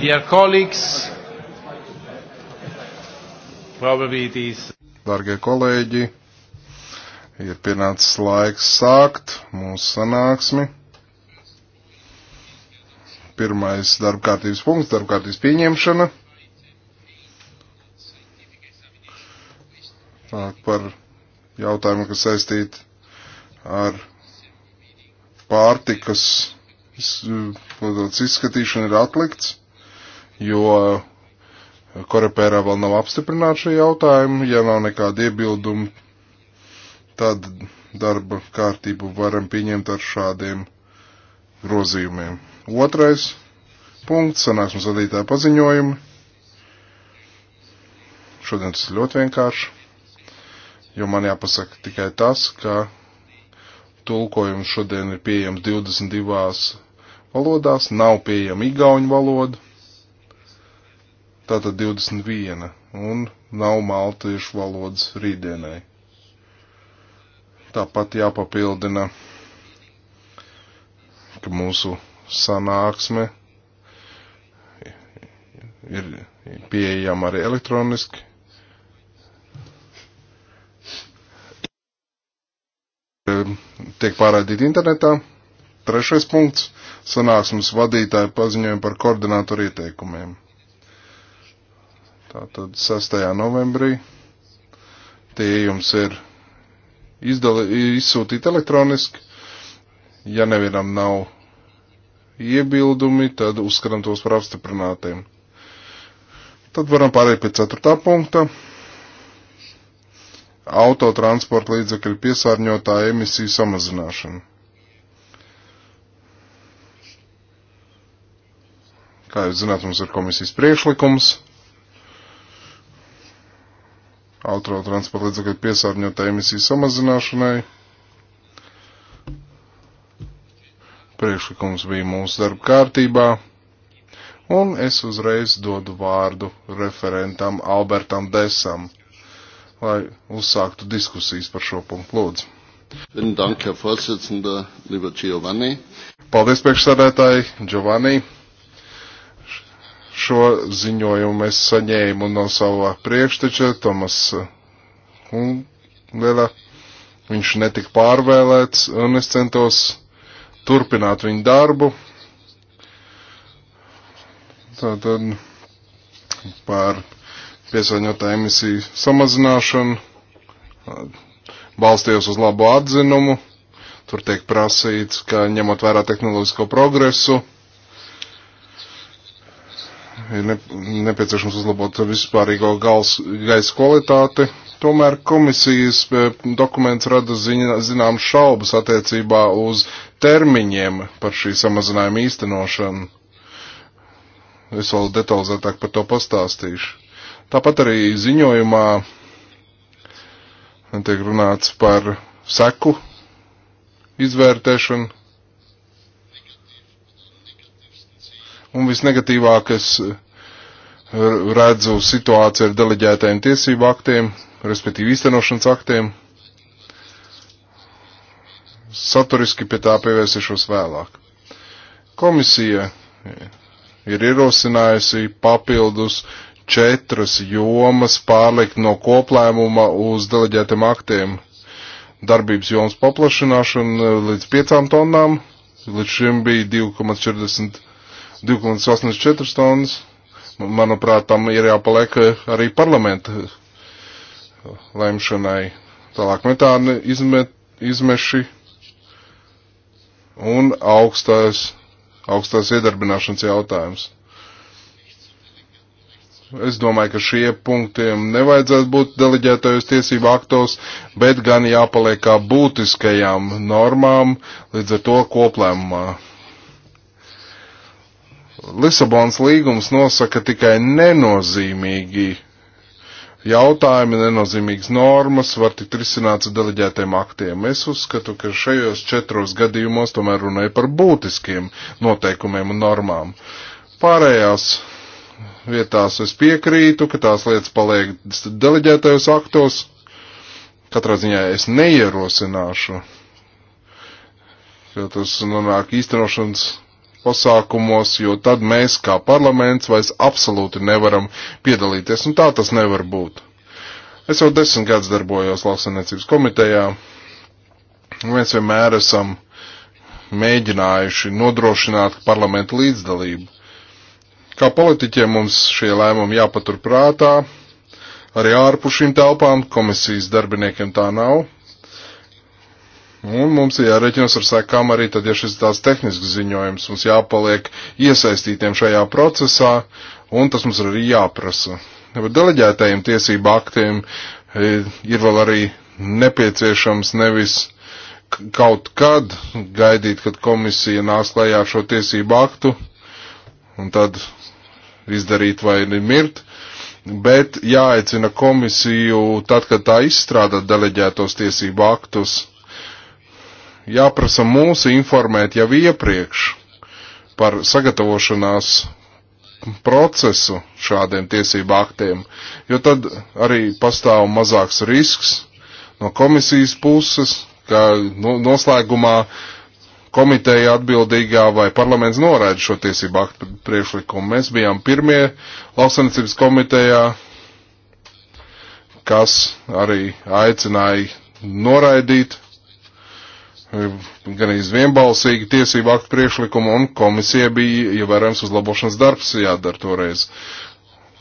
Dear colleagues, probably it is. Dargie kolēģi, ir pienācis laiks sākt mūsu sanāksmi. Pirmais darbkārtības punkts - darbkārtības pieņemšana. Tālāk par jautājumu, kas saistīti ar pārtikas izskatīšana ir atlikts jo Korepērā vēl nav apstiprināta šī jautājuma. Ja nav nekāda iebilduma, tad darba kārtību varam pieņemt ar šādiem grozījumiem. Otrais punkts - sanāksmes vadītāja paziņojumi. Šodien tas ir ļoti vienkārši, jo man jāpasaka tikai tas, ka tulkojums šodien ir pieejams 22 valodās, nav pieejama igauņu valoda tātad 21, un nav maltiešu valodas rītdienai. Tāpat jāpapildina, ka mūsu sanāksme ir pieejama arī elektroniski. Tiek pārādīt internetā. Trešais punkts - sanāksmes vadītāja paziņojumi par koordinātoru ieteikumiem. Tātad 6. novembrī tie jums ir izdali, izsūtīti elektroniski. Ja nevienam nav iebildumi, tad uzskatām tos par apstiprinātiem. Tad varam pārēt pie 4. punkta. Autotransporta līdzekļu piesārņotā emisiju samazināšana. Kā jūs zināt, mums ir komisijas priekšlikums, autotransporta līdzekļu piesārņotā emisiju samazināšanai. Priekšlikums bija mūsu darba kārtībā, un es uzreiz dodu vārdu referentam Albertam Desam, lai uzsāktu diskusijas par šo punktu. Lūdzu. Dank, Paldies, priekšsādētāji Giovanni. Šo ziņojumu es saņēmu no savā priekšteča, Tomas Hungela. Viņš netika pārvēlēts, un es centos turpināt viņu darbu. Tātad par piesaņotā emisiju samazināšanu, balstījos uz labu atzinumu, tur tiek prasīts, ka ņemot vērā tehnoloģisko progresu, ir nepieciešams uzlabot vispārīgo gaisa kvalitāti. Tomēr komisijas e, dokuments rada zināmas šaubas attiecībā uz termiņiem par šī samazinājuma īstenošanu. Es vēl detalizētāk par to pastāstīšu. Tāpat arī ziņojumā tiek runāts par seku izvērtēšanu Un visnegatīvākas eh, redzu situāciju ar deleģētajiem tiesību aktiem, respektīvi īstenošanas aktiem. Saturiski pie tā pievērsīšos vēlāk. Komisija ir ierosinājusi papildus četras jomas pārlikt no koplēmuma uz deleģētiem aktiem. Darbības jomas paplašināšana eh, līdz 5 tonnām, līdz šim bija 2,40 2,84 tonnas. Manuprāt, tam ir jāpaliek arī parlamenta lemšanai. Tālāk metāna izme, izmeši un augstās, augstās iedarbināšanas jautājums. Es domāju, ka šie punktiem nevajadzētu būt deleģētajos tiesību aktos, bet gan jāpaliek kā būtiskajām normām līdz ar to koplēmumā. Lisabons līgums nosaka tikai nenozīmīgi jautājumi, nenozīmīgas normas var tikt risināts ar deleģētiem aktiem. Es uzskatu, ka šajos četros gadījumos tomēr runāja par būtiskiem noteikumiem un normām. Pārējās vietās es piekrītu, ka tās lietas paliek deleģētajos aktos. Katrā ziņā es neierosināšu, jo tas nonāk īstenošanas pasākumos, jo tad mēs kā parlaments vairs absolūti nevaram piedalīties, un nu, tā tas nevar būt. Es jau desmit gadus darbojos lauksaimniecības komitejā, un mēs vienmēr esam mēģinājuši nodrošināt parlamentu līdzdalību. Kā politiķiem mums šie lēmumi jāpatur prātā, arī ārpus šīm telpām komisijas darbiniekiem tā nav, Un mums ir jāreķinas ar sekām arī tad, ja šis tāds tehnisks ziņojums, mums jāpaliek iesaistītiem šajā procesā, un tas mums arī jāprasa. Bet deleģētajiem tiesību aktiem e, ir vēl arī nepieciešams nevis kaut kad gaidīt, kad komisija nāks klajā šo tiesību aktu, un tad izdarīt vai mirt, bet jāaicina komisiju tad, kad tā izstrādā deleģētos tiesību aktus jāprasa mūs informēt jau iepriekš par sagatavošanās procesu šādiem tiesību aktiem, jo tad arī pastāv mazāks risks no komisijas puses, ka noslēgumā komiteja atbildīgā vai parlaments noraida šo tiesību aktu priekšlikumu. Mēs bijām pirmie lauksanicības komitejā, kas arī aicināja noraidīt gan izvienbalsīgi tiesību aktu priekšlikumu, un komisija bija ievērojams uzlabošanas darbs jādara toreiz.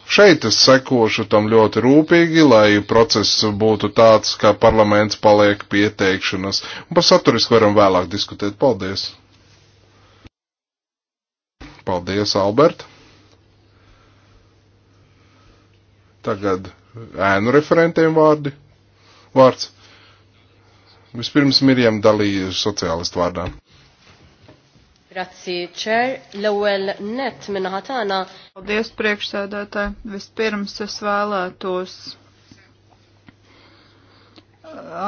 Šeit es sekošu tam ļoti rūpīgi, lai process būtu tāds, ka parlaments paliek pieteikšanas. Un par saturisku varam vēlāk diskutēt. Paldies! Paldies, Albert! Tagad ēnu referentiem vārdi. Vārds. Vispirms Mirjam dalīja sociālistu vārdā. Grazzi, Čer. L-ewel net minna ħatana. Paldies, priekšsēdētāji. Vispirms es vēlētos uh,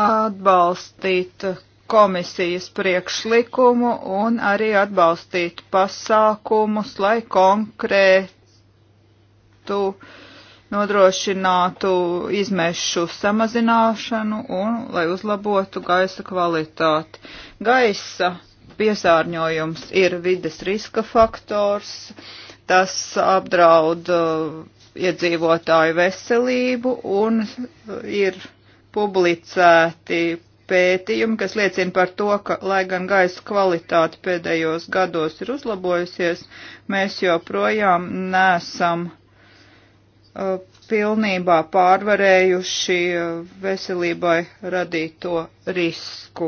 atbalstīt komisijas priekšlikumu un arī atbalstīt pasākumus, lai konkrētu uh, nodrošinātu izmešu samazināšanu un lai uzlabotu gaisa kvalitāti. Gaisa piesārņojums ir vides riska faktors, tas apdraud uh, iedzīvotāju veselību un ir publicēti pētījumi, kas liecina par to, ka, lai gan gaisa kvalitāte pēdējos gados ir uzlabojusies, mēs joprojām nesam Uh, pilnībā pārvarējuši uh, veselībai radīto risku.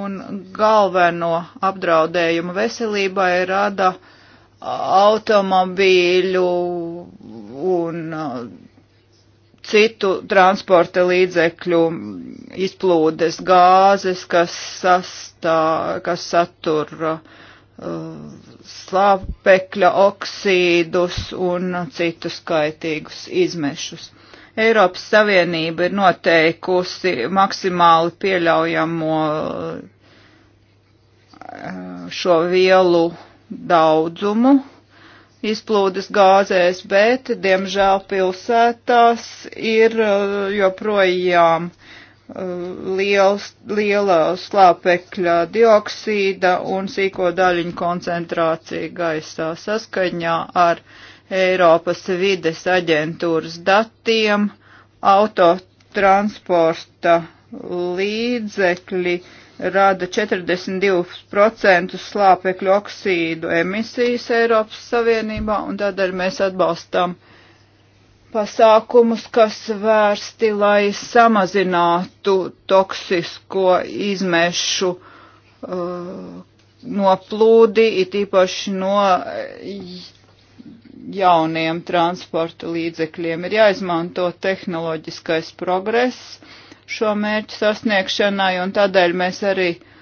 Un galveno apdraudējumu veselībai rada automobīļu un uh, citu transporta līdzekļu izplūdes gāzes, kas, sastā, kas satura uh, slāpekļa oksīdus un citus kaitīgus izmešus. Eiropas Savienība ir noteikusi maksimāli pieļaujamo eh, šo vielu daudzumu izplūdes gāzēs, bet, diemžēl, pilsētās ir eh, joprojām uh, liels, liela slāpekļa dioksīda un sīko daļiņu koncentrācija gaisā saskaņā ar Eiropas vides aģentūras datiem autotransporta līdzekļi rada 42% slāpekļu oksīdu emisijas Eiropas Savienībā, un tādēļ mēs atbalstam uh, pasākumus, kas vērsti, lai samazinātu toksisko izmešu uh, noplūdi, it īpaši no uh, jauniem transporta līdzekļiem. Ir jāizmanto tehnoloģiskais progress šo mērķu sasniegšanai, un tādēļ mēs arī uh,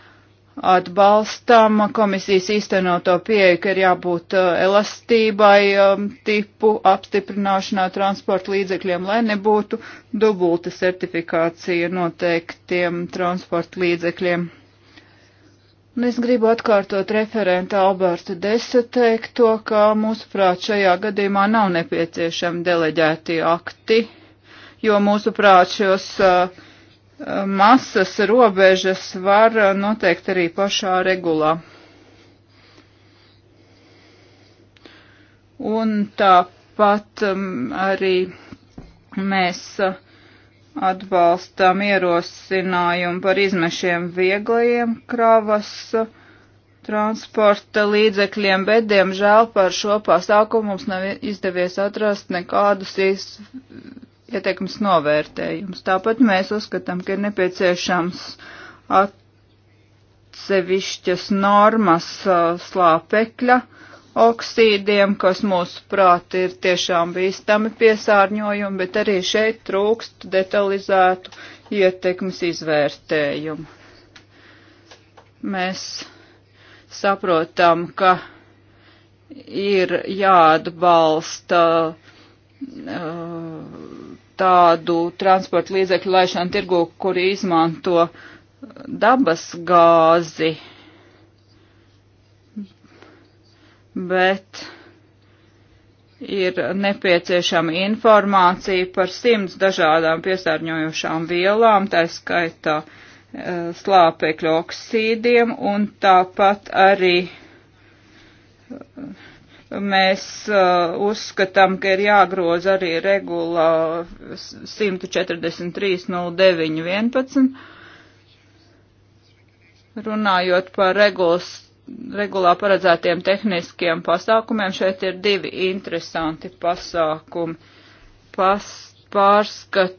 atbalstam komisijas īstenoto pieeju, ka ir jābūt uh, elastībai um, tipu apstiprināšanā transporta līdzekļiem, lai nebūtu dubulta certifikācija noteiktiem transporta līdzekļiem. Un es gribu atkārtot referenta Alberta Desa teikto, ka mūsuprāt šajā gadījumā nav nepieciešami deleģēti akti, jo mūsuprāt šos uh, masas robežas var noteikt arī pašā regulā. Un tāpat um, arī mēs atbalstām ierosinājumu par izmešiem vieglajiem kravas transporta līdzekļiem, bet, diemžēl, par šo pasākumu mums nav izdevies atrast nekādus iz ieteikums novērtējums. Tāpat mēs uzskatām, ka ir nepieciešams atsevišķas normas slāpekļa oksīdiem, kas mūsu prāti ir tiešām bīstami piesārņojumi, bet arī šeit trūkst detalizētu ietekmes izvērtējumu. Mēs saprotam, ka ir jāatbalsta uh, tādu transporta līdzekļu laišanu tirgu, kuri izmanto dabas gāzi. Bet ir nepieciešama informācija par simts dažādām piesārņojošām vielām, tā skaitā eh, slāpekļu oksīdiem un tāpat arī eh, Mēs uh, uzskatām, ka ir jāgroza arī regula 143.09.11. Runājot par regulas, regulā paredzētiem tehniskiem pasākumiem, šeit ir divi interesanti pasākumi. Pas, pārskat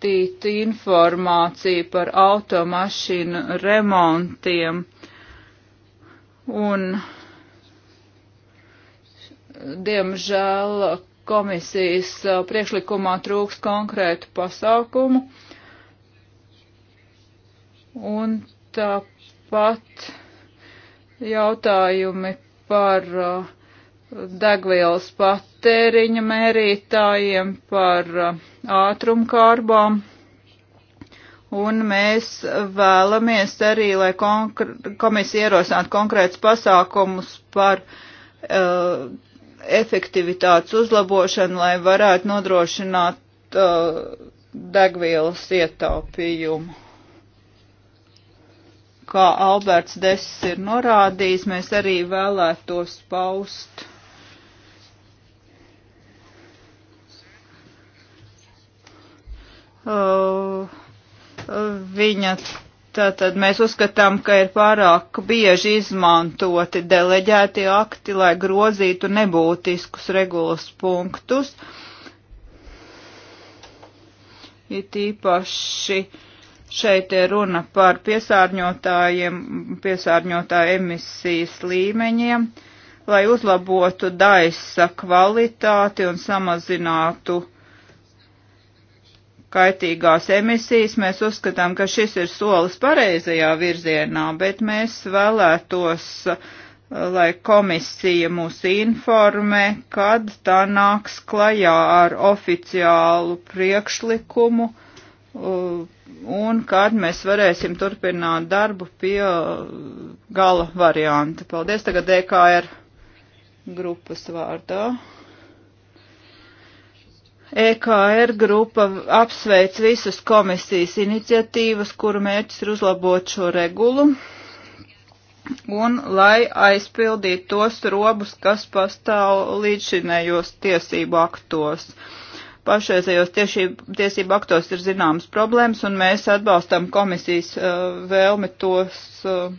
izplatīt informāciju par automašīnu remontiem un Diemžēl komisijas uh, priekšlikumā trūks konkrētu pasākumu. Un tāpat jautājumi par uh, degvielas patēriņa mērītājiem, par uh, ātrumkārbām. Un mēs vēlamies arī, lai komisija ierosinātu konkrētus pasākumus par uh, efektivitātes uzlabošanu, lai varētu nodrošināt uh, degvielas ietaupījumu. Kā Alberts Dess ir norādījis, mēs arī vēlētos paust uh, viņa Tātad mēs uzskatām, ka ir pārāk bieži izmantoti deleģēti akti, lai grozītu nebūtiskus regulas punktus. It īpaši šeit ir runa par piesārņotājiem, piesārņotāju emisijas līmeņiem, lai uzlabotu daisa kvalitāti un samazinātu uh, kaitīgās emisijas. Mēs uzskatām, ka šis ir solis pareizajā virzienā, bet mēs vēlētos, lai komisija mūs informē, kad tā nāks klajā ar oficiālu priekšlikumu un kad mēs varēsim turpināt darbu pie gala varianta. Paldies tagad DKR grupas vārdā. EKR grupa apsveic visas komisijas iniciatīvas, kuru mērķis ir uzlabot šo regulu un lai aizpildītu tos robus, kas pastāv līdzinējos tiesību aktos. Pašreizējos tiešību, tiesību aktos ir zināmas problēmas, un mēs atbalstam komisijas uh, vēlmi tos uh,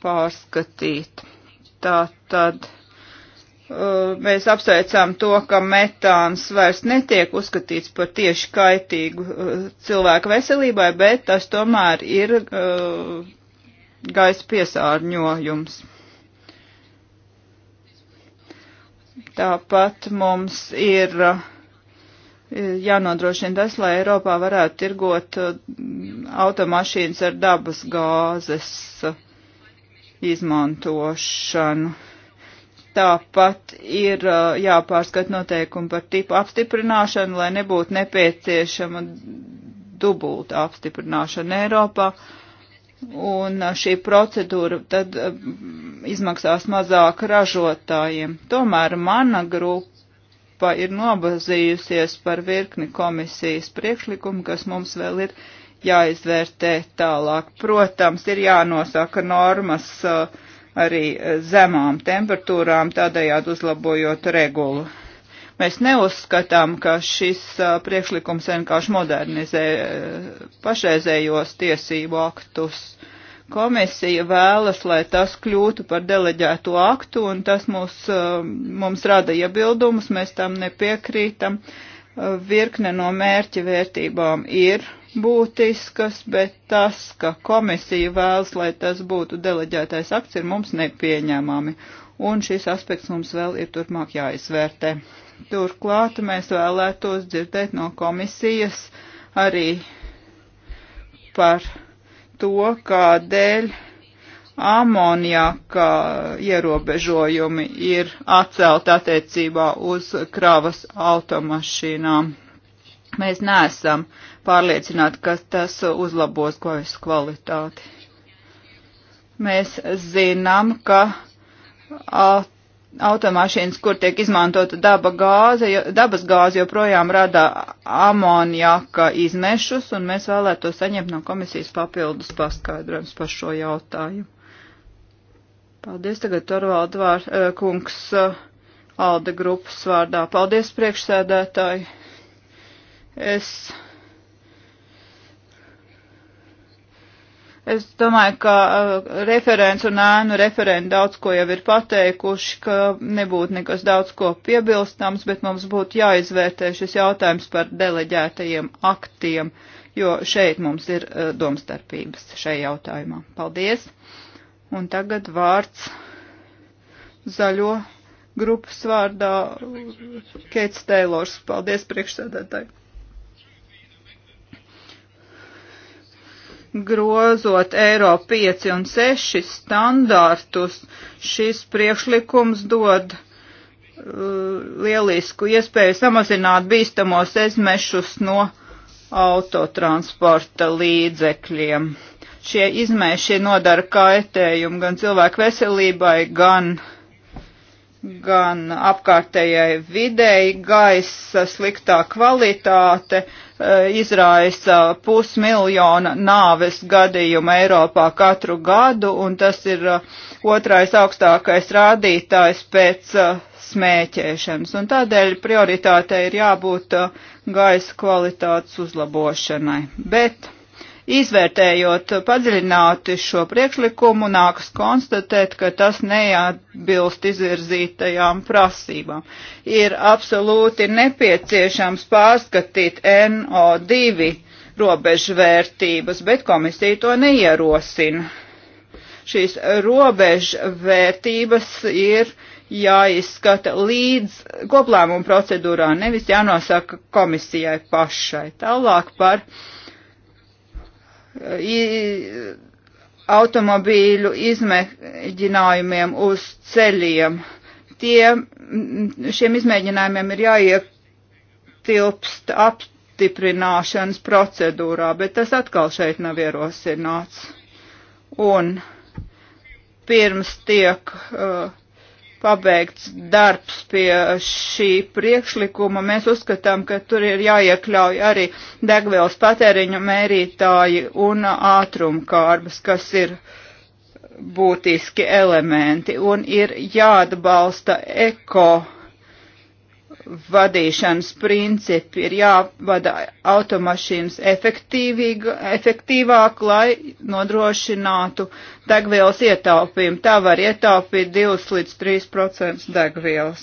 pārskatīt. Tā tad Uh, mēs apsveicām to, ka metāns vairs netiek uzskatīts par tieši kaitīgu uh, cilvēku veselībai, bet tas tomēr ir uh, gaisa piesārņojums. Tāpat mums ir jānodrošina tas, lai Eiropā varētu tirgot automašīnas ar dabas gāzes izmantošanu Tāpat ir uh, jāpārskat noteikumi par tipu apstiprināšanu, lai nebūtu nepieciešama dubulta apstiprināšana Eiropā. Un uh, šī procedūra tad uh, izmaksās mazāk ražotājiem. Tomēr mana grupa ir nobazījusies par virkni komisijas priekšlikumu, kas mums vēl ir jāizvērtē tālāk. Protams, ir jānosaka normas uh, arī eh, zemām temperatūrām, tādējādi uzlabojot regulu. Mēs neuzskatām, ka šis eh, priekšlikums vienkārši modernizē eh, pašreizējos tiesību aktus. Komisija vēlas, lai tas kļūtu par deleģēto aktu, un tas mūs, mums rada iebildumus, mēs tam nepiekrītam. Virkne no mērķa vērtībām ir būtiskas, bet tas, ka komisija vēlas, lai tas būtu deleģētais akts, ir mums nepieņēmami. Un šis aspekts mums vēl ir turpmāk jāizvērtē. Turklāt mēs vēlētos dzirdēt no komisijas arī par to, kādēļ amonijaka ierobežojumi ir atcelt attiecībā uz kravas automašīnām. Mēs neesam uh, pārliecināti, ka tas uzlabos gojas kvalitāti. Mēs zinām, ka automašīnas, kur tiek izmantota daba gāze, dabas gāze joprojām rada amonjaka izmešus, un mēs vēlētos saņemt no komisijas papildus paskaidrojums par šo jautājumu. Paldies tagad Torvalda vār, eh, kungs eh, Alde grupas vārdā. Paldies priekšsēdētāji. Es Es domāju, ka uh, referents un ēnu referenti daudz ko jau ir pateikuši, ka nebūtu nekas daudz ko piebilstams, bet mums būtu jāizvērtē šis jautājums par deleģētajiem aktiem, jo šeit mums ir uh, domstarpības šai jautājumā. Paldies! Un tagad vārds zaļo grupas vārdā Keits Teilors. Paldies priekšsēdētāji! grozot Eiro 5 un 6 standārtus, šis priekšlikums dod uh, lielisku iespēju samazināt bīstamos ezmešus no autotransporta līdzekļiem. Šie izmēši nodara kaitējumu gan cilvēku veselībai, gan uh, gan apkārtējai videi, gaisa sliktā kvalitāte eh, izraisa pusmiljona nāves gadījumu Eiropā katru gadu, un tas ir eh, otrais augstākais rādītājs pēc eh, smēķēšanas. Un tādēļ prioritātei ir jābūt gaisa kvalitātes uzlabošanai. Bet Izvērtējot padziļināti šo priekšlikumu, nākas konstatēt, ka tas neatbilst izvirzītajām prasībām. Ir absolūti nepieciešams pārskatīt NO2 robežvērtības, bet komisija to neierosina. Šīs robežvērtības ir jāizskata līdz koplēmuma procedūrā, nevis jānosaka komisijai pašai. Tālāk par uh, automobīļu izmēģinājumiem uz ceļiem. Tie, šiem izmēģinājumiem ir jāietilpst apstiprināšanas procedūrā, bet tas atkal šeit nav ierosināts. Un pirms tiek uh, pabeigts darbs pie šī priekšlikuma. Mēs uzskatām, ka tur ir jāiekļauj arī degvielas patēriņu mērītāji un ātrumkārbas, kas ir būtiski elementi un ir jāatbalsta eko vadīšanas principi ir jāvada automašīnas efektīvāk, lai nodrošinātu degvielas ietaupījumu. Tā var ietaupīt 2 līdz 3 procentus degvielas.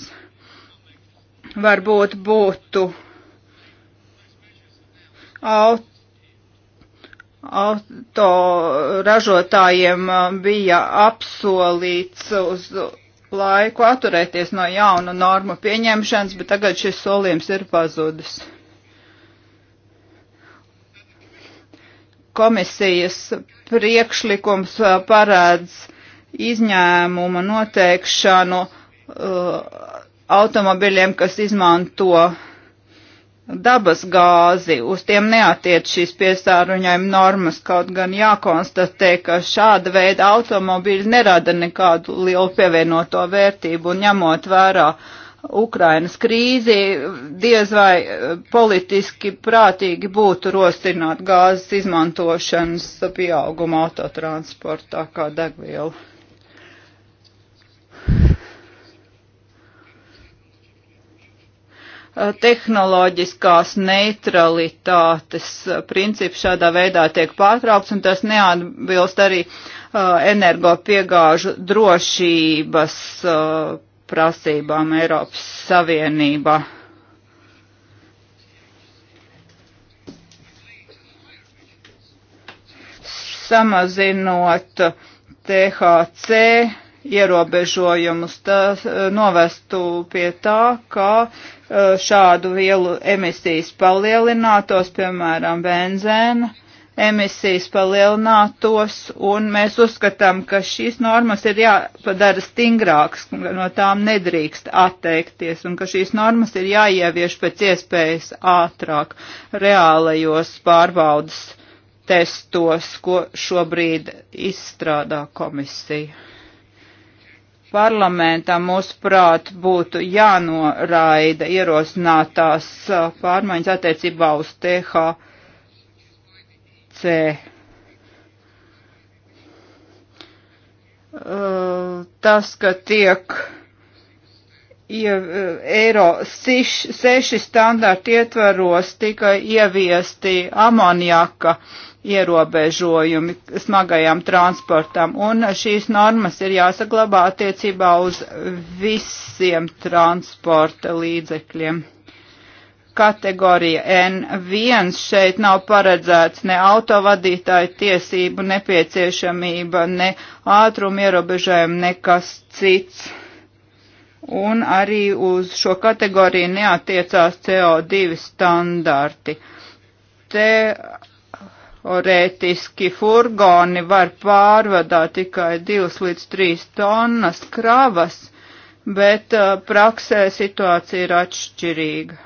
Varbūt būtu auto autoražotājiem uh, bija apsolīts uz laiku atturēties no jaunu normu pieņemšanas, bet tagad šis solījums ir pazudis. Komisijas priekšlikums uh, parāds izņēmuma noteikšanu uh, automobiļiem, kas izmanto uh, dabas gāzi, uz tiem neatiec šīs piesārņojuma normas, kaut gan jākonstatē, ka šāda veida automobīļi nerada nekādu lielu pievienoto vērtību un ņemot vērā Ukrainas krīzi, diez vai eh, politiski prātīgi būtu rosināt gāzes izmantošanas pieauguma autotransportā kā degvielu. Eh, tehnoloģiskās neutralitātes eh, princips šādā veidā tiek pārtraukts, un tas neatbilst arī uh, energopiegāžu drošības uh, prasībām Eiropas Savienībā. Samazinot THC ierobežojumus, tas novestu pie tā, ka uh, Uh, šādu vielu emisijas palielinātos, piemēram, benzēna emisijas palielinātos, un mēs uzskatām, ka šīs normas ir jāpadara stingrākas, ka no tām nedrīkst atteikties, un ka šīs normas ir jāievieš pēc iespējas ātrāk reālajos pārbaudas testos, ko šobrīd izstrādā komisija parlamentam, mūsuprāt, būtu jānoraida ierosinātās uh, pārmaiņas attiecībā uz THC. Uh, tas, ka tiek ja, uh, eiro 6 standārti ietvaros tikai ieviesti amoniaka ierobežojumi smagajām transportam, un šīs normas ir jāsaglabā attiecībā uz visiem transporta līdzekļiem. Kategorija N1 šeit nav paredzēts ne autovadītāju tiesību nepieciešamība, ne ātruma ierobežojumi, nekas cits. Un arī uz šo kategoriju neatiecās CO2 standarti. Te teorētiski furgoni var pārvadāt tikai 2 līdz 3 tonnas kravas, bet uh, praksē situācija ir atšķirīga.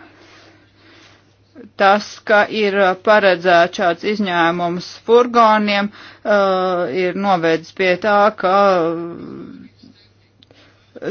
Tas, ka ir paredzēts šāds izņēmums furgoniem, uh, ir novēdz pie tā, ka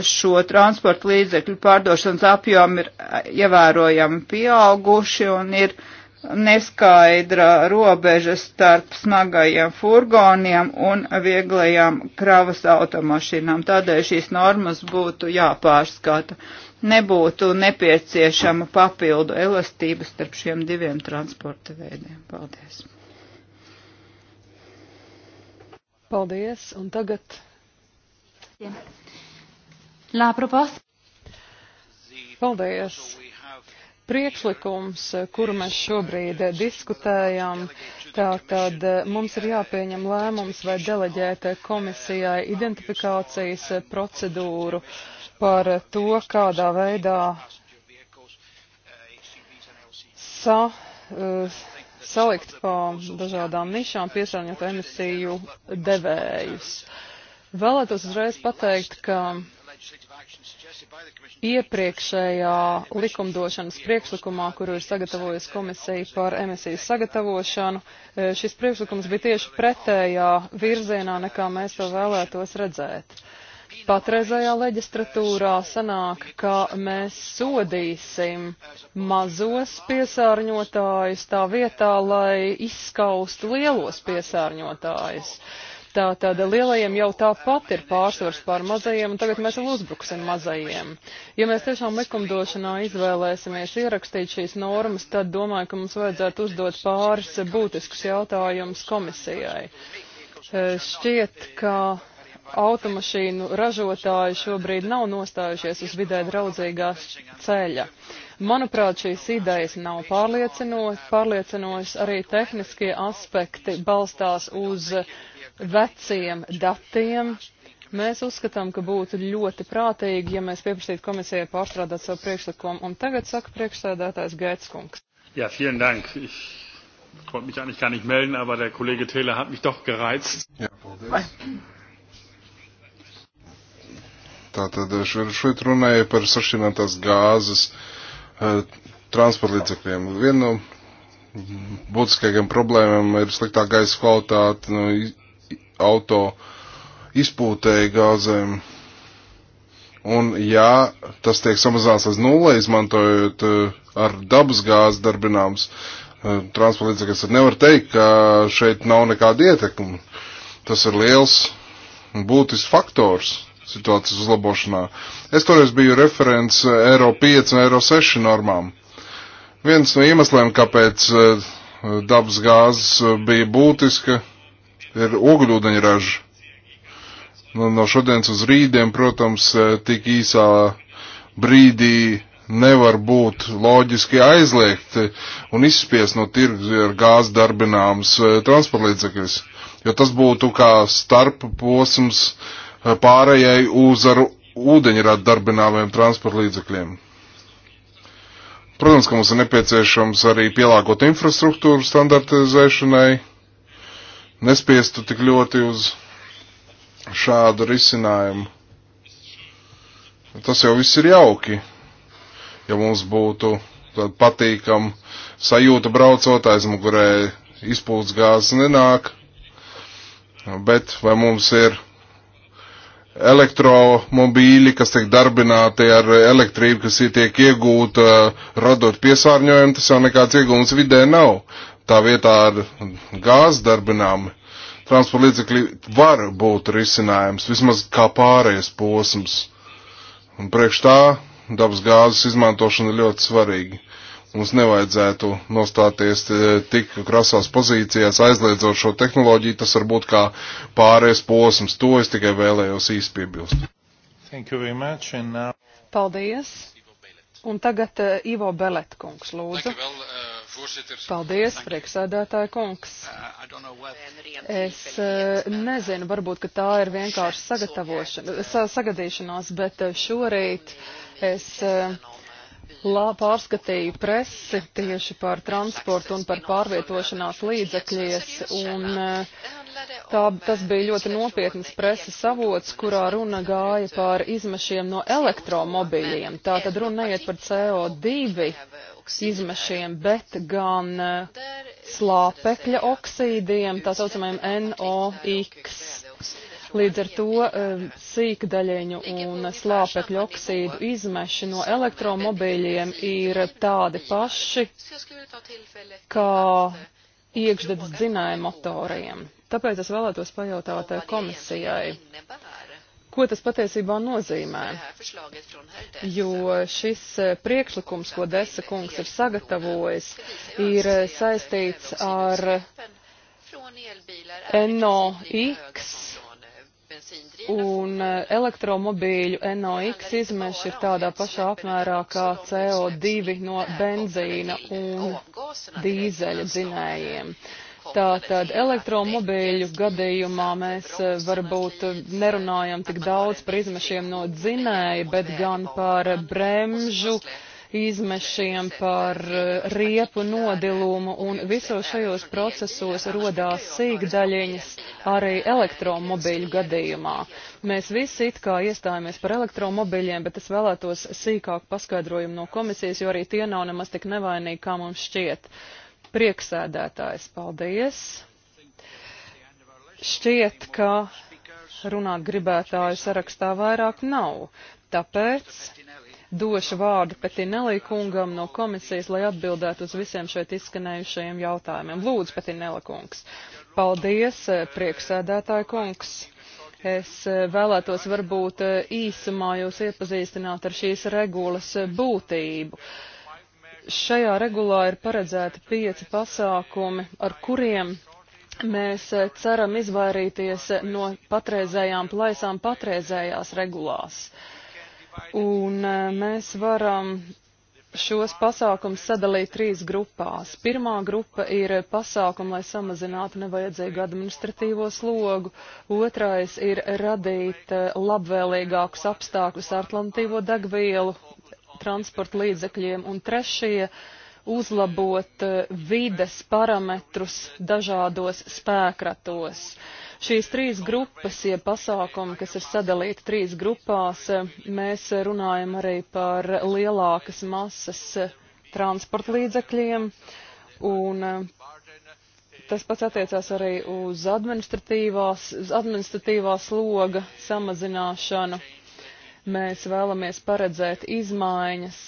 šo transporta līdzekļu pārdošanas apjomi ir uh, ievērojami pieauguši un ir uh, neskaidra robeža starp smagajiem furgoniem un vieglajām kravas automašīnām. Tādēļ šīs normas būtu jāpārskata. Nebūtu nepieciešama papildu elastība starp šiem diviem transporta veidiem. Paldies. Paldies, un tagad. Lā, propos. Paldies priekšlikums, eh, kuru mēs šobrīd eh, diskutējam, tātad eh, mums ir jāpieņem lēmums vai deleģēt komisijai identifikācijas procedūru par to, kādā veidā sa, salikt pa dažādām nišām piesārņot emisiju devējus. Vēlētos uzreiz pateikt, ka iepriekšējā likumdošanas priekšlikumā, kuru ir sagatavojusi komisija par emisijas sagatavošanu, e, šis priekšlikums bija tieši pretējā virzienā, nekā mēs to vēlētos redzēt. Patreizējā leģistratūrā sanāk, ka mēs sodīsim mazos piesārņotājus tā vietā, lai izskaustu lielos piesārņotājus. Uh, Tātad lielajiem jau tāpat ir pārsvars pār mazajiem, un tagad mēs vēl uzbruksim mazajiem. Ja mēs tiešām likumdošanā izvēlēsimies ierakstīt šīs normas, tad domāju, ka mums vajadzētu uzdot pāris būtiskus jautājumus komisijai. Eh, šķiet, ka automašīnu ražotāji šobrīd nav nostājušies uz vidē draudzīgā ceļa. Manuprāt, šīs idejas nav pārliecinošas, pārliecinošas arī tehniskie aspekti balstās uz veciem datiem. Mēs uzskatām, ka būtu ļoti prātīgi, ja mēs pieprasītu komisijai pārstrādāt savu priekšlikumu. Un tagad saka priekšsēdētājs Gaitskungs. Jā, ja, vielen dank. Ich konnte mich eigentlich gar nicht melden, aber der Kollege Taylor hat mich doch gereizt. Jā, paldies. Tātad šeit runāja par sašķinātās gāzes uh, transporta līdzekļiem. Viena no būtiskākajām problēmām ir sliktā gaisa kvalitāte. Nu, auto izpūtēji gāzēm. Un, ja tas tiek samazināts līdz nulē, izmantojot eh, ar dabas gāzi darbināms eh, transporta līdzekļus, tad nevar teikt, ka šeit nav nekāda ietekme. Tas ir liels un būtisks faktors situācijas uzlabošanā. Es toreiz biju referents eh, Eiro 5 un Eiro 6 normām. Viens no iemesliem, kāpēc dabas gāzes bija būtiska, ir ogļūdeņraža. Nu, no šodienas uz rītdien, protams, e, tik īsā brīdī nevar būt loģiski aizliegt un izspiest no tirgus ar gāzi darbināmas e, transportlīdzekļus, jo tas būtu kā starp posms e, pārējai uz ar ūdeņrāt darbināmiem transportlīdzekļiem. Protams, ka mums ir nepieciešams arī pielāgot infrastruktūru standartizēšanai nespiestu tik ļoti uz šādu risinājumu. Tas jau viss ir jauki. Ja mums būtu tāda patīkama sajūta braucot aizmugurē, izpūts gāzes nenāk, bet vai mums ir elektromobīļi, kas tiek darbināti ar elektrību, kas tiek iegūta radot piesārņojumu, tas jau nekāds iegūms vidē nav tā vietā ar gāzi darbināmi transporta līdzekļi var būt risinājums, vismaz kā pārējais posms. Un priekš tā dabas gāzes izmantošana ir ļoti svarīga. Mums nevajadzētu nostāties e, tik krasās pozīcijās, aizliedzot šo tehnoloģiju. Tas var būt kā pārējais posms. To es tikai vēlējos īsti piebilst. Now... Paldies! Un tagad uh, Ivo Beletkungs lūdzu. Well, uh... E, Paldies, prieksēdētāja kungs. Uh, es uh, nezinu, varbūt, ka tā ir vienkārši sagatavošana, sagadīšanās, bet uh, šorīt es lā pārskatīju presi tieši par transportu un par pārvietošanās līdzekļies, un tā, tas bija ļoti nopietnas preses avots, kurā runa gāja par izmešiem no elektromobīļiem. Tā tad runa neiet par CO2 oks izmešiem, bet gan eh, slāpekļa oksīdiem, tā saucamajiem NOx. Līdz ar to eh, sīkdaļiņu un slāpekļu oksīdu izmeši no elektromobīļiem ir tādi paši kā iekšdedz dzinēja motoriem. Tāpēc es vēlētos pajautāt eh, komisijai, ko tas patiesībā nozīmē. Jo šis eh, priekšlikums, ko Desa kungs ir sagatavojis, ir eh, saistīts ar NOx un eh, elektromobīļu NOx izmeši ir tādā pašā apmērā kā CO2 no benzīna un dīzeļa dzinējiem. Uh, Tātad elektromobīļu gadījumā mēs eh, varbūt nerunājam tik daudz par izmešiem no dzinēja, bet gan par bremžu izmešiem, par eh, riepu nodilumu un visos šajos procesos rodās sīkdaļiņas arī elektromobīļu gadījumā. Mēs visi it kā iestājāmies par elektromobīļiem, bet es vēlētos sīkāk paskaidrojumu no komisijas, jo arī tie nav nemaz tik nevainīgi, kā mums šķiet. Prieksēdētājs, paldies! Šķiet, ka runāt gribētāju sarakstā vairāk nav, tāpēc došu vārdu Petinelī kungam no komisijas, lai atbildētu uz visiem šeit izskanējušajiem jautājumiem. Lūdzu, Petinela kungs! Paldies, prieksēdētāju kungs! Es vēlētos varbūt īsumā jūs iepazīstināt ar šīs regulas būtību. Uh, šajā regulā ir paredzēti pieci pasākumi, ar kuriem mēs eh, ceram izvairīties no patreizējām plaisām patreizējās regulās. Un eh, mēs varam šos pasākumus sadalīt trīs grupās. Pirmā grupa ir pasākumi, lai samazinātu nevajadzīgu administratīvo slogu, otrais ir radīt eh, labvēlīgākus apstākļus alternatīvo degvielu transporta līdzekļiem, un trešie uzlabot eh, vides parametrus dažādos spēkratos. Šīs trīs grupas, ja pasākumi, kas ir sadalīti trīs grupās, eh, mēs runājam arī par lielākas masas eh, transporta līdzekļiem, un tas pats attiecās arī uz administratīvās, administratīvās sloga samazināšanu Mēs vēlamies paredzēt izmaiņas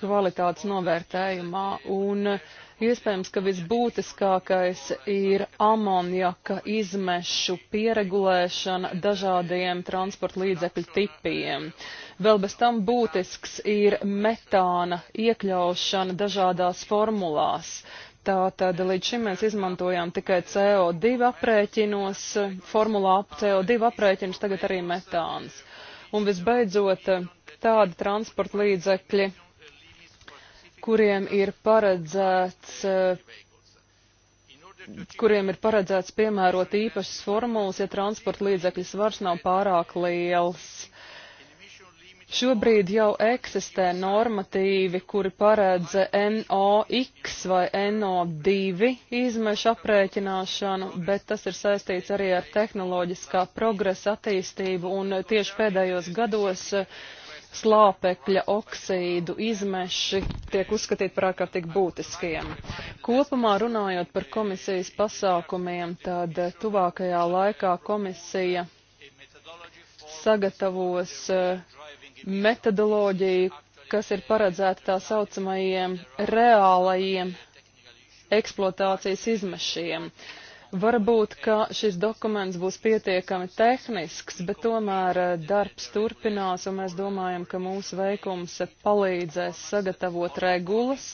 kvalitātes novērtējumā un Iespējams, ka visbūtiskākais ir amonjaka izmešu pieregulēšana dažādiem transporta līdzekļu tipiem. Vēl bez tam būtisks ir metāna iekļaušana dažādās formulās. Tātad līdz šim mēs izmantojām tikai CO2 aprēķinos, formulā CO2 aprēķinus, tagad arī metāns. Un visbeidzot, tādi transporta līdzekļi, kuriem ir paredzēts kuriem ir paredzēts piemērot īpašas formulas, ja transporta līdzekļu svars nav pārāk liels. Šobrīd jau eksistē normatīvi, kuri paredz NOx vai NO2 izmešu aprēķināšanu, bet tas ir saistīts arī ar tehnoloģiskā progresa attīstību un tieši pēdējos gados eh, slāpekļa oksīdu izmeši tiek uzskatīti par ārkārtīgi būtiskiem. Kopumā runājot par komisijas pasākumiem, tad eh, tuvākajā laikā komisija sagatavos uh, metodoloģiju, kas ir paredzēta tā saucamajiem reālajiem eksploatācijas izmešiem. Varbūt, ka šis dokuments būs pietiekami tehnisks, bet tomēr eh, darbs turpinās, un mēs domājam, ka mūsu veikums palīdzēs sagatavot regulas,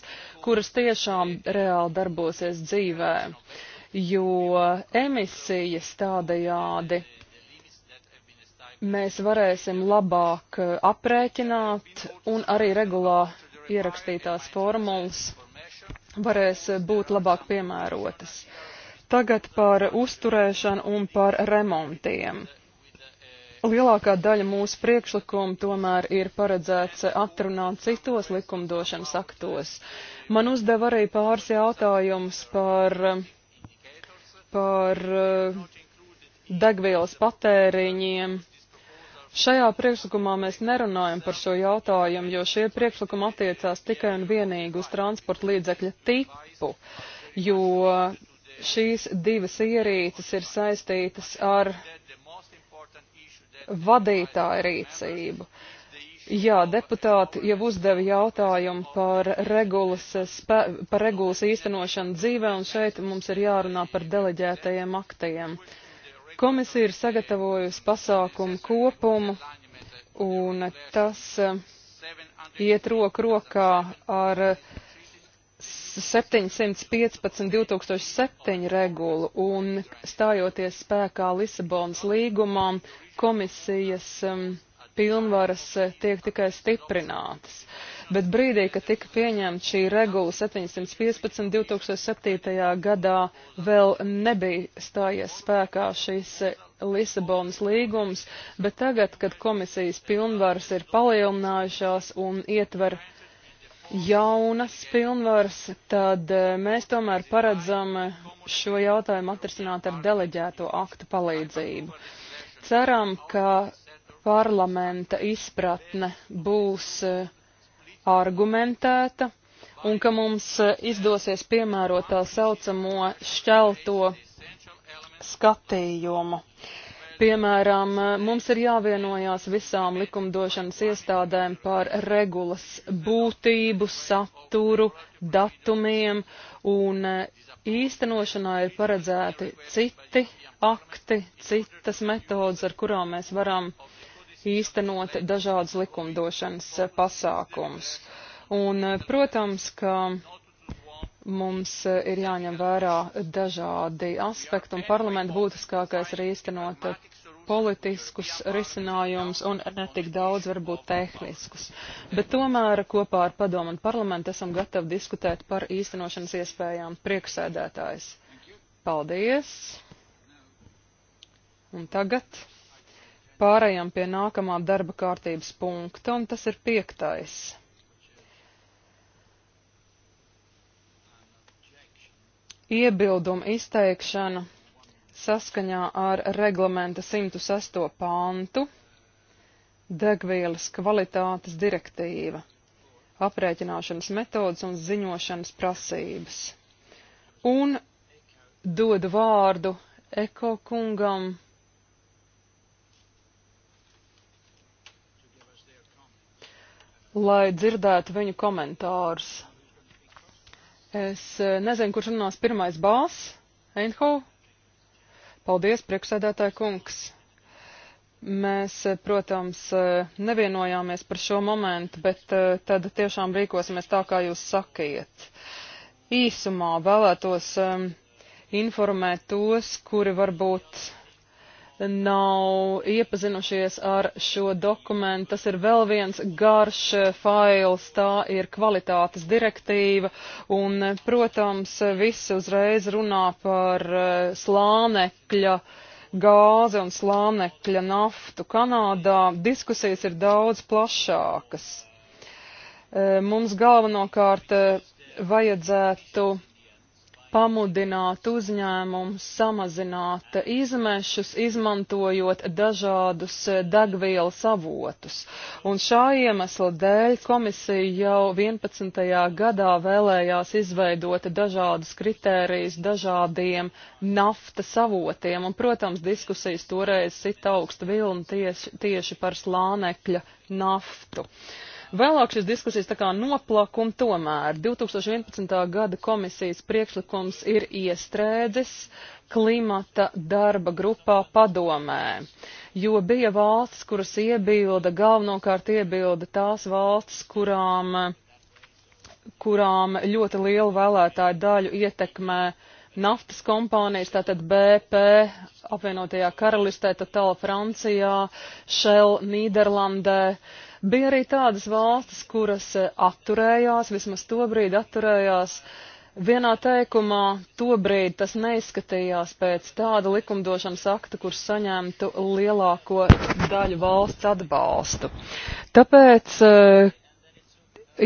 kuras tiešām reāli darbosies dzīvē, jo emisijas tādajādi mēs varēsim labāk eh, aprēķināt un arī regulā ierakstītās formulas varēs eh, būt labāk piemērotas. Tagad par uzturēšanu un par remontiem. Lielākā daļa mūsu priekšlikumu tomēr ir paredzēts atrunāt citos likumdošanas aktos. Man uzdeva arī pāris jautājums par, par eh, degvielas patēriņiem Šajā priekšlikumā mēs nerunājam par šo jautājumu, jo šie priekšlikumi attiecās tikai un vienīgi uz transporta līdzekļa tipu, jo šīs divas ierīces ir saistītas ar vadītāja rīcību. Jā, deputāti jau uzdeva jautājumu par regulas, spē, par regulas īstenošanu dzīvē, un šeit mums ir jārunā par deleģētajiem aktiem. Uh, Komisija ir sagatavojusi pasākumu kopumu, un tas eh, iet roku rokā ar 715.2007 regulu, un stājoties spēkā Lisabonas līgumam, komisijas eh, pilnvaras eh, tiek tikai stiprinātas bet brīdī, kad tika pieņemta šī regula 715 2007. gadā, vēl nebija stājies spēkā šis eh, Lisabonas līgums, bet tagad, kad komisijas pilnvaras ir palielinājušās un ietver jaunas pilnvaras, tad eh, mēs tomēr paredzam eh, šo jautājumu atrisināt ar deleģēto aktu palīdzību. Ceram, ka parlamenta izpratne būs uh, argumentēta un ka mums eh, izdosies piemērot tā saucamo šķelto skatījumu. Piemēram, eh, mums ir jāvienojās visām likumdošanas iestādēm par regulas būtību, saturu, datumiem, un eh, īstenošanā ir paredzēti citi akti, citas metodas, ar kurām mēs varam uh, īstenot dažādas likumdošanas eh, pasākums. Un, eh, protams, ka mums eh, ir jāņem vērā dažādi aspekti, un parlamenta būtiskākais ir īstenot politiskus risinājumus un ne tik daudz varbūt tehniskus. Bet tomēr kopā ar padomu un parlamentu esam gatavi diskutēt par īstenošanas iespējām prieksēdētājs. Paldies! Un tagad Pārējām pie nākamā darba kārtības punkta, un tas ir piektais. Iebildumu izteikšana saskaņā ar reglamenta 106. pantu degvielas kvalitātes direktīva, aprēķināšanas metodas un ziņošanas prasības. Un dodu vārdu Eko kungam lai dzirdētu viņu komentārus. Es eh, nezinu, kurš runās pirmais bāls. Einhau? Paldies, priekšsēdētāja kungs. Mēs, eh, protams, eh, nevienojāmies par šo momentu, bet tad tiešām rīkosimies tā, kā jūs sakiet. Īsumā vēlētos informēt tos, kuri varbūt nav iepazinušies ar šo dokumentu. Tas ir vēl viens garš fails, tā ir kvalitātes direktīva, un, protams, visi uzreiz runā par eh, slānekļa gāzi un slānekļa naftu Kanādā. Diskusijas ir daudz plašākas. Eh, mums galvenokārt eh, vajadzētu pamudināt uzņēmumus samazināt izmešus, izmantojot dažādus degvielas avotus. Un šā iemesla dēļ komisija jau 11. gadā vēlējās izveidot dažādas kritērijas dažādiem naftas avotiem, un, protams, diskusijas toreiz sit augstu vilni tieši, tieši par slānekļa naftu. Uh, Vēlāk šīs diskusijas tā kā noplaka un tomēr 2011. gada komisijas priekšlikums ir iestrēdzis klimata darba grupā padomē, jo bija valsts, kuras iebilda, galvenokārt iebilda tās valsts, kurām, kurām ļoti lielu vēlētāju daļu ietekmē naftas kompānijas, tātad BP, apvienotajā karalistē, Total Francijā, Shell, Nīderlandē. Uh, Bija arī tādas valstis, kuras eh, atturējās, vismaz to brīdi atturējās. Vienā teikumā to brīdi tas neizskatījās pēc tāda likumdošanas akta, kurš saņemtu lielāko daļu valsts atbalstu. Tāpēc eh,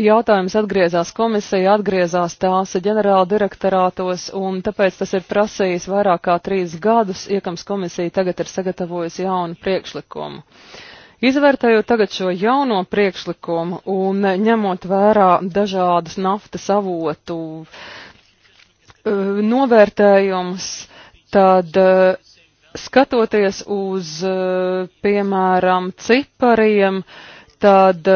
jautājums atgriezās komisija, atgriezās tās ģenerāla direktorātos, un tāpēc tas ir prasījis vairāk kā trīs gadus, iekams komisija tagad ir sagatavojusi jaunu priekšlikumu. Uh, Izvērtējot tagad šo jauno priekšlikumu un ņemot vērā dažādas naftas avotu e, novērtējums, tad e, skatoties uz, e, piemēram, cipariem, tad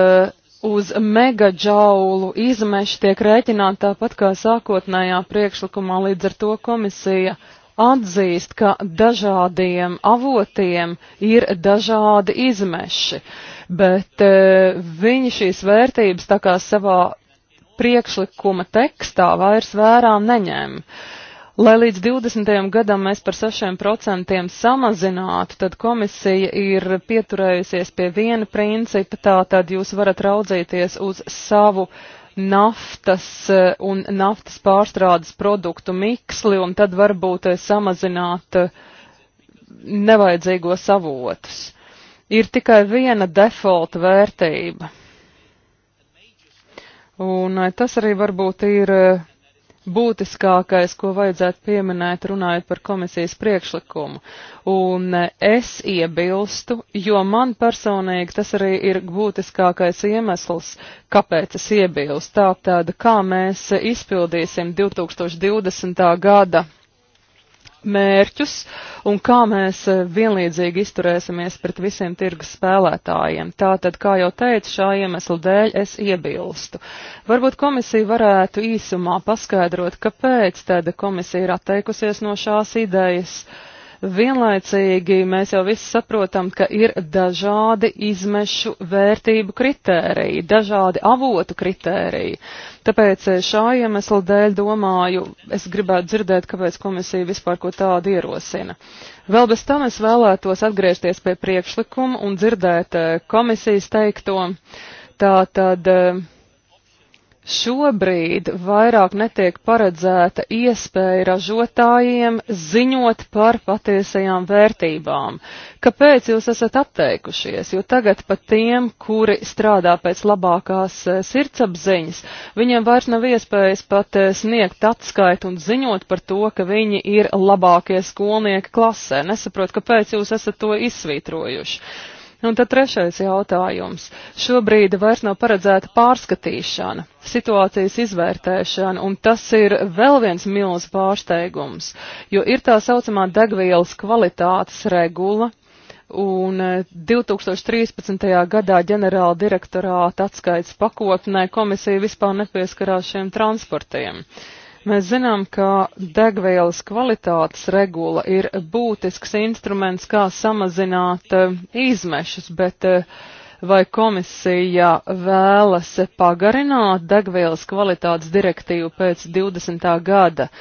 uz megadžaulu izmeši tiek rēķināta tāpat kā sākotnējā priekšlikumā, līdz ar to komisija atzīst, ka dažādiem avotiem ir dažādi izmeši, bet e, viņi šīs vērtības tā kā savā priekšlikuma tekstā vairs vērā neņem. Lai līdz 20. gadam mēs par 6% samazinātu, tad komisija ir pieturējusies pie viena principa, tā tad jūs varat raudzīties uz savu uh, naftas eh, un naftas pārstrādes produktu miksli un tad varbūt eh, samazināt eh, nevajadzīgos avotus. Ir tikai viena default vērtība. Un tas arī varbūt ir būtiskākais, ko vajadzētu pieminēt, runājot par komisijas priekšlikumu. Un eh, es iebilstu, jo man personīgi tas arī ir būtiskākais iemesls, kāpēc es iebilstu. Tātad, kā mēs izpildīsim 2020. gada mērķus un kā mēs eh, vienlīdzīgi izturēsimies pret visiem tirgus spēlētājiem. Tātad, kā jau teicu, šā iemesla dēļ es iebilstu. Varbūt komisija varētu īsumā paskaidrot, kāpēc tāda komisija ir atteikusies no šās idejas. Uh, Vienlaicīgi mēs jau visi saprotam, ka ir dažādi izmešu vērtību kritēriji, dažādi avotu kritēriji. Tāpēc šā iemesla dēļ domāju, es gribētu dzirdēt, kāpēc komisija vispār ko tādu ierosina. Vēl bez tam es vēlētos atgriezties pie priekšlikuma un dzirdēt eh, komisijas teikto. Tātad. Uh, Šobrīd vairāk netiek paredzēta iespēja ražotājiem ziņot par patiesajām vērtībām. Kāpēc jūs esat atteikušies? Jo tagad pat tiem, kuri strādā pēc labākās eh, sirdsapziņas, viņiem vairs nav iespējas pat eh, sniegt atskaitu un ziņot par to, ka viņi ir labākie skolnieki klasē. Nesaprot, kāpēc jūs esat to izsvītrojuši. Un tad trešais jautājums. Šobrīd vairs nav paredzēta pārskatīšana, situācijas izvērtēšana, un tas ir vēl viens milz pārsteigums, jo ir tā saucamā degvielas kvalitātes regula, un 2013. Eh, gadā ģenerāla direktorāta atskaits pakotnē komisija vispār nepieskarās šiem transportiem. Uh, Mēs zinām, ka degvielas kvalitātes regula ir būtisks instruments, kā samazināt uh, izmešas, bet uh, vai komisija vēlas pagarināt degvielas kvalitātes direktīvu pēc 20. gada?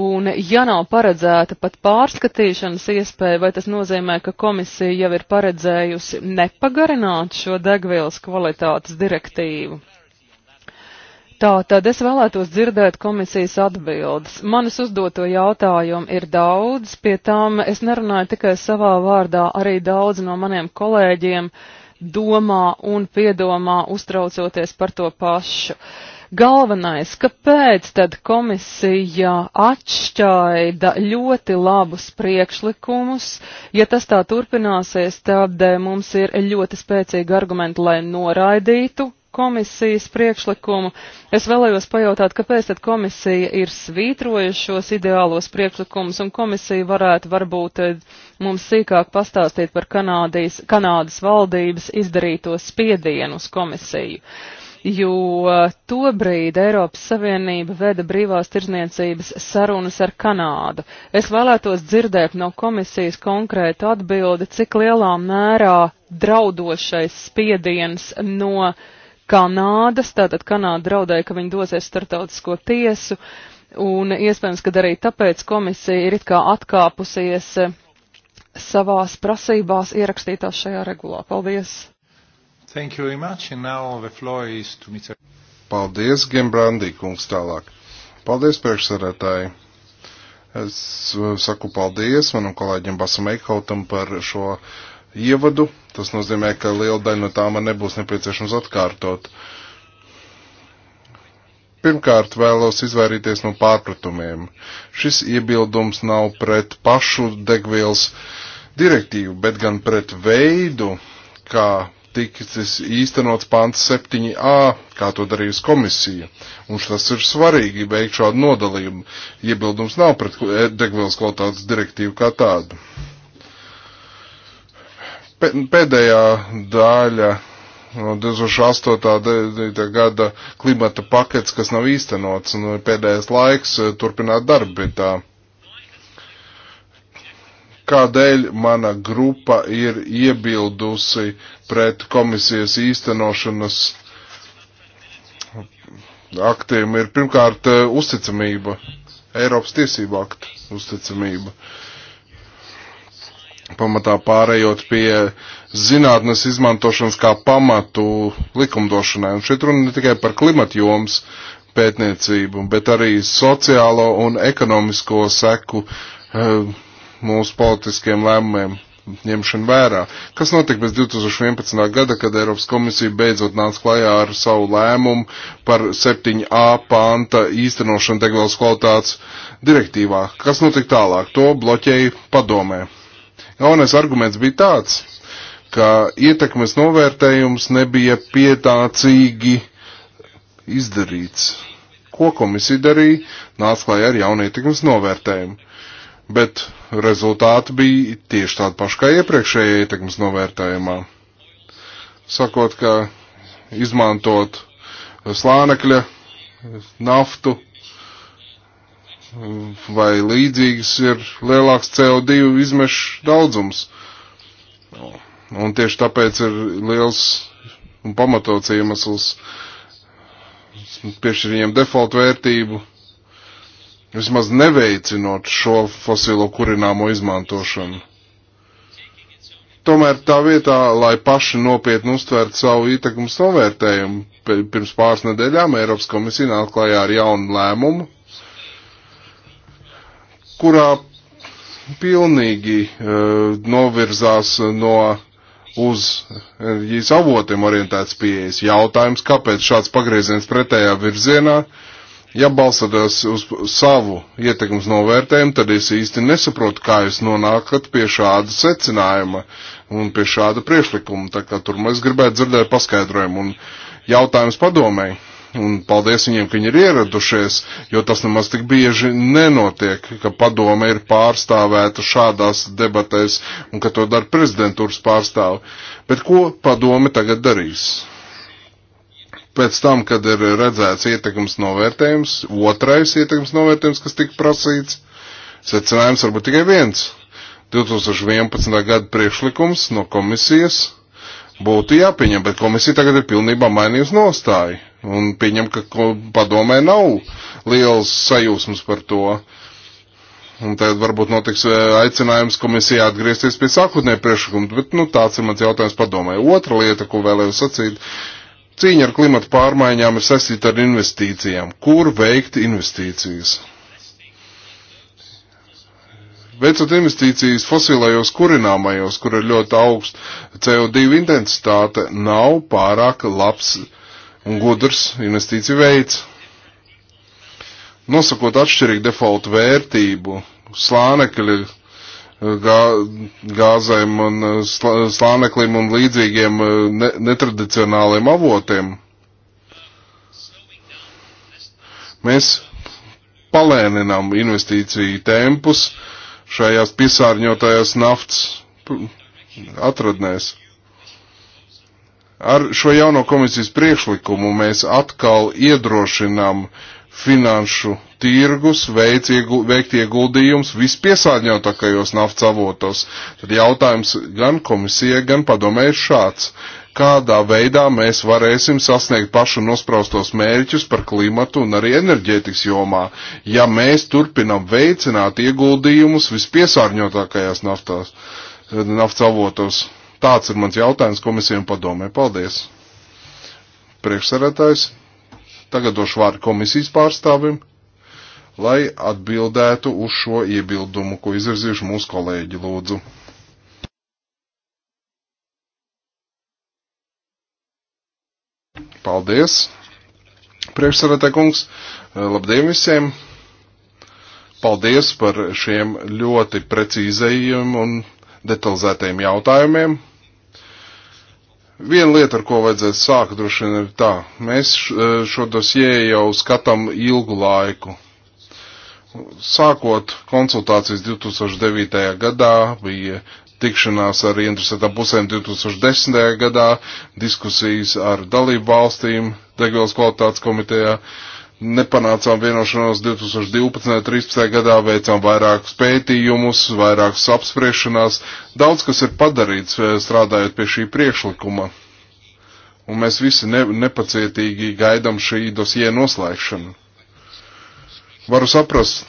Un, ja nav paredzēta pat pārskatīšanas iespēja, vai tas nozīmē, ka komisija jau ir paredzējusi nepagarināt šo degvielas kvalitātes direktīvu? Tā tad es vēlētos dzirdēt komisijas atbildes. Manis uzdoto jautājumu ir daudz, pie tām es nerunāju tikai savā vārdā, arī daudz no maniem kolēģiem domā un piedomā uztraucoties par to pašu. Galvenais, kāpēc tad komisija atšķaida ļoti labus priekšlikumus, ja tas tā turpināsies, tad mums ir ļoti spēcīgi argumenti, lai noraidītu komisijas priekšlikumu. Es vēlējos pajautāt, kāpēc tad komisija ir svītrojuši šos ideālos priekšlikumus, un komisija varētu varbūt eh, mums sīkāk pastāstīt par Kanādijas, Kanādas valdības izdarīto spiedienu uz komisiju. Jo eh, tobrīd Eiropas Savienība veda brīvās tirzniecības sarunas ar Kanādu. Es vēlētos dzirdēt no komisijas konkrētu atbildi, cik lielā mērā draudošais spiediens no uh, Kanādas, tātad Kanāda draudēja, ka viņi dosies startautisko tiesu, un iespējams, ka arī tāpēc komisija ir it kā atkāpusies eh, savās prasībās ierakstītās šajā regulā. Paldies! Thank you very much, and now the floor is to Mr. Paldies, Gembrandī kungs tālāk. Paldies, priekšsarētāji. Es eh, saku paldies manam kolēģim Basam Eikautam par šo uh, ievadu. Tas nozīmē, ka liela daļa no tām man nebūs nepieciešams atkārtot. Pirmkārt, vēlos izvairīties no pārpratumiem. Šis iebildums nav pret pašu degvielas direktīvu, bet gan pret veidu, kā tiks īstenots pants 7a, kā to darījusi komisija. Un tas ir svarīgi veikt šādu nodalījumu. Iebildums nav pret eh, degvielas kvalitātes direktīvu kā tādu. Pēdējā daļa no 2008. gada klimata pakets, kas nav īstenots, un pēdējais laiks eh, turpināt darbu pie tā. Kādēļ mana grupa ir iebildusi pret komisijas īstenošanas aktiem ir pirmkārt eh, uzticamība, Eiropas tiesību aktu uzticamība. Uh, pamatā pārējot pie zinātnes izmantošanas kā pamatu likumdošanai. Un šeit runa ne tikai par klimatu joms pētniecību, bet arī sociālo un ekonomisko seku uh, mūsu politiskiem lēmumiem ņemšanu vērā. Kas notika pēc 2011. gada, kad Eiropas komisija beidzot nāca klajā ar savu lēmumu par 7a panta īstenošanu degvielas kvalitātes direktīvā? Kas notika tālāk? To bloķēja padomē. Galvenais arguments bija tāds, ka ietekmes novērtējums nebija pietācīgi izdarīts. Ko komisija darīja? Nāca klajā ar jaunu ietekmes novērtējumu. Bet rezultāti bija tieši tādi paši kā iepriekšējā ietekmes novērtējumā. Sakot, ka izmantot slānekļa naftu vai līdzīgas ir lielāks CO2 izmešu daudzums. Un tieši tāpēc ir liels un pamatots iemesls piešķir viņiem default vērtību, vismaz neveicinot šo fosilo kurināmo izmantošanu. Tomēr tā vietā, lai paši nopietni uztvērtu savu ietekmes novērtējumu, pirms pāris nedēļām Eiropas komisija atklājā ar jaunu lēmumu, kurā pilnīgi uh, novirzās no uz enerģijas avotiem orientēts pieejas. Jautājums, kāpēc šāds pagrieziens pretējā virzienā, ja balstoties uz savu ietekmes novērtējumu, tad es īsti nesaprotu, kā jūs nonākat pie šāda secinājuma un pie šāda priešlikuma. Tā kā tur mēs gribētu dzirdēt paskaidrojumu un jautājums padomēji un paldies viņiem, ka viņi ir ieradušies, jo tas nemaz tik bieži nenotiek, ka padome ir pārstāvēta šādās debatēs un ka to dara prezidentūras pārstāvi. Bet ko padome tagad darīs? Pēc tam, kad ir redzēts ietekmes novērtējums, otrais ietekmes novērtējums, kas tika prasīts, secinājums varbūt tikai viens. 2011. gada priekšlikums no komisijas būtu jāpieņem, bet komisija tagad ir pilnībā mainījusi nostāju Un pieņem, ka padomē nav liels sajūsmas par to. Un tad varbūt notiks eh, aicinājums komisijā atgriezties pie sākotnē priekšlikuma, bet nu, tāds ir mans jautājums padomē. Otra lieta, ko vēlēju sacīt, cīņa ar klimatu pārmaiņām ir saistīta ar investīcijām. Kur veikt investīcijas? Veicot investīcijas fosilajos kurināmajos, kur ir ļoti augsta CO2 intensitāte, nav pārāk labs un gudrs investīciju veids. Nosakot atšķirīgu defaultu vērtību, slānekļi gā, gāzēm un uh, slāneklim un līdzīgiem uh, ne, netradicionāliem avotiem. Mēs palēninām investīciju tempus šajās piesārņotajās naftas atradnēs. Ar šo jauno komisijas priekšlikumu mēs atkal iedrošinām finanšu tirgus veic, iegu, veikt ieguldījums vispiesārņotākajos naftas avotos. Tad jautājums gan komisijai, gan padomē ir šāds. Kādā veidā mēs varēsim sasniegt pašu nospraustos mērķus par klimatu un arī enerģētikas jomā, ja mēs turpinam veicināt ieguldījumus vispiesārņotākajās naftās, naftas avotos? Tāds ir mans jautājums komisijām padomē. Paldies! Priekšsarētājs, tagad došu vārdu komisijas pārstāvim, lai atbildētu uz šo iebildumu, ko izvirzījuši mūsu kolēģi lūdzu. Paldies! Priekšsarētāj kungs, labdien visiem! Paldies par šiem ļoti precīzajiem un detalizētajiem jautājumiem. Viena lieta, ar ko vajadzētu sākt, droši vien ir tā. Mēs e, šo dosie jau skatām ilgu laiku. Sākot konsultācijas 2009. gadā, bija tikšanās ar interesētām pusēm 2010. gadā, diskusijas ar dalību valstīm, degvielas kvalitātes komitejā. Uh, nepanācām vienošanos 2012. un 2013. gadā, veicām vairākus pētījumus, vairākus apspriešanās. Daudz kas ir padarīts eh, strādājot pie šī priekšlikuma. Un mēs visi ne, nepacietīgi gaidām šī dosie noslēgšanu. Varu saprast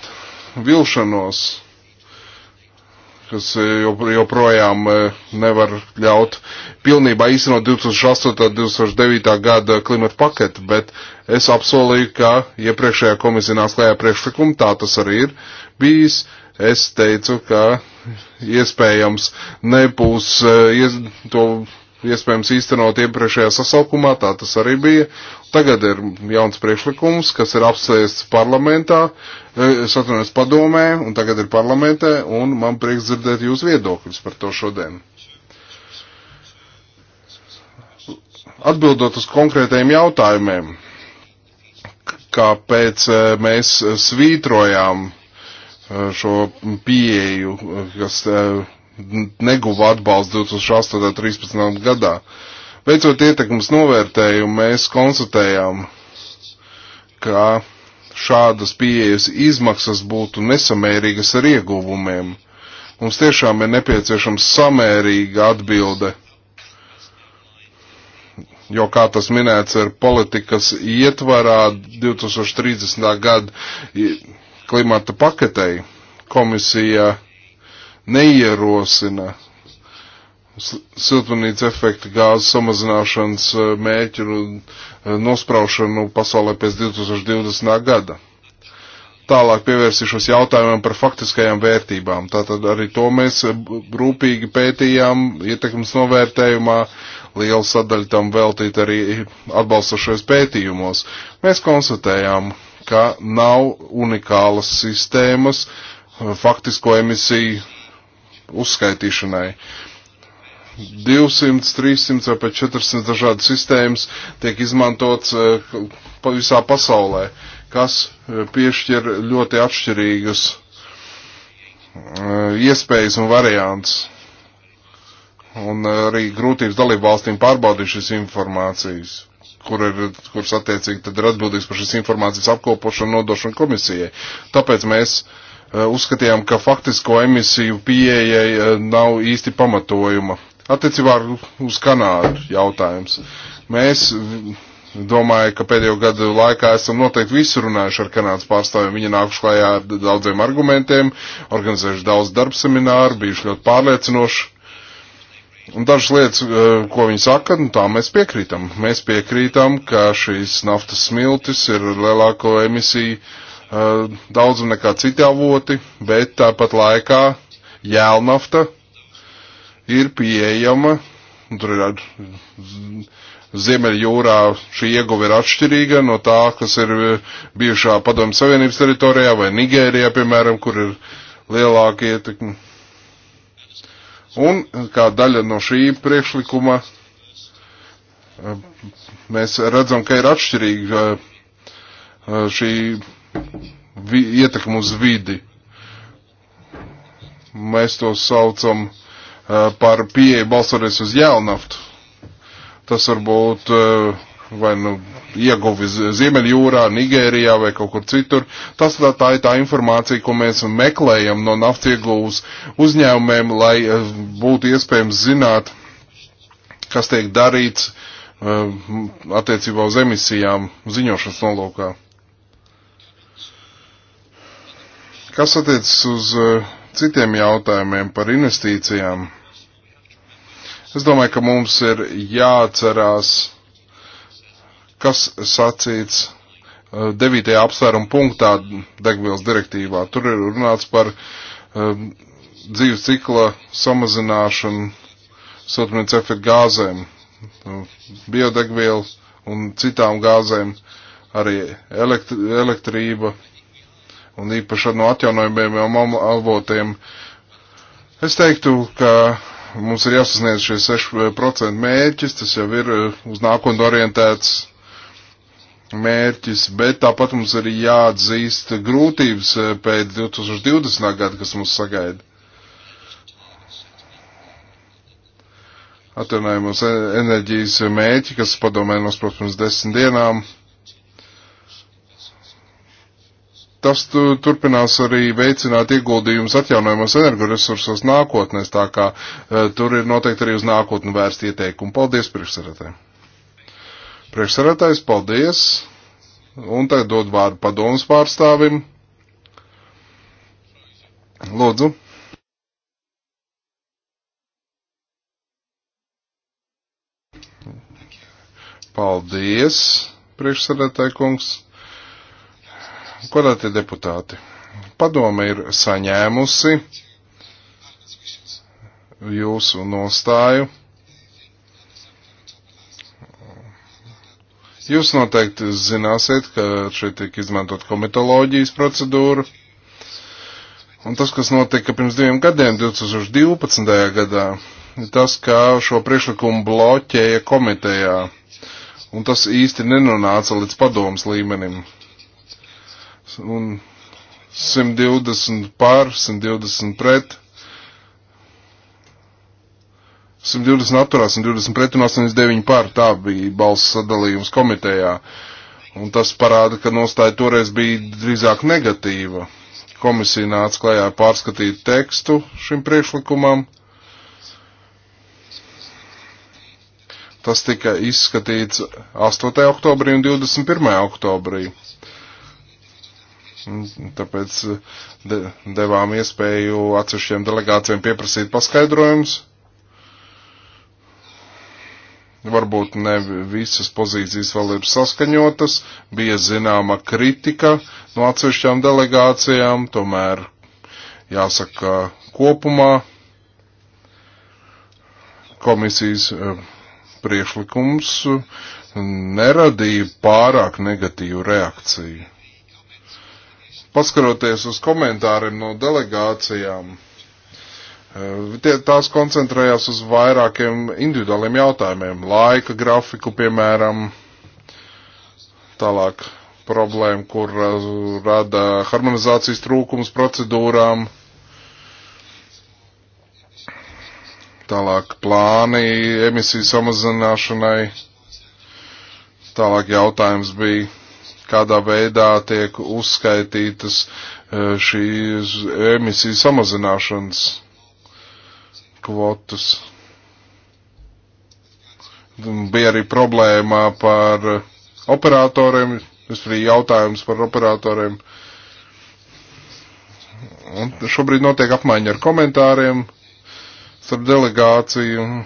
vilšanos kas eh, joprojām eh, nevar ļaut pilnībā īstenot 2008. un 2009. gada klimata paketu, bet es apsolīju, ka iepriekšējā komisija nāks klējā priekšlikumu, tā tas arī ir bijis. Es teicu, ka iespējams nebūs eh, to iespējams īstenot iepriekšējā sasaukumā, tā tas arī bija. Tagad ir jauns priekšlikums, kas ir apsēsts parlamentā, e, es atvainojos padomē, un tagad ir parlamentē, un man prieks dzirdēt jūs viedokļus par to šodien. Atbildot uz konkrētajiem jautājumiem, kāpēc e, mēs svītrojām e, šo pieeju, kas neguva atbalstu 2008.13. gadā. Veicot ietekmes novērtējumu, mēs konstatējām, ka šādas pieejas izmaksas būtu nesamērīgas ar ieguvumiem. Mums tiešām ir nepieciešams samērīga atbilde, jo, kā tas minēts, ar politikas ietvarā 2030. gada klimata paketei komisija neierosina siltumnīca efekta gāzu samazināšanas eh, mērķu eh, nospraušanu pasaulē pēc 2020. gada. Tālāk pievērsīšos jautājumam par faktiskajām vērtībām. Tātad arī to mēs eh, rūpīgi pētījām ietekmes novērtējumā, liela sadaļa tam veltīt arī atbalstošos pētījumos. Mēs konstatējām, ka nav unikālas sistēmas faktisko emisiju uzskaitīšanai. 200, 300 vai pat 400 dažādas sistēmas tiek izmantots eh, pa visā pasaulē, kas eh, piešķir ļoti atšķirīgas eh, iespējas un variants. Un arī grūtības dalību valstīm pārbaudīt šīs informācijas, kur ir, kuras attiecīgi tad ir atbildīgs par šīs informācijas apkopošanu un nodošanu komisijai. Tāpēc mēs uh, Eh, uzskatījām, ka faktisko emisiju pieejai eh, nav īsti pamatojuma. Attiecībā uz Kanādu jautājums. Mēs domāju, ka pēdējo gadu laikā esam noteikti visu runājuši ar Kanādas pārstāvjiem. Viņi nākuši klajā ar daudziem argumentiem, organizējuši daudz darba semināru, bijuši ļoti pārliecinoši. Un dažas lietas, eh, ko viņi saka, nu tā mēs piekrītam. Mēs piekrītam, ka šīs naftas smiltis ir lielāko emisiju uh, Eh, daudz nekā citi avoti, bet tāpat laikā jēlnafta ir pieejama, tur ir Ziemeļjūrā šī ieguva ir atšķirīga no tā, kas ir eh, bijušā Padomu Savienības teritorijā vai Nigērijā, piemēram, kur ir lielāka ietekme. Un eh, kā daļa no šī priekšlikuma mēs redzam, ka ir atšķirīga šī ietekmu uz vidi. Mēs to saucam uh, par pieeju balsoties uz jēlnaftu. Tas var būt uh, eh, vai nu ieguvi Ziemeļjūrā, Nigērijā vai kaut kur citur. Tas tā, tā ir tā informācija, ko mēs meklējam no naftas ieguvus uzņēmumiem, lai eh, būtu iespējams zināt, kas tiek darīts uh, attiecībā uz emisijām ziņošanas nolūkā. Kas attiecas uz eh, citiem jautājumiem par investīcijām? Es domāju, ka mums ir jāatcerās, kas sacīts 9. Eh, apsvērumu punktā degvielas direktīvā. Tur ir runāts par um, dzīves cikla samazināšanu siltumnīca efekta gāzēm, nu, biodegvielu un citām gāzēm, arī elektri, elektrība un īpaši no atjaunojumiem avotiem. Es teiktu, ka mums ir jāsasniedz šie 6% mērķis, tas jau ir eh, uz nākotnē orientēts mērķis, bet tāpat mums ir jāatzīst grūtības eh, pēc 2020. gada, kas mums sagaida. Atvainojumos e-, enerģijas mērķi, kas padomē mums, protams, desmit dienām. tas tu, turpinās arī veicināt ieguldījumus atjaunojumos energoresursos nākotnēs, tā kā uh, tur ir noteikti arī uz nākotni vērsti ieteikumi. Paldies, priekšsarētāji! Priekšsarētājs, paldies! Un tagad dod vārdu padomus pārstāvim. Lūdzu! Paldies, priekšsarētāji kungs! Godātie deputāti, padome ir saņēmusi jūsu nostāju. Jūs noteikti zināsiet, ka šeit tiek izmantot komitoloģijas procedūra. Un tas, kas notika pirms diviem gadiem, 2012. gadā, ir tas, kā šo priekšlikumu bloķēja komitejā. Un tas īsti nenonāca līdz padomas līmenim un 120 pār, 120 pret. 120 atturās, 120 pret un 89 pār. Tā bija balss sadalījums komitejā. Un tas parāda, ka nostāja toreiz bija drīzāk negatīva. Komisija nāca klajā pārskatīt tekstu šim priekšlikumam. Tas tika izskatīts 8. oktobrī un 21. oktobrī. Tāpēc eh, de, devām iespēju atsevišķiem delegācijiem pieprasīt paskaidrojumus. Varbūt ne visas pozīcijas vēl ir saskaņotas, bija zināma kritika no atsevišķām delegācijām, tomēr jāsaka kopumā komisijas eh, priekšlikums eh, neradīja pārāk negatīvu reakciju. Paskaroties uz komentāriem no delegācijām, eh, tie, tās koncentrējās uz vairākiem individuāliem jautājumiem - laika grafiku, piemēram, tālāk problēma, kur eh, rada harmonizācijas trūkums procedūrām. tālāk plāni emisiju samazināšanai. Tālāk jautājums bija kādā veidā tiek uzskaitītas e, šīs emisiju samazināšanas kvotas. Bija arī problēma par operatoriem, es arī jautājums par operatoriem. Un šobrīd notiek apmaiņa ar komentāriem starp delegāciju. Un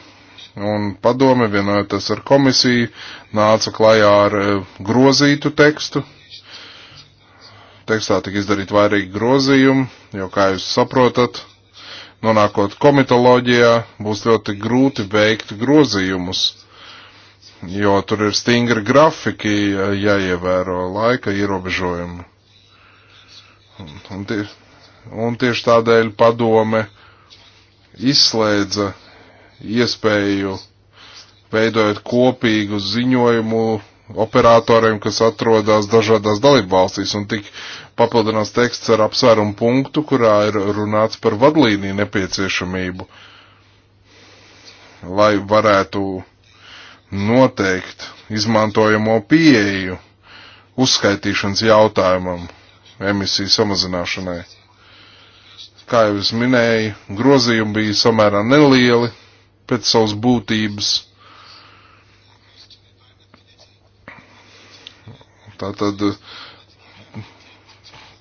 un padome vienojoties ar komisiju nāca klajā ar e, grozītu tekstu. Tekstā tika izdarīt vairīgi grozījumi, jo, kā jūs saprotat, nonākot komitoloģijā, būs ļoti grūti veikt grozījumus, jo tur ir stingri grafiki e, jāievēro laika ierobežojumi. Un, tie, un tieši tādēļ padome izslēdza iespēju veidojot kopīgu ziņojumu operatoriem, kas atrodas dažādās dalībvalstīs, un tik papildinās teksts ar apsvērumu punktu, kurā ir runāts par vadlīniju nepieciešamību, lai varētu noteikt izmantojamo pieeju uzskaitīšanas jautājumam emisiju samazināšanai. Kā jau es minēju, grozījumi bija samērā nelieli, pēc savas būtības. Tātad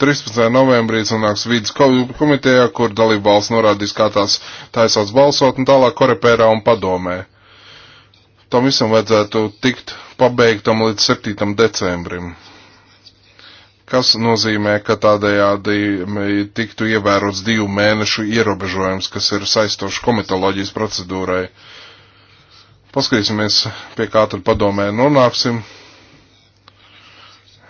13. novembrī sanāks vidas komitejā, kur dalība valsts norādīs, kā tās taisās balsot un tālāk korepērā un padomē. Tam visam vajadzētu tikt pabeigtam līdz 7. decembrim kas nozīmē, ka tādējādi tiktu ievērots divu mēnešu ierobežojums, kas ir saistošs komitoloģijas procedūrai. Paskatīsimies, pie kā tad padomē nonāksim.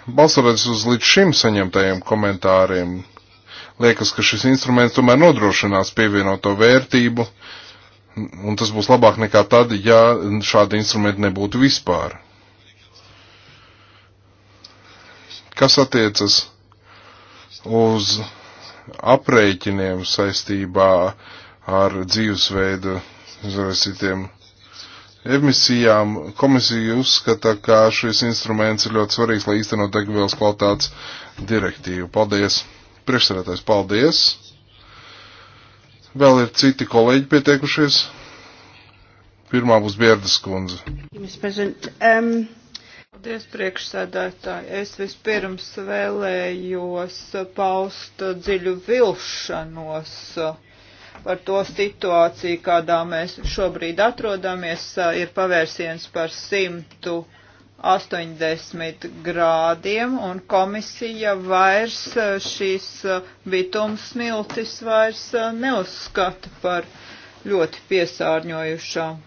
Balsoties uz līdz šim saņemtajiem komentāriem, liekas, ka šis instruments tomēr nodrošinās pievienoto vērtību, un tas būs labāk nekā tad, ja šādi instrumenti nebūtu vispār. Kas attiecas uz aprēķiniem saistībā ar dzīvesveidu izraisītiem emisijām, komisija uzskata, ka šis instruments ir ļoti svarīgs, lai īstenot degvielas kvalitātes direktīvu. Paldies! Priekšsēdētājs, paldies! Vēl ir citi kolēģi pieteikušies. Pirmā būs Bierdas kundze. Um... Paldies, priekšsēdētāji. Es vispirms vēlējos paust dziļu vilšanos par to situāciju, kādā mēs šobrīd atrodamies. Ir pavērsiens par 180 grādiem, un komisija vairs šīs bitums smiltis vairs neuzskata par ļoti piesārņojušām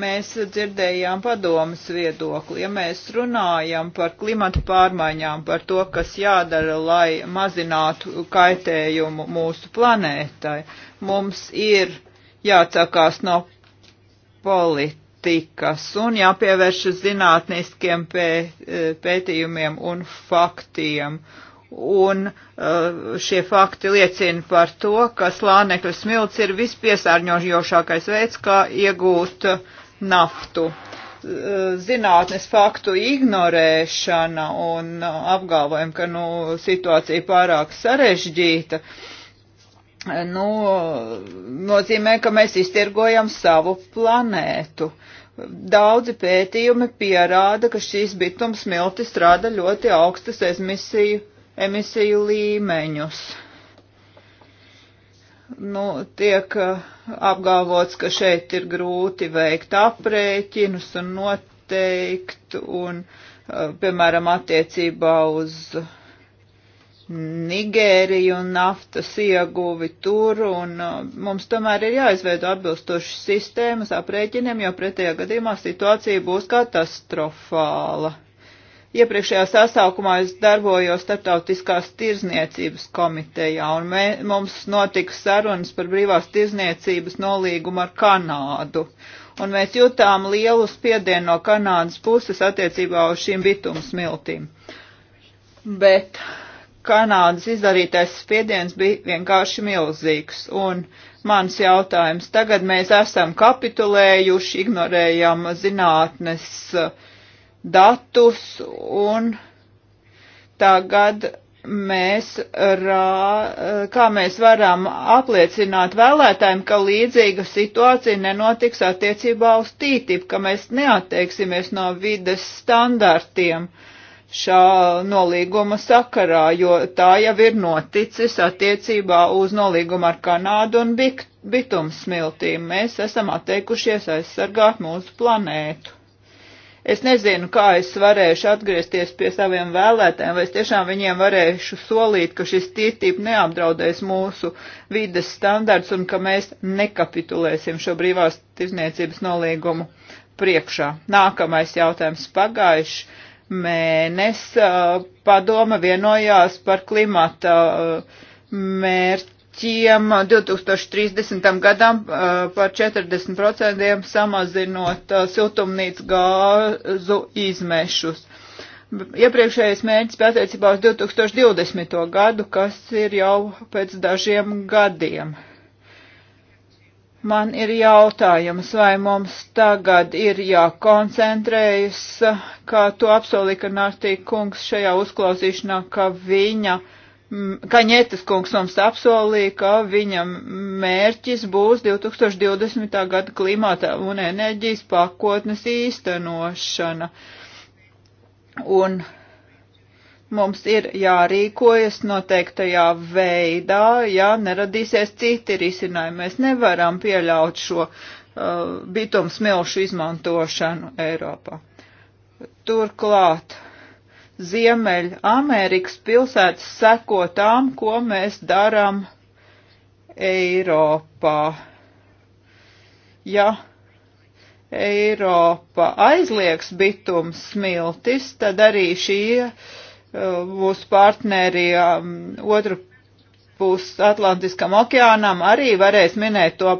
mēs dzirdējām padomas viedokli. Ja mēs runājam par klimatu pārmaiņām, par to, kas jādara, lai mazinātu kaitējumu mūsu planētai, mums ir jāatsakās no politikas un jāpievēršas zinātniskiem pē, e, pētījumiem un faktiem. Un uh, šie fakti liecina par to, ka slānekļa smilts ir vispiesārņojošākais veids, kā iegūt uh, naftu. Zinātnes faktu ignorēšana un apgalvojam, ka nu, situācija pārāk sarežģīta nu, nozīmē, ka mēs iztirgojam savu planētu. Daudzi pētījumi pierāda, ka šīs bitums smilti strāda ļoti augstas emisiju, emisiju līmeņus nu, tiek eh, apgalvots, ka šeit ir grūti veikt aprēķinus un noteikt, un, eh, piemēram, attiecībā uz Nigēriju un naftas ieguvi tur, un eh, mums tomēr ir jāizveido atbilstoši sistēmas aprēķiniem, jo pretējā gadījumā situācija būs katastrofāla. Iepriekšējā sasaukumā es darbojos starptautiskās tirzniecības komitejā, un mē, mums notika sarunas par brīvās tirzniecības nolīgumu ar Kanādu. Un mēs jutām lielu spiedienu no Kanādas puses attiecībā uz šīm bitumsmiltīm. Bet Kanādas izdarītais spiediens bija vienkārši milzīgs. Un mans jautājums, tagad mēs esam kapitulējuši, ignorējam zinātnes uh, datus un tagad mēs, rā, kā mēs varam apliecināt vēlētājiem, ka līdzīga situācija nenotiks attiecībā uz tītību, ka mēs neatteiksimies no vides standartiem šā nolīguma sakarā, jo tā jau ir noticis attiecībā uz nolīgumu ar Kanādu un bit, bitumsmiltīm. Mēs esam atteikušies aizsargāt mūsu planētu. Es nezinu, kā es varēšu atgriezties pie saviem vēlētēm, vai es tiešām viņiem varēšu solīt, ka šis tītība neapdraudēs mūsu vides standarts un ka mēs nekapitulēsim šo brīvās tirzniecības nolīgumu priekšā. Nākamais jautājums pagājuši. Mēnes padoma vienojās par klimata mērķi mērķiem 2030. gadam uh, par 40% samazinot uh, siltumnīcas gāzu izmešus. Iepriekšējais mērķis pateicībā uz 2020. gadu, kas ir jau pēc dažiem gadiem. Man ir jautājums, vai mums tagad ir jākoncentrējas, kā to apsolīja Nārtī kungs šajā uzklausīšanā, ka viņa uh, Kaņetas kungs mums apsolīja, ka viņa mērķis būs 2020. gada klimata un enerģijas pakotnes īstenošana. Un mums ir jārīkojas noteiktajā veidā, ja neradīsies citi risinājumi. Mēs nevaram pieļaut šo uh, bitums milšu izmantošanu Eiropā. Turklāt. Uh, Ziemeļamerikas pilsētas seko tām, ko mēs darām Eiropā. Ja Eiropa aizliegs bitums smiltis, tad arī šie uh, mūsu partneri um, otru pus Atlantiskam okeānam arī varēs minēt to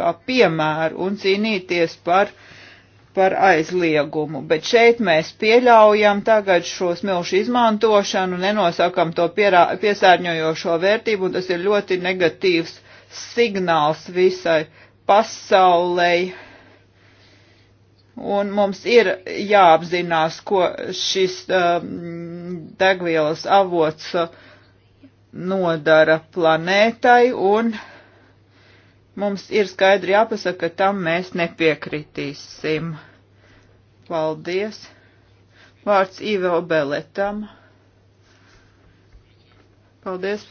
kā piemēru un cīnīties par uh, par aizliegumu, bet šeit mēs pieļaujam tagad šo smilšu izmantošanu, nenosakam to pierā, piesārņojošo vērtību, un tas ir ļoti negatīvs signāls visai pasaulei. Un mums ir jāapzinās, ko šis um, degvielas avots nodara planētai un Mums ir skaidri jāpasaka, ka tam mēs nepiekritīsim. Paldies. Vārds Īvo Beletam. Paldies.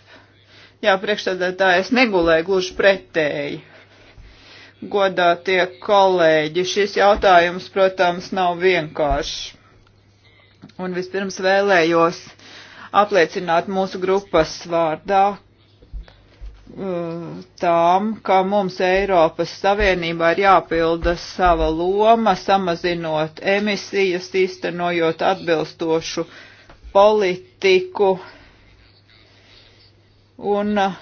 Jā, priekšsēdētāji, es negulēju gluži pretēji. Godā tie kolēģi, šis jautājums, protams, nav vienkāršs. Un vispirms vēlējos apliecināt mūsu grupas vārdā, tām, ka mums Eiropas Savienībā ir jāpilda sava loma, samazinot emisijas, īstenojot atbilstošu politiku. Un uh,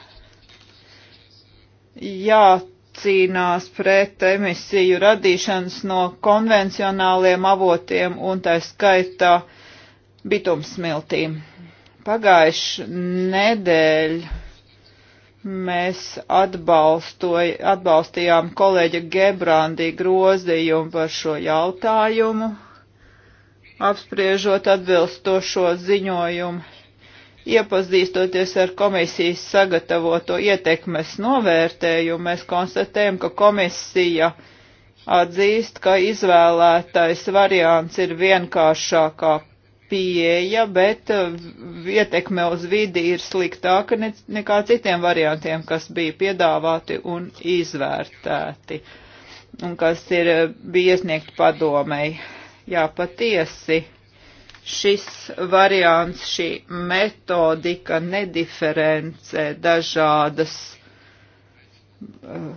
jācīnās pret emisiju radīšanas no konvencionāliem avotiem un tā skaitā bitumsmiltīm. Pagājuši nedēļa mēs atbalstījām kolēģa Gebrandī grozījumu par šo jautājumu, apspriežot atbilstošo ziņojumu, iepazīstoties ar komisijas sagatavoto ietekmes novērtējumu, mēs konstatējam, ka komisija atzīst, ka izvēlētais variants ir vienkāršākā pieeja, bet uh, ietekme uz vidi ir sliktāka nekā citiem variantiem, kas bija piedāvāti un izvērtēti un kas ir uh, bija iesniegt padomei. Jā, patiesi šis variants, šī metodika nediferencē dažādas uh,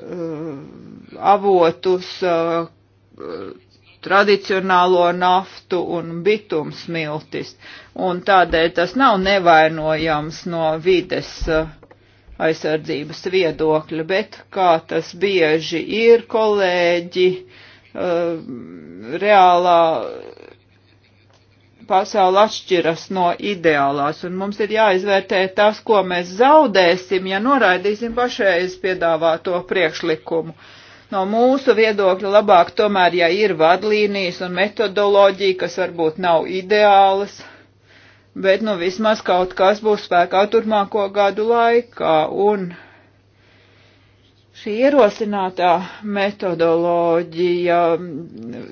uh, avotus, uh, tradicionālo naftu un bitums smiltis. Un tādēļ tas nav nevainojams no vides eh, aizsardzības viedokļa, bet kā tas bieži ir, kolēģi, eh, reālā pasauli atšķiras no ideālās, un mums ir jāizvērtē tas, ko mēs zaudēsim, ja noraidīsim pašreiz piedāvāto priekšlikumu. Uh, no mūsu viedokļa labāk tomēr, ja ir vadlīnijas un metodoloģija, kas varbūt nav ideālas, bet nu vismaz kaut kas būs spēkā turpmāko gadu laikā. Un šī ierosinātā metodoloģija mm,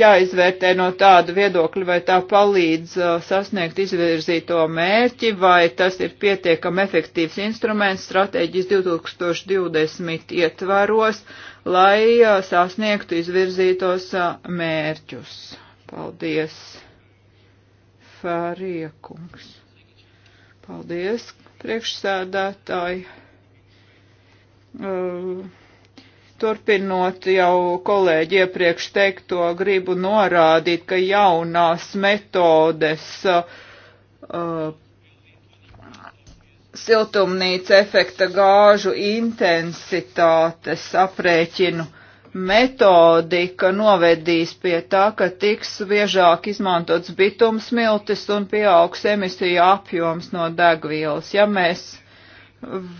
jāizvērtē no tāda viedokļa, vai tā palīdz uh, sasniegt izvirzīto mērķi, vai tas ir pietiekami efektīvs instruments stratēģijas 2020 ietvaros, lai sasniegtu izvirzītos mērķus. Paldies, Fāriekungs. Paldies, priekšsēdētāji. Uh, Turpinot jau kolēģi iepriekš teikto, gribu norādīt, ka jaunās metodes uh, siltumnīca efekta gāžu intensitātes aprēķinu metodika novedīs pie tā, ka tiks biežāk izmantots bitums miltis un pieaugs emisiju apjoms no degvielas. Ja mēs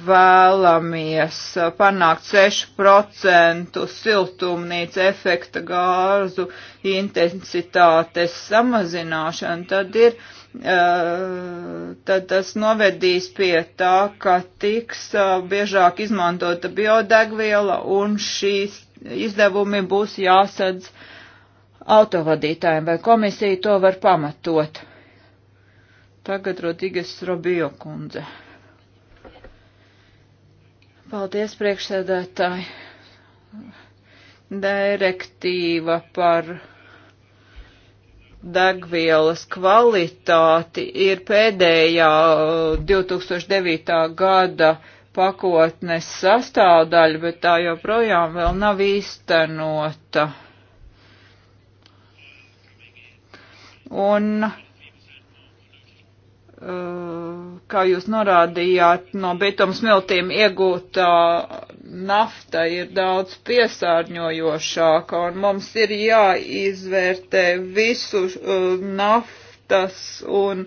vēlamies panākt 6% siltumnīca efekta gāzu intensitātes samazināšanu, tad ir Eh, tad tas novedīs pie tā, ka tiks eh, biežāk izmantota biodegviela un šīs izdevumi būs jāsadz autovadītājiem, vai komisija to var pamatot. Tagad Rodīgas Robijo kundze. Paldies, priekšsēdētāji. Direktīva par degvielas kvalitāti ir pēdējā 2009. Uh, gada pakotnes sastāvdaļa, bet tā joprojām vēl nav īstenota. Un kā jūs norādījāt, no betums smiltīm iegūtā nafta ir daudz piesārņojošāka, un mums ir jāizvērtē visu uh, naftas un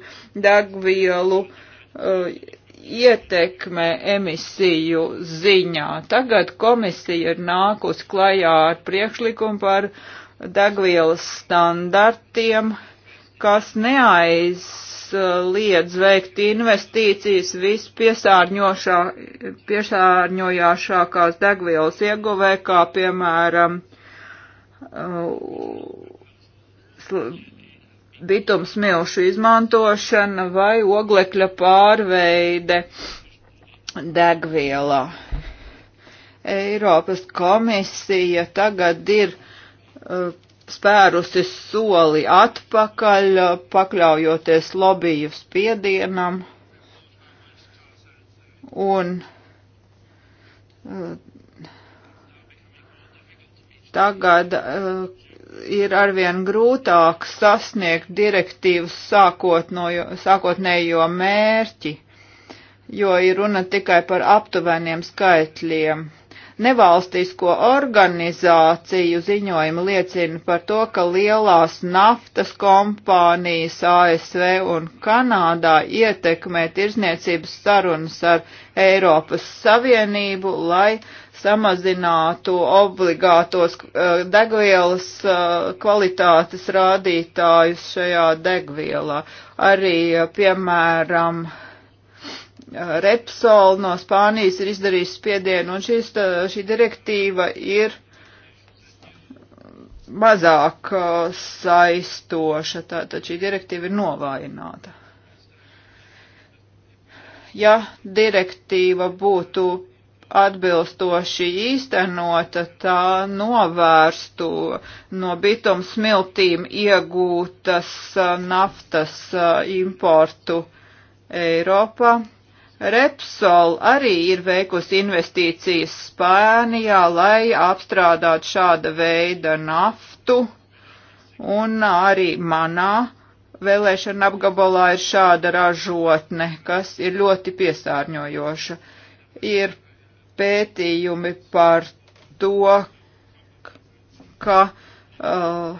degvielu uh, ietekme emisiju ziņā. Tagad komisija ir nākus klajā ar priekšlikumu par degvielas standartiem, kas neaiz Uh, liedz veikt investīcijas vispiesārņojošākās degvielas ieguvē, kā piemēram uh, bitums milšu izmantošana vai oglekļa pārveide degvielā. Eiropas komisija tagad ir uh, spērusi soli atpakaļ, pakļaujoties lobiju spiedienam. Un eh, tagad eh, ir arvien grūtāk sasniegt direktīvas sākot no, sākotnējo mērķi, jo ir runa tikai par aptuveniem skaitļiem. Nevalstisko organizāciju ziņojumi liecina par to, ka lielās naftas kompānijas ASV un Kanādā ietekmē tirzniecības sarunas ar Eiropas Savienību, lai samazinātu obligātos eh, degvielas eh, kvalitātes rādītājus šajā degvielā. Arī, eh, piemēram, Repsol no Spānijas ir izdarījis spiedienu, un šis, šī direktīva ir mazāk uh, saistoša, tātad šī direktīva ir novājināta. Ja direktīva būtu atbilstoši īstenota, tā novērstu no bitum smiltīm iegūtas uh, naftas uh, importu Eiropā. Repsol arī ir veikusi investīcijas Spānijā, lai apstrādātu šāda veida naftu, un arī manā vēlēšana apgabalā ir šāda ražotne, kas ir ļoti piesārņojoša. Ir pētījumi par to, ka uh,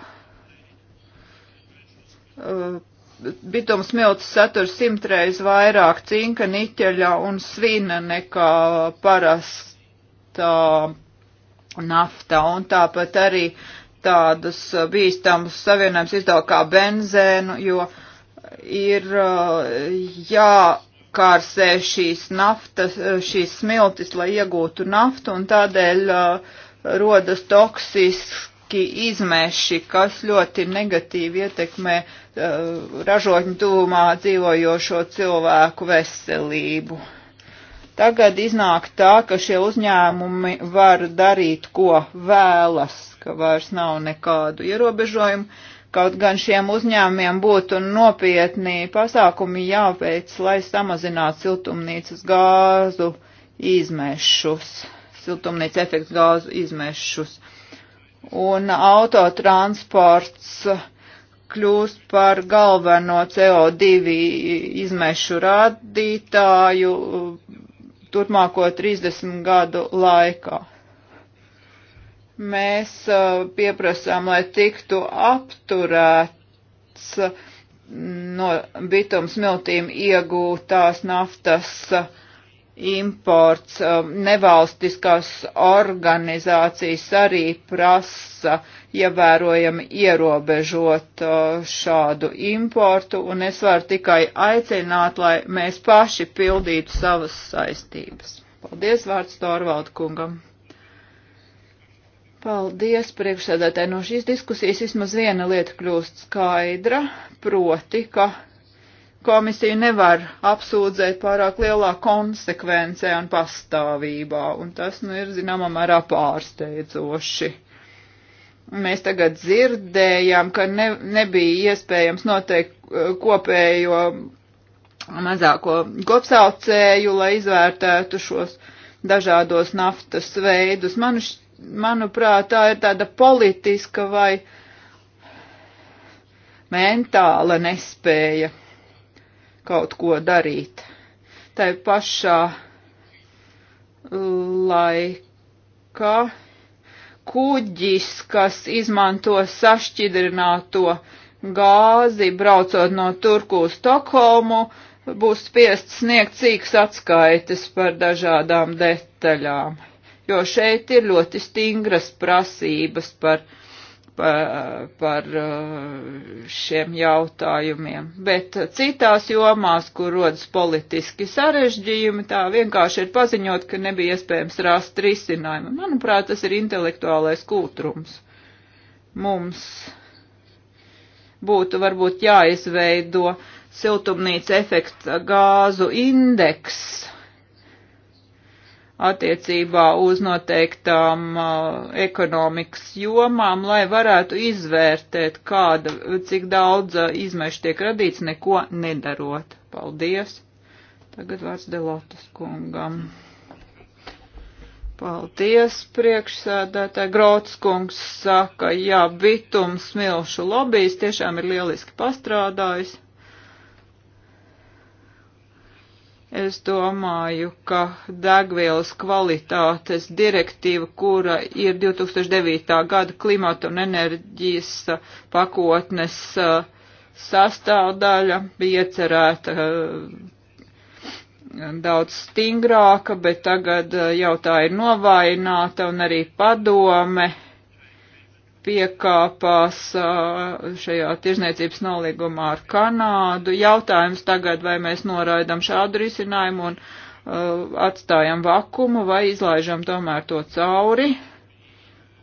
uh, bitums milts satur simtreiz vairāk cinka, niķeļa un svina nekā parasta nafta, un tāpat arī tādas bīstamas savienojums izdala kā benzēnu, jo ir uh, jākārsē šīs naftas, uh, šīs smiltis, lai iegūtu naftu, un tādēļ uh, rodas toksisks lielāki izmeši, kas ļoti negatīvi ietekmē uh, ražotņu tuvumā dzīvojošo cilvēku veselību. Tagad iznāk tā, ka šie uzņēmumi var darīt, ko vēlas, ka vairs nav nekādu ierobežojumu. Kaut gan šiem uzņēmumiem būtu nopietni pasākumi jāveic, lai samazinātu siltumnīcas gāzu izmešus, siltumnīca efektu gāzu izmešus un autotransports kļūst par galveno CO2 izmešu rādītāju uh, turpmāko 30 gadu laikā. Mēs uh, pieprasām, lai tiktu apturēts uh, no bitums miltīm iegūtās naftas uh, imports, um, nevalstiskās organizācijas arī prasa ievērojami ierobežot uh, šādu importu, un es varu tikai aicināt, lai mēs paši pildītu savas saistības. Paldies vārds Torvaldu kungam. Paldies priekšsēdētāji. No šīs diskusijas vismaz viena lieta kļūst skaidra, proti, ka komisiju nevar apsūdzēt pārāk lielā konsekvencē un pastāvībā, un tas, nu, ir zināmā mērā pārsteidzoši. Mēs tagad dzirdējām, ka ne, nebija iespējams noteikt eh, kopējo mazāko kopsaucēju, lai izvērtētu šos dažādos naftas veidus. Manu, manuprāt, tā ir tāda politiska vai mentāla nespēja kaut ko darīt. Tai pašā laikā kuģis, kas izmanto sašķidrināto gāzi, braucot no Turku uz Stokholmu, būs spiests sniegt cīks atskaites par dažādām detaļām, jo šeit ir ļoti stingras prasības par par, par uh, šiem jautājumiem. Bet citās jomās, kur rodas politiski sarežģījumi, tā vienkārši ir paziņot, ka nebija iespējams rast risinājumu. Manuprāt, tas ir intelektuālais kultrums. Mums būtu varbūt jāizveido siltumnīca efekta gāzu indeks attiecībā uz noteiktām uh, ekonomikas jomām, lai varētu izvērtēt, kāda, cik daudz uh, izmešu tiek radīts, neko nedarot. Paldies! Tagad vārds Delotas kungam. Paldies, priekšsēdētāji. Grotskungs saka, jā, bitums smilšu lobijas tiešām ir lieliski pastrādājis. Es domāju, ka degvielas kvalitātes direktīva, kura ir 2009. gada klimata un enerģijas pakotnes sastāvdaļa, bija iecerēta daudz stingrāka, bet tagad jau tā ir novaināta un arī padome piekāpās šajā tirzniecības nolīgumā ar Kanādu. Jautājums tagad, vai mēs noraidam šādu risinājumu un atstājam vakumu vai izlaižam tomēr to cauri.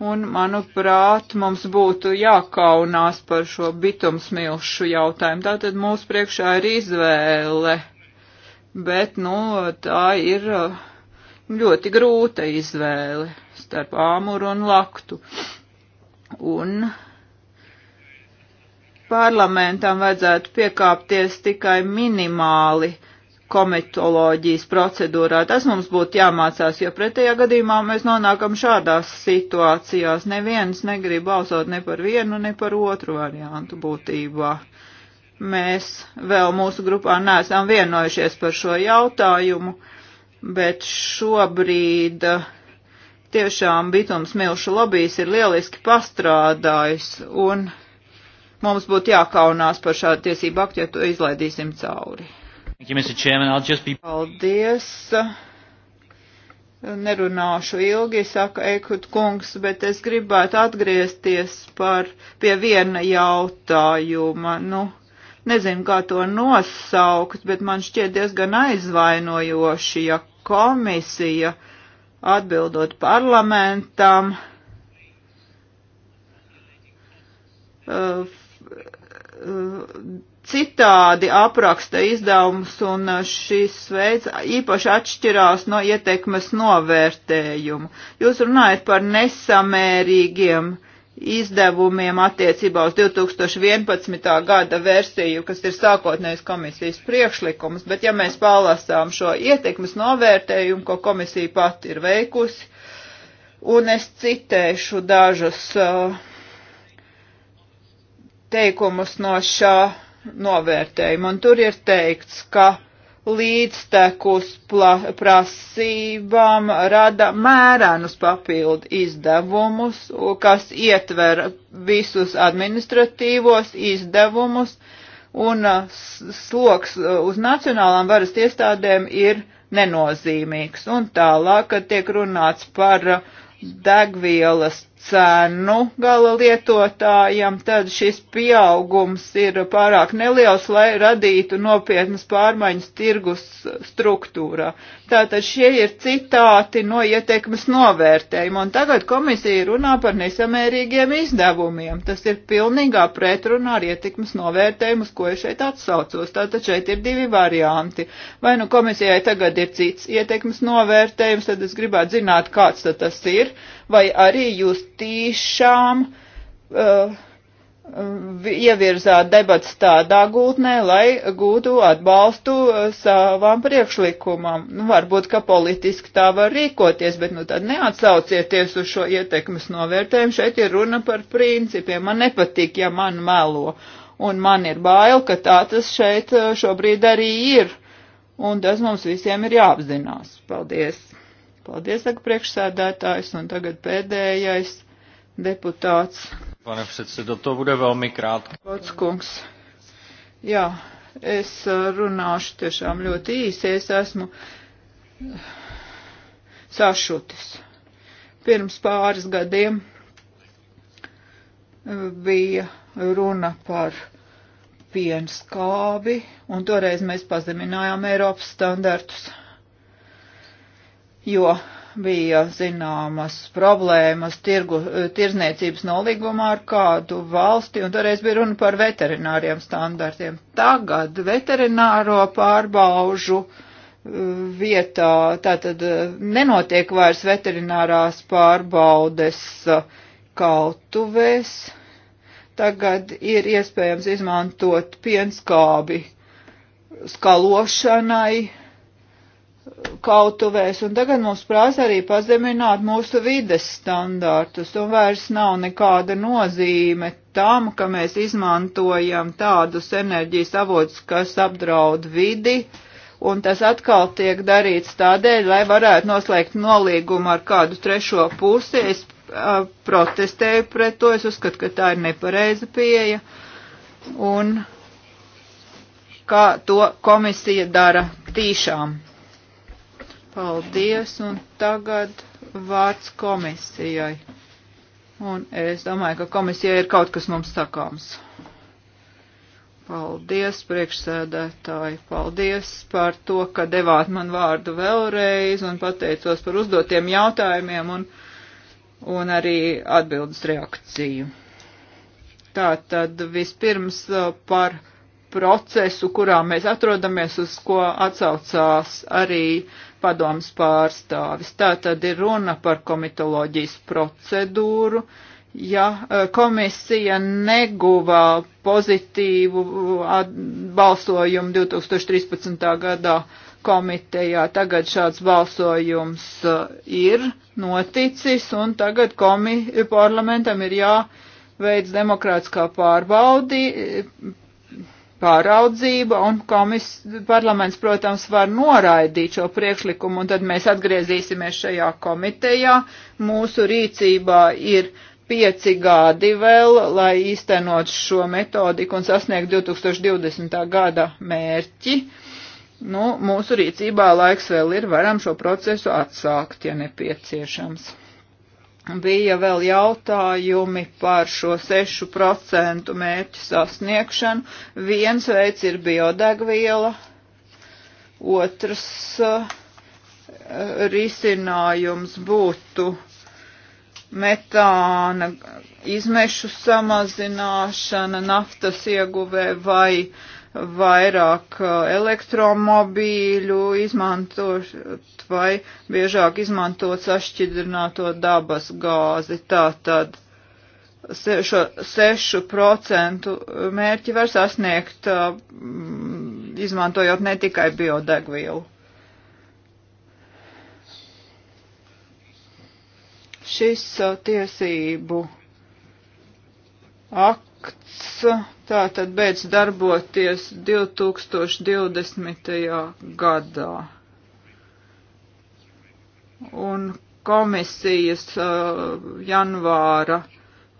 Un, manuprāt, mums būtu jākaunās par šo bitumsmilšu jautājumu. Tātad mūsu priekšā ir izvēle, bet, nu, tā ir ļoti grūta izvēle starp āmuru un laktu. Uh, un parlamentam vajadzētu piekāpties tikai minimāli komitoloģijas procedūrā. Tas mums būtu jāmācās, jo pretējā gadījumā mēs nonākam šādās situācijās. Neviens negrib balsot ne par vienu, ne par otru variantu būtībā. Mēs vēl mūsu grupā neesam vienojušies par šo jautājumu, bet šobrīd uh, Tiešām bitums milšu lobijas ir lieliski pastrādājis, un mums būtu jākaunās par šādu tiesību aktu, ja to izlaidīsim cauri. Paldies! nerunāšu ilgi, saka Ekut kungs, bet es gribētu atgriezties par pie viena jautājuma. Nu, nezinu, kā to nosaukt, bet man šķiet diezgan aizvainojoši, ja komisija atbildot parlamentam, eh, citādi apraksta izdevumus, un šis veids īpaši atšķirās no ietekmes novērtējumu. Jūs runājat par nesamērīgiem izdevumiem attiecībā uz 2011. gada versiju, kas ir sākotnējs komisijas priekšlikums, bet ja mēs pārlasām šo ietekmes novērtējumu, ko komisija pati ir veikusi, un es citēšu dažus uh, teikumus no šā novērtējuma, un tur ir teikts, ka līdztekus prasībām rada mērenus papildu izdevumus, kas ietver visus administratīvos izdevumus, un sloks uz nacionālām varas iestādēm ir nenozīmīgs. Un tālāk, kad tiek runāts par degvielas cenu gala lietotājam, tad šis pieaugums ir pārāk neliels, lai radītu nopietnas pārmaiņas tirgus struktūrā. Tātad šie ir citāti no ietekmes novērtējuma, un tagad komisija runā par nesamērīgiem izdevumiem. Tas ir pilnīgā pretrunā ar ietekmes novērtējumu, uz ko es šeit atsaucos. Tātad šeit ir divi varianti. Vai nu komisijai tagad ir cits ietekmes novērtējums, tad es gribētu zināt, kāds tad tas ir vai arī jūs tīšām uh, ievirzāt debats tādā gultnē, lai gūtu atbalstu uh, savam priekšlikumam. Nu, varbūt, ka politiski tā var rīkoties, bet nu tad neatsaucieties uz šo ietekmes novērtējumu. Šeit ir runa par principiem. Man nepatīk, ja man melo. Un man ir bail, ka tā tas šeit uh, šobrīd arī ir. Un tas mums visiem ir jāapzinās. Paldies! Paldies, saka priekšsēdētājs, un tagad pēdējais deputāts. Pane předsedo, to bude velmi krátko. Pats kungs. Jā, es runāšu tiešām ļoti īsi, es esmu sašutis. Pirms pāris gadiem bija runa par pienskābi, un toreiz mēs pazeminājām Eiropas standartus jo bija zināmas problēmas tirgu, tirzniecības nolīgumā ar kādu valsti, un toreiz bija runa par veterināriem standartiem. Tagad veterināro pārbaužu uh, vietā, tātad uh, nenotiek vairs veterinārās pārbaudes uh, kautuvēs. Tagad ir iespējams izmantot pienskābi skalošanai, kautuvēs, un tagad mums prasa arī pazemināt mūsu vides standārtus, un vairs nav nekāda nozīme tam, ka mēs izmantojam tādus enerģijas avotus, kas apdraud vidi, un tas atkal tiek darīts tādēļ, lai varētu noslēgt nolīgumu ar kādu trešo pusi. Es a, protestēju pret to, es uzskatu, ka tā ir nepareiza pieeja, un kā to komisija dara tīšām. Paldies, un tagad vārds komisijai. Un es domāju, ka komisijai ir kaut kas mums sakāms. Paldies, priekšsēdētāji, paldies par to, ka devāt man vārdu vēlreiz un pateicos par uzdotiem jautājumiem un, un arī atbildes reakciju. Tā tad vispirms uh, par procesu, kurā mēs atrodamies, uz ko atsaucās arī uh, padomas pārstāvis. Tā tad ir runa par komitoloģijas procedūru. Ja eh, komisija neguva pozitīvu eh, balsojumu 2013. gadā komitejā, tagad šāds balsojums eh, ir noticis un tagad komi parlamentam ir jā veids demokrātiskā pārbaudi, pāraudzība, un komis, parlaments, protams, var noraidīt šo priekšlikumu, un tad mēs atgriezīsimies šajā komitejā. Mūsu rīcībā ir pieci gadi vēl, lai īstenot šo metodiku un sasniegt 2020. gada mērķi. Nu, mūsu rīcībā laiks vēl ir, varam šo procesu atsākt, ja nepieciešams bija vēl jautājumi par šo 6% mērķu sasniegšanu. Viens veids ir biodegviela, otrs uh, risinājums būtu metāna izmešu samazināšana naftas ieguvē vai uh, vairāk uh, elektromobīļu izmantot vai biežāk izmantot sašķidrināto dabas gāzi. Tātad šo 6% mērķi var sasniegt, uh, izmantojot ne tikai biodegvielu. Šis uh, tiesību akts Tā tad beidz darboties 2020. gadā. Un komisijas uh, janvāra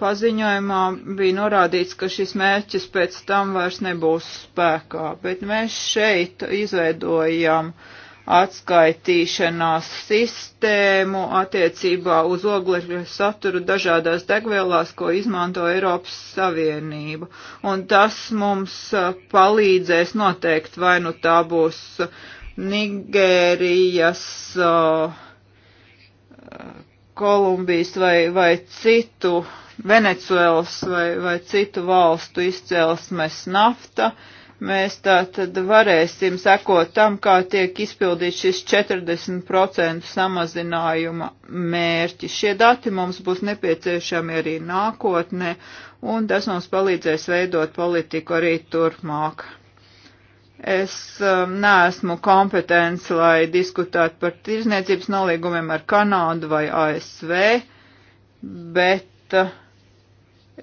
paziņojumā bija norādīts, ka šis mērķis pēc tam vairs nebūs spēkā, bet mēs šeit izveidojam uh, atskaitīšanās sistēmu attiecībā uz oglekļa saturu dažādās degvielās, ko izmanto Eiropas Savienība. Un tas mums palīdzēs noteikt, vai nu tā būs Nigērijas, Kolumbijas vai, vai citu, Venecuēlas vai, vai citu valstu izcelsmes nafta. Uh, Mēs tātad varēsim sekot tam, kā tiek izpildīts šis 40% samazinājuma mērķis. Šie dati mums būs nepieciešami arī nākotnē, un tas mums palīdzēs veidot politiku arī turpmāk. Es um, neesmu kompetents, lai diskutētu par tirzniecības nolīgumiem ar Kanādu vai ASV, bet uh,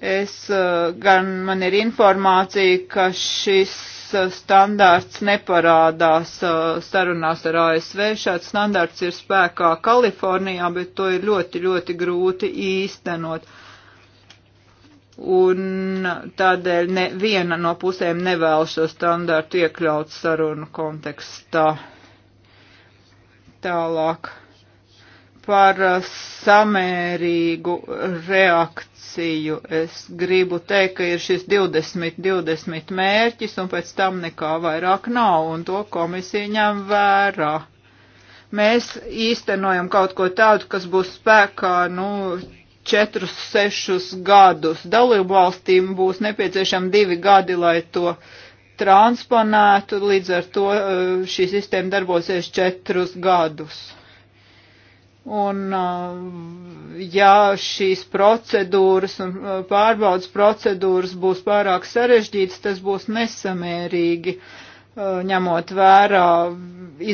Es eh, gan man ir informācija, ka šis eh, standārts neparādās eh, sarunās ar ASV. Šāds standārts ir spēkā Kalifornijā, bet to ir ļoti, ļoti grūti īstenot. Un tādēļ neviena no pusēm nevēl šo standārtu iekļaut sarunu kontekstā. Tālāk par eh, samērīgu reakciju. Es gribu teikt, ka ir šis 20-20 mērķis un pēc tam nekā vairāk nav, un to komisija ņem vērā. Mēs īstenojam kaut ko tādu, kas būs spēkā, nu, četrus, sešus gadus. Dalību valstīm būs nepieciešami divi gadi, lai to transponētu, līdz ar to eh, šī sistēma darbosies četrus gadus. Un, uh, ja šīs procedūras un uh, pārbaudas procedūras būs pārāk sarežģītas, tas būs nesamērīgi, uh, ņemot vērā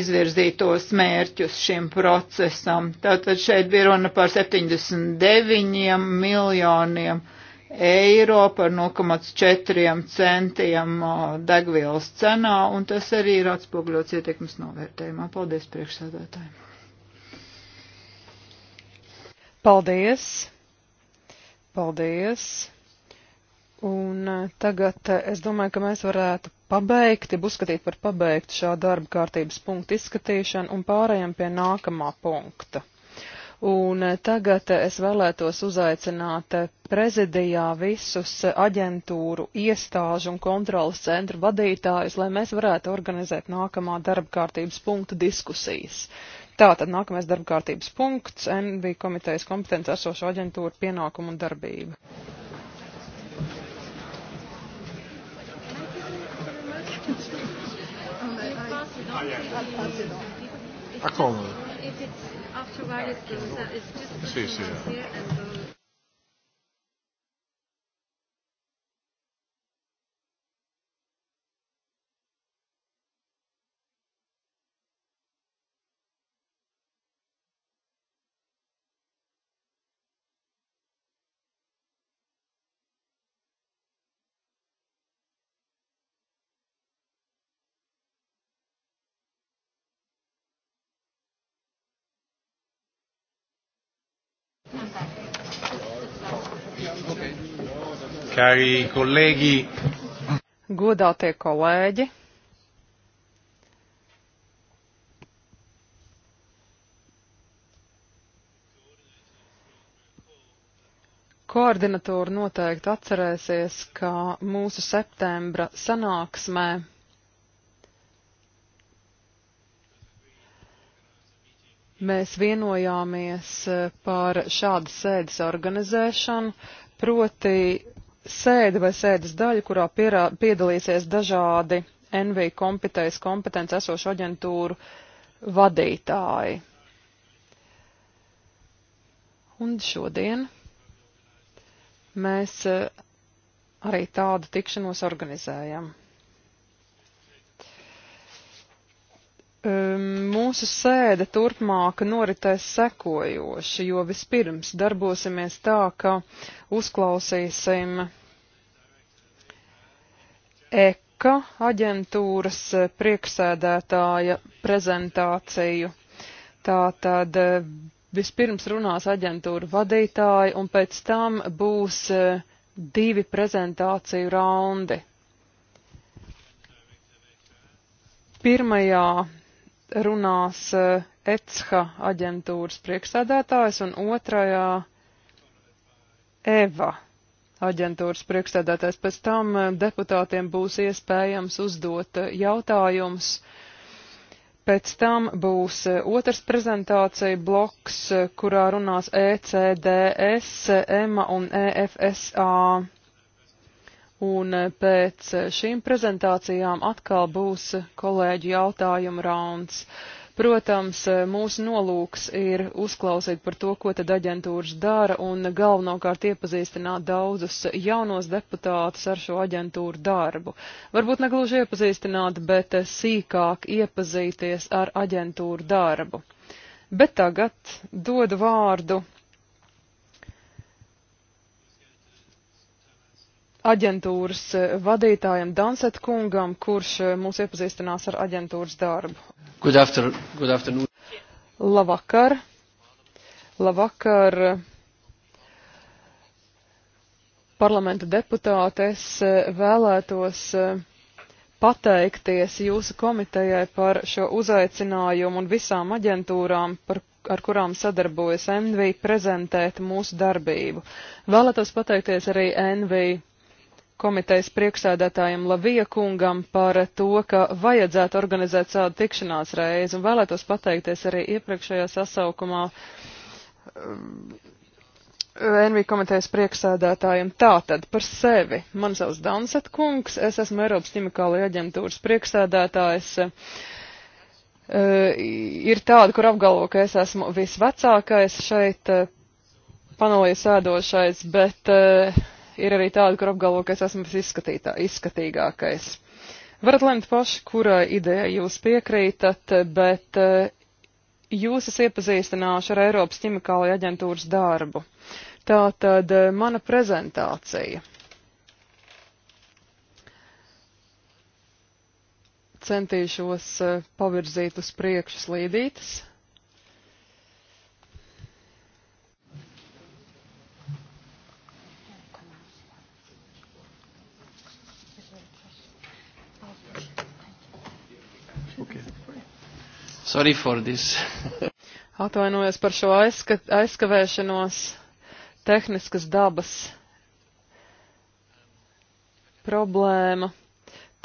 izvirzītos mērķus šim procesam. Tātad šeit bija runa par 79 miljoniem eiro par 0,4 centiem degvielas cenā, un tas arī ir atspogļots ietekmes novērtējumā. Paldies priekšsēdētājiem! Paldies! Paldies! Un eh, tagad eh, es domāju, ka mēs varētu pabeigt, ja uzskatīt par pabeigtu šā darba kārtības punktu izskatīšanu un pārējām pie nākamā punkta. Un eh, tagad es vēlētos uzaicināt prezidijā visus aģentūru, iestāžu un kontrolas centru vadītājus, lai mēs varētu organizēt nākamā darba kārtības punktu diskusijas. Tātad nākamais darba kārtības punkts - NB komitejas kompetence esošo aģentūru pienākumu un darbību. Acolo. If it's after Violet goes, it's just. Sí, sí. Yeah. Cari colleghi, godātie kolēģi, koordinatori noteikti atcerēsies, ka mūsu septembra sanāksmē mēs vienojāmies e, par šādas sēdes organizēšanu, proti sēdi vai sēdes daļu, kurā pierā, piedalīsies dažādi NV kompetences kompetence esošu aģentūru vadītāji. Un šodien mēs e, arī tādu tikšanos organizējam. Ehm, mūsu sēde turpmāka noritēs sekojoši, jo vispirms darbosimies tā, ka uzklausīsim EKA aģentūras priekšsēdētāja prezentāciju. Tātad eh, vispirms runās aģentūra vadītāji un pēc tam būs eh, divi prezentāciju raundi. Pirmajā runās ECHA eh, aģentūras priekšsēdētājs un otrajā EVA aģentūras priekšstādātājs. Pēc tam eh, deputātiem būs iespējams uzdot eh, jautājumus. Pēc tam būs otrs prezentācija bloks, kurā runās ECDS, EMA un EFSA. Un eh, pēc eh, šīm prezentācijām atkal būs eh, kolēģi jautājumu rauns. Protams, mūsu nolūks ir uzklausīt par to, ko tad aģentūras dara un galvenokārt iepazīstināt daudzus jaunos deputātus ar šo aģentūru darbu. Varbūt negluži iepazīstināt, bet sīkāk iepazīties ar aģentūru darbu. Bet tagad dodu vārdu aģentūras eh, vadītājam Danset kungam, kurš eh, mūs iepazīstinās ar aģentūras darbu. Good after, good afternoon. Labvakar. Labvakar. Eh, parlamenta deputāte, es vēlētos pateikties jūsu komitejai par šo uzaicinājumu un visām aģentūrām, par ar kurām sadarbojas NV, prezentēt mūsu darbību. Vēlētos pateikties arī NV komitejas priekšsēdētājiem Lavija kungam par to, ka vajadzētu organizēt šādu tikšanās reizi un vēlētos pateikties arī iepriekšējā sasaukumā um, NV komitejas priekšsēdētājiem. Tātad par sevi. Man savs Dansat kungs, es esmu Eiropas ķimikāla aģentūras priekšsēdētājs. Uh, ir tāda, kur apgalvo, ka es esmu visvecākais šeit uh, panelī sēdošais, bet uh, ir arī tādi, kur apgalvo, ka es esmu izskatīgākais. Varat lemt paši, kurai ideja jūs piekrītat, bet eh, jūs es iepazīstināšu ar Eiropas ķimikālajā aģentūras darbu. Tā tad eh, mana prezentācija. Centīšos eh, pavirzīt uz priekšu slīdītas. Sorry for this. Atvainojos par šo aizska aizkavēšanos tehniskas dabas problēma.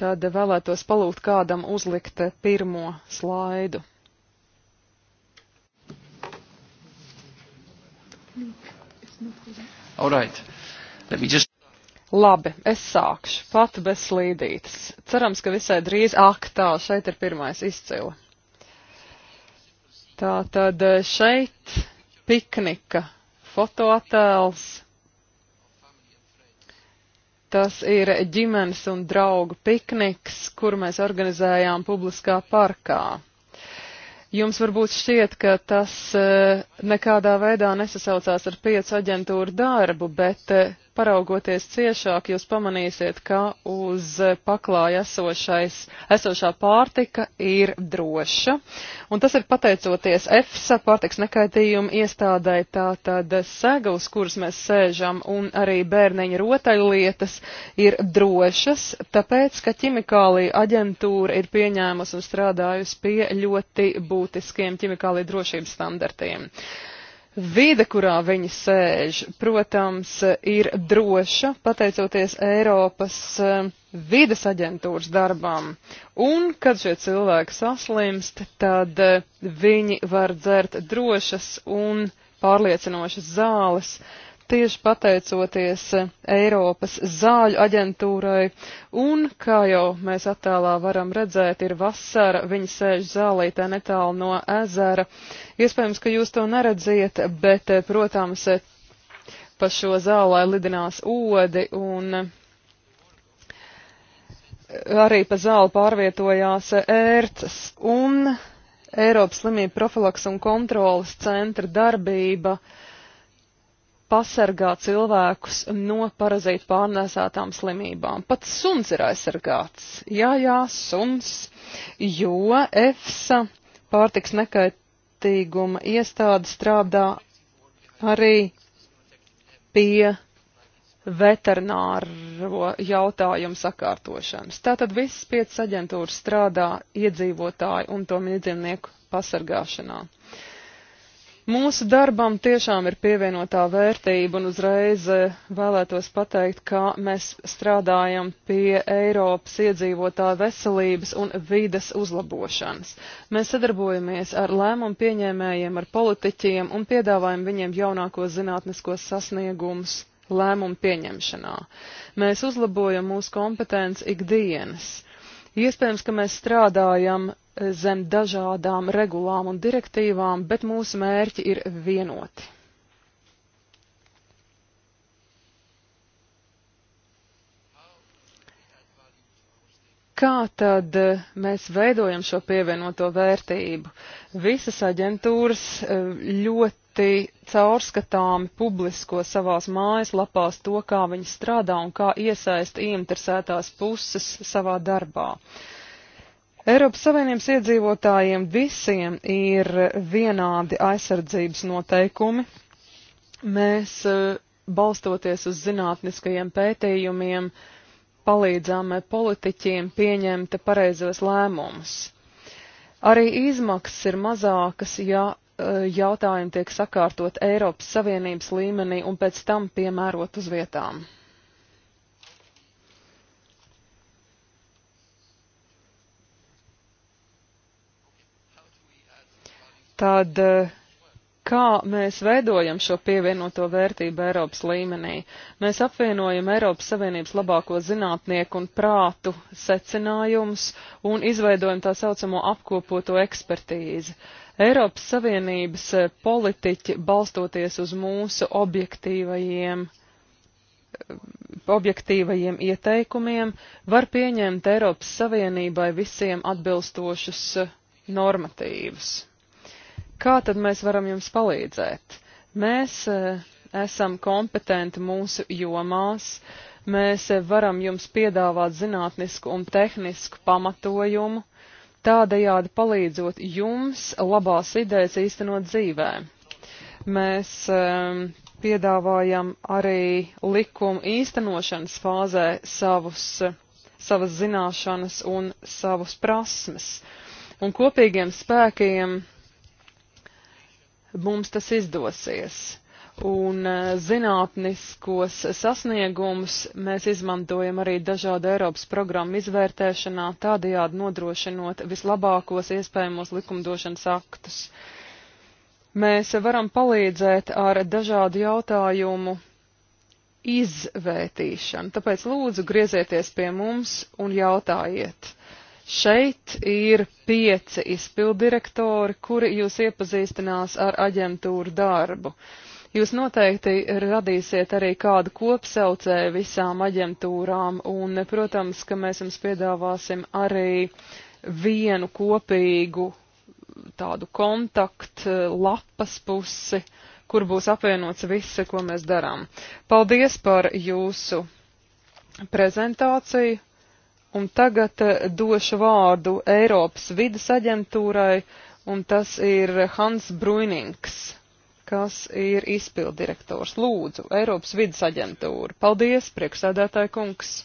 Tad vēlētos palūgt kādam uzlikt pirmo slaidu. All right. Let me just Labi, es sākšu pat bez slīdītes. Cerams, ka visai drīz aktā šeit ir pirmais izcila. Tā tad eh, šeit piknika fotoattēls. Tas ir ģimenes un draugu pikniks, kuru mēs organizējām publiskā parkā. Jums varbūt šķiet, ka tas eh, nekādā veidā nesasaucās ar piecu aģentūru darbu, bet eh, paraugoties ciešāk, jūs pamanīsiet, ka uz paklāja esošais, esošā pārtika ir droša. Un tas ir pateicoties EFSA pārtiks nekaitījuma iestādai, tātad sega, uz kuras mēs sēžam, un arī bērniņa rotaļlietas ir drošas, tāpēc, ka ķimikālija aģentūra ir pieņēmusi un strādājusi pie ļoti būtiskiem ķimikālija drošības standartiem. Uh, Vide, kurā viņi sēž, protams, ir droša, pateicoties Eiropas eh, vides aģentūras darbām. Un, kad šie cilvēki saslimst, tad eh, viņi var dzert drošas un pārliecinošas zāles, uh, tieši pateicoties eh, Eiropas zāļu aģentūrai, un, kā jau mēs attēlā varam redzēt, ir vasara, viņi sēž zālītē netālu no ezera. Iespējams, ka jūs to neredziet, bet, eh, protams, eh, pa šo zālē lidinās odi un arī pa zāli pārvietojās ērces un Eiropas slimību profilaks un kontrolas centra darbība uh, pasargā cilvēkus no parazītu pārnēsātām slimībām. Pat suns ir aizsargāts. Jā, jā, suns, jo EFSA pārtiks nekaitīguma iestāde strādā arī pie veterināro jautājumu sakārtošanas. Tātad visas piecas aģentūras strādā iedzīvotāju un to iedzīvnieku pasargāšanā. Uh, Mūsu darbam tiešām ir pievienotā vērtība un uzreiz eh, vēlētos pateikt, ka mēs strādājam pie Eiropas iedzīvotāju veselības un vides uzlabošanas. Mēs sadarbojamies ar lēmumu pieņēmējiem, ar politiķiem un piedāvājam viņiem jaunākos zinātniskos sasniegumus lēmumu pieņemšanā. Mēs uzlabojam mūsu kompetenci ikdienas. Iespējams, ka mēs strādājam eh, zem dažādām regulām un direktīvām, bet mūsu mērķi ir vienoti. Kā tad eh, mēs veidojam šo pievienoto vērtību? Visas aģentūras eh, ļoti ļoti caurskatāmi publisko savās mājaslapās to, kā viņi strādā un kā iesaista ieinteresētās puses savā darbā. Eiropas Savienības iedzīvotājiem visiem ir vienādi aizsardzības noteikumi. Mēs, eh, balstoties uz zinātniskajiem pētījumiem, palīdzām eh, politiķiem pieņemt pareizos lēmumus. Arī izmaksas ir mazākas, ja Eh, jautājumi tiek sakārtot Eiropas Savienības līmenī un pēc tam piemērot uz vietām. Tad eh, kā mēs veidojam šo pievienoto vērtību Eiropas līmenī? Mēs apvienojam Eiropas Savienības labāko zinātnieku un prātu secinājumus un izveidojam tā saucamo apkopoto ekspertīzi. Uh, Eiropas Savienības eh, politiķi balstoties uz mūsu objektīvajiem eh, objektīvajiem ieteikumiem var pieņemt Eiropas Savienībai visiem atbilstošus eh, normatīvus. Kā tad mēs varam jums palīdzēt? Mēs esam kompetenti mūsu jomās, mēs varam jums piedāvāt zinātnisku un tehnisku pamatojumu, tādējādi palīdzot jums labās idejas īstenot dzīvē. Mēs um, piedāvājam arī likumu īstenošanas fāzē savus, savas zināšanas un savus prasmes. Un kopīgiem spēkiem mums tas izdosies un eh, zinātniskos sasniegumus mēs izmantojam arī dažādu Eiropas programmu izvērtēšanā, tādējādi nodrošinot vislabākos iespējamos likumdošanas aktus. Mēs varam palīdzēt ar dažādu jautājumu izvērtīšanu, tāpēc lūdzu griezieties pie mums un jautājiet. Šeit ir pieci izpildirektori, kuri jūs iepazīstinās ar aģentūru darbu. Uh, Jūs noteikti radīsiet arī kādu kopsaucēju visām aģentūrām, un, protams, ka mēs jums piedāvāsim arī vienu kopīgu tādu kontaktu eh, lapas pusi, kur būs apvienots viss, ko mēs darām. Paldies par jūsu prezentāciju, un tagad eh, došu vārdu Eiropas vidas aģentūrai, un tas ir Hans Bruinings kas ir izpildirektors. Lūdzu, Eiropas vidas aģentūra. Paldies, priekšsēdētāja kungs.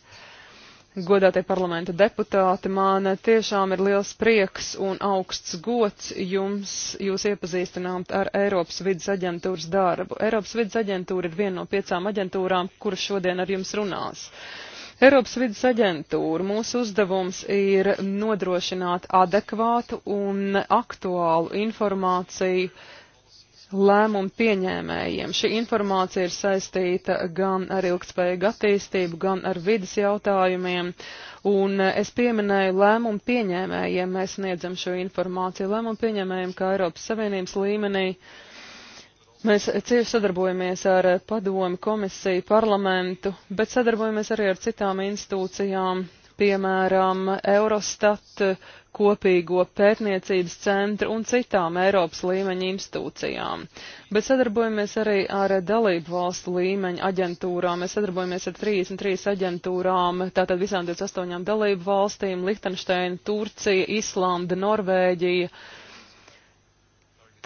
Godātie parlamenta deputāti, man tiešām ir liels prieks un augsts gods jums, jūs iepazīstināt ar Eiropas vidas aģentūras darbu. Eiropas vidas aģentūra ir viena no piecām aģentūrām, kuras šodien ar jums runās. Eiropas vidas aģentūra mūsu uzdevums ir nodrošināt adekvātu un aktuālu informāciju lēmumu pieņēmējiem. Šī informācija ir saistīta gan ar ilgspējīgu attīstību, gan ar vidas jautājumiem, un eh, es pieminēju lēmumu pieņēmējiem, mēs sniedzam šo informāciju lēmumu pieņēmējiem, kā Eiropas Savienības līmenī. Mēs cieši sadarbojamies ar padomu, komisiju, parlamentu, bet sadarbojamies arī ar citām institūcijām, piemēram, Eurostat kopīgo pētniecības centru un citām Eiropas līmeņa institūcijām. Bet sadarbojamies arī ar dalību valstu līmeņa aģentūrām. Mēs sadarbojamies ar 33 aģentūrām, tātad visām 28 dalību valstīm - Lihtenšteina, Turcija, Islanda, Norvēģija.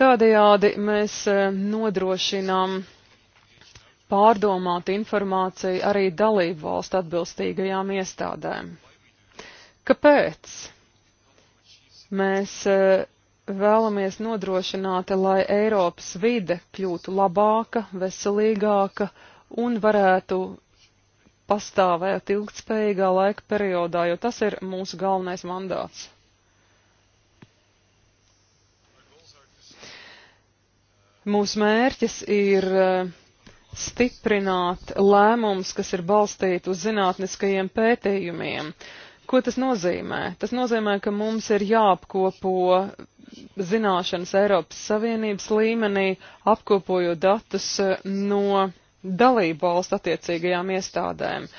Tādējādi mēs eh, nodrošinām pārdomāt informāciju arī dalību valstu atbilstīgajām iestādēm. Kāpēc? Mēs e, vēlamies nodrošināt, lai Eiropas vide kļūtu labāka, veselīgāka un varētu pastāvēt ilgtspējīgā laika periodā, jo tas ir mūsu galvenais mandāts. Mūsu mērķis ir uh, stiprināt lēmumus, kas ir balstīti uz zinātniskajiem pētījumiem. Ko tas nozīmē? Tas nozīmē, ka mums ir jāapkopo zināšanas Eiropas Savienības līmenī, apkopojot datus eh, no dalību valstu attiecīgajām iestādēm.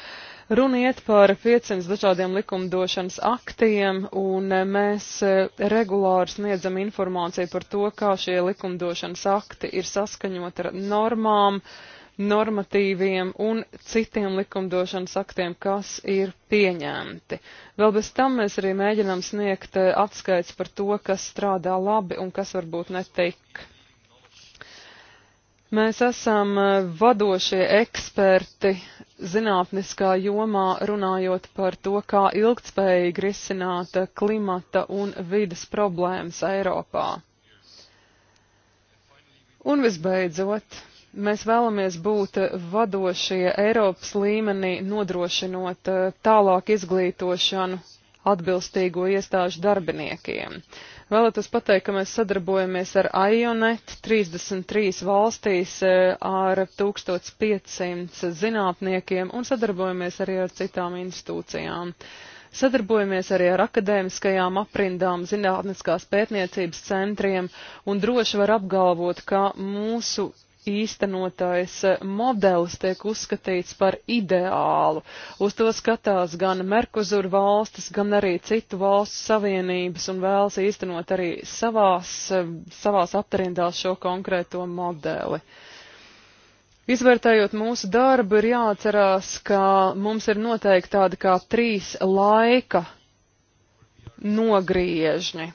Runiet par 500 dažādiem likumdošanas aktiem, un eh, mēs eh, regulāri sniedzam informāciju par to, kā šie likumdošanas akti ir saskaņot ar normām, uh, normatīviem un citiem likumdošanas aktiem, kas ir pieņemti. Vēl bez tam mēs arī mēģinām sniegt eh, atskaits par to, kas strādā labi un kas varbūt netik. Mēs esam eh, vadošie eksperti zinātniskā jomā runājot par to, kā ilgtspējīgi risināt eh, klimata un vidas problēmas Eiropā. Un visbeidzot, Mēs vēlamies būt vadošie Eiropas līmenī, nodrošinot eh, tālāk izglītošanu atbilstīgo iestāžu darbiniekiem. Vēlētos pateikt, ka mēs sadarbojamies ar IONET 33 valstīs eh, ar 1500 zinātniekiem un sadarbojamies arī ar citām institūcijām. Sadarbojamies arī ar akadēmiskajām aprindām, zinātniskās pētniecības centriem un droši var apgalvot, ka mūsu īstenotais eh, modelis tiek uzskatīts par ideālu. Uz to skatās gan Merkuzur valstis, gan arī citu valstu savienības un vēlas īstenot arī savās, eh, savās aptarindās šo konkrēto modeli. Izvērtējot mūsu darbu, ir jāatcerās, ka mums ir noteikti tādi kā trīs laika nogriežņi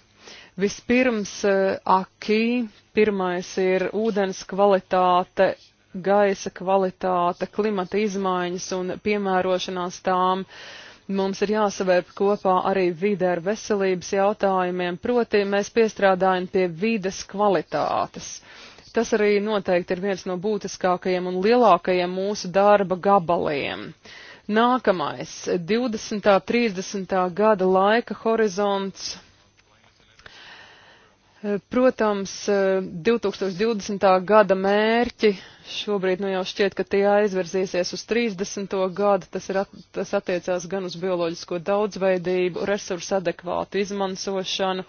Vispirms eh, akī, pirmais ir ūdens kvalitāte, gaisa kvalitāte, klimata izmaiņas un piemērošanās tām. Mums ir jāsavēp kopā arī vide ar veselības jautājumiem, proti mēs piestrādājam pie vides kvalitātes. Tas arī noteikti ir viens no būtiskākajiem un lielākajiem mūsu darba gabaliem. Nākamais - 20. 30. gada laika horizonts Protams, 2020. Eh, gada mērķi šobrīd nu jau šķiet, ka tie aizverzīsies uz 30. gadu. Tas, ir, at, tas attiecās gan uz bioloģisko daudzveidību, resursu adekvātu izmantošanu.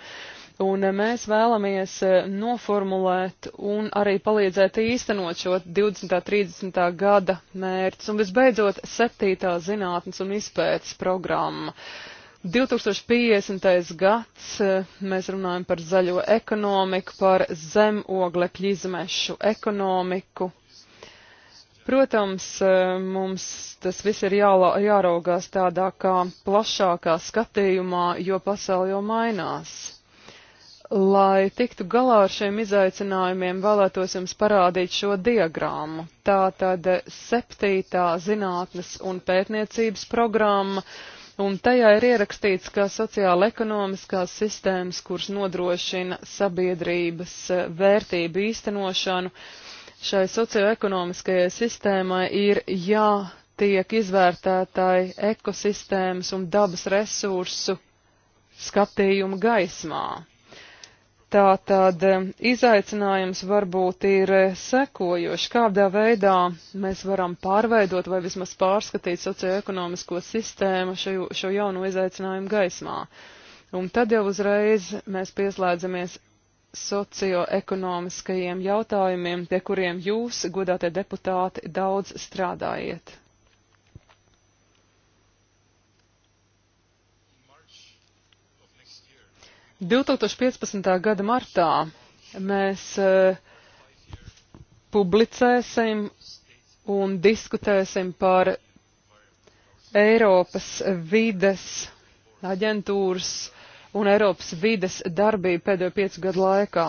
Un eh, mēs vēlamies eh, noformulēt un arī palīdzēt īstenot šo 20. 30. gada mērķus. Un visbeidzot, septītā zinātnes un izpētes programma. Uh, 2050. gads eh, mēs runājam par zaļo ekonomiku, par zemoglekļu izmešu ekonomiku. Protams, eh, mums tas viss ir jāla, jāraugās tādā kā plašākā skatījumā, jo pasauli jau mainās. Lai tiktu galā ar šiem izaicinājumiem, vēlētos jums parādīt šo diagrammu. Tā tad septītā zinātnes un pētniecības programma un tajā ir ierakstīts, ka sociāla ekonomiskās sistēmas, kuras nodrošina sabiedrības eh, vērtību īstenošanu, šai socioekonomiskajai sistēmai ir jātiek izvērtētāji ekosistēmas un dabas resursu skatījuma gaismā. Tātad eh, izaicinājums varbūt ir eh, sekojoši, kādā veidā mēs varam pārveidot vai vismaz pārskatīt socioekonomisko sistēmu šo, šo jauno izaicinājumu gaismā. Un tad jau uzreiz mēs pieslēdzamies socioekonomiskajiem jautājumiem, pie kuriem jūs, godātie deputāti, daudz strādājiet. 2015. gada martā mēs e, publicēsim un diskutēsim par Eiropas vides aģentūras un Eiropas vides darbību pēdējo piecu gadu laikā.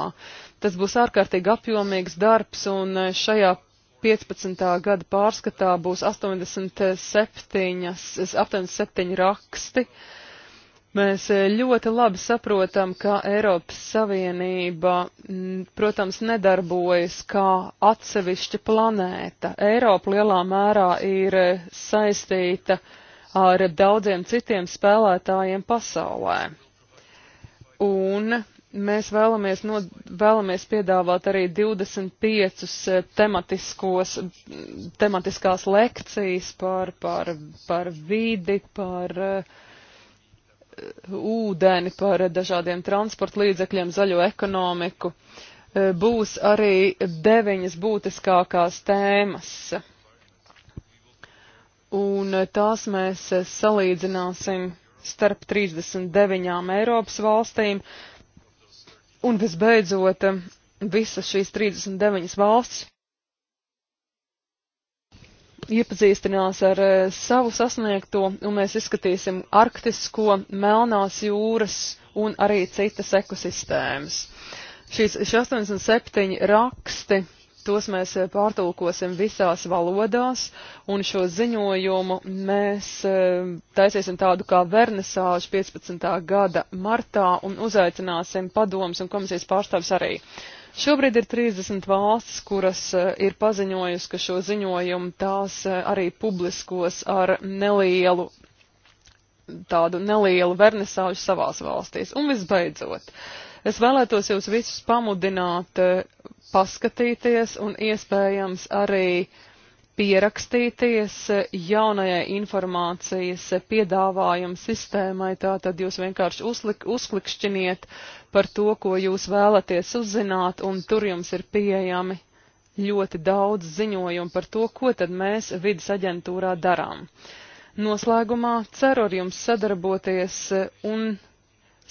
Tas būs ārkārtīgi apjomīgs darbs un eh, šajā 15. gada pārskatā būs 87, 87 raksti, uh, Mēs eh, ļoti labi saprotam, ka Eiropas Savienība, mm, protams, nedarbojas kā atsevišķa planēta. Eiropa lielā mērā ir eh, saistīta ar daudziem citiem spēlētājiem pasaulē. Un mēs vēlamies, no, vēlamies piedāvāt arī 25 eh, tematiskos, mm, tematiskās lekcijas par, par, par vidi, par uh, ūdeni, par dažādiem transporta līdzekļiem, zaļo ekonomiku. E, būs arī deviņas būtiskākās tēmas. Un tās mēs salīdzināsim starp 39 Eiropas valstīm. Un visbeidzot, visas šīs 39 valsts iepazīstinās ar eh, savu sasniegto, un mēs izskatīsim arktisko, melnās jūras un arī citas ekosistēmas. Šīs 87 raksti, tos mēs eh, pārtulkosim visās valodās, un šo ziņojumu mēs eh, taisīsim tādu kā vernisāžu 15. gada martā un uzaicināsim padomus un komisijas pārstāvis arī. Šobrīd ir 30 valstis, kuras eh, ir paziņojusi, ka šo ziņojumu tās eh, arī publiskos ar nelielu tādu nelielu vernisāžu savās valstīs. Un visbeidzot, es vēlētos jūs visus pamudināt, eh, paskatīties un iespējams arī pierakstīties jaunajai informācijas piedāvājuma sistēmai, tātad jūs vienkārši uzlik, uzklikšķiniet par to, ko jūs vēlaties uzzināt, un tur jums ir pieejami ļoti daudz ziņojumu par to, ko tad mēs vidas aģentūrā darām. Noslēgumā ceru ar jums sadarboties un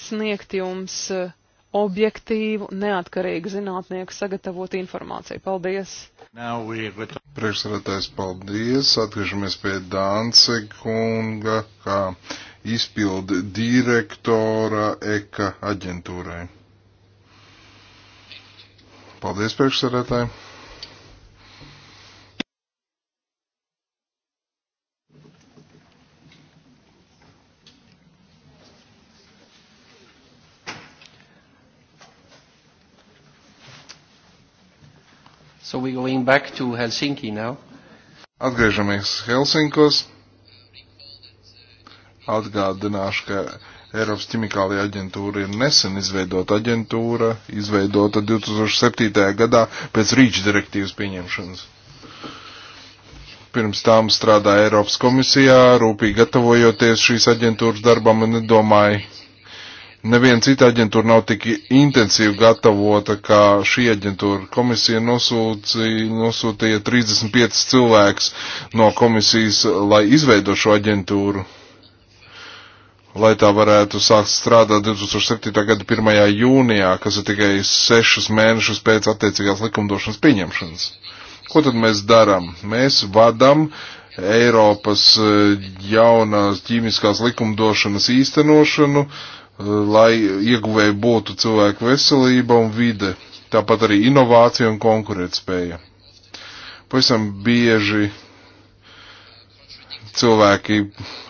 sniegt jums uh, objektīvu, neatkarīgu zinātnieku sagatavot informāciju. Paldies! Priekšsarētājs, paldies! Atgriežamies pie Dānce kunga, kā izpildu direktora EKA aģentūrai. Paldies, priekšsarētāji! So we're going back to Helsinki now. Atgriežamies Helsinkos. Atgādināšu, ka Eiropas ķimikālajā aģentūra ir nesen izveidota aģentūra, izveidota 2007. gadā pēc rīča direktīvas pieņemšanas. Pirms tām strādāja Eiropas komisijā, rūpīgi gatavojoties šīs aģentūras darbam un nedomāja, Neviena cita aģentūra nav tik intensīvi gatavota, kā šī aģentūra. Komisija nosūci, nosūtīja 35 cilvēkus no komisijas, lai izveido šo aģentūru, lai tā varētu sākt strādāt 2007. gada 1. jūnijā, kas ir tikai sešus mēnešus pēc attiecīgās likumdošanas pieņemšanas. Ko tad mēs darām? Mēs vadam Eiropas eh, jaunās ķīmiskās likumdošanas īstenošanu, uh, lai ieguvēji būtu cilvēku veselība un vide, tāpat arī inovācija un konkurētspēja. Pavisam bieži cilvēki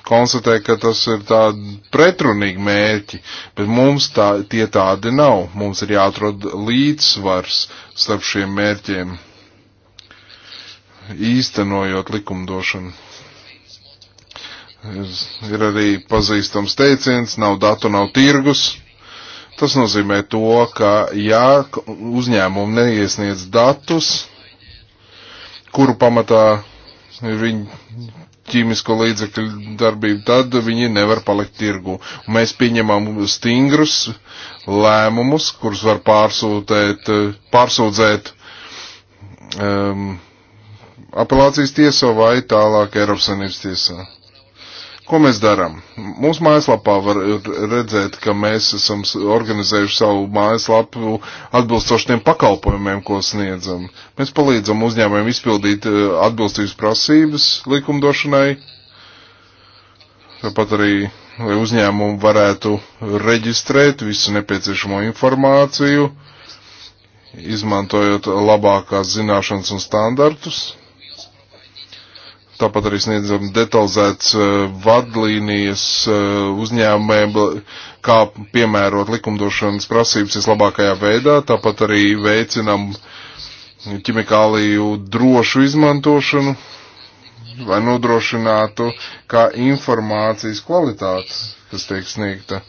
konstatē, ka tas ir tādi pretrunīgi mērķi, bet mums tā, tie tādi nav. Mums ir jāatrod līdzsvars starp šiem mērķiem, īstenojot likumdošanu. Ir arī pazīstams teiciens, nav datu, nav tirgus. Tas nozīmē to, ka ja uzņēmumi neiesniedz datus, kuru pamatā ir viņa ķīmisko līdzekļu darbību, tad viņi nevar palikt tirgu. Mēs pieņemam stingrus lēmumus, kurus var pārsūtēt, pārsūdzēt um, apelācijas tiesā vai tālāk Eiropas Savienības tiesā. Ko mēs darām? Mūsu mājaslapā var redzēt, ka mēs esam organizējuši savu mājaslapu atbilstoši tiem pakalpojumiem, ko sniedzam. Mēs palīdzam uzņēmējiem izpildīt e, atbilstības prasības likumdošanai. Tāpat arī lai uzņēmumi varētu reģistrēt visu nepieciešamo informāciju, izmantojot labākās zināšanas un standartus. Tāpat arī sniedzam detalizētas eh, vadlīnijas eh, uzņēmumiem, kā piemērot likumdošanas prasības vislabākajā veidā. Tāpat arī veicinam ķimikāliju drošu izmantošanu, lai nodrošinātu, kā informācijas kvalitāte, kas tiek sniegta,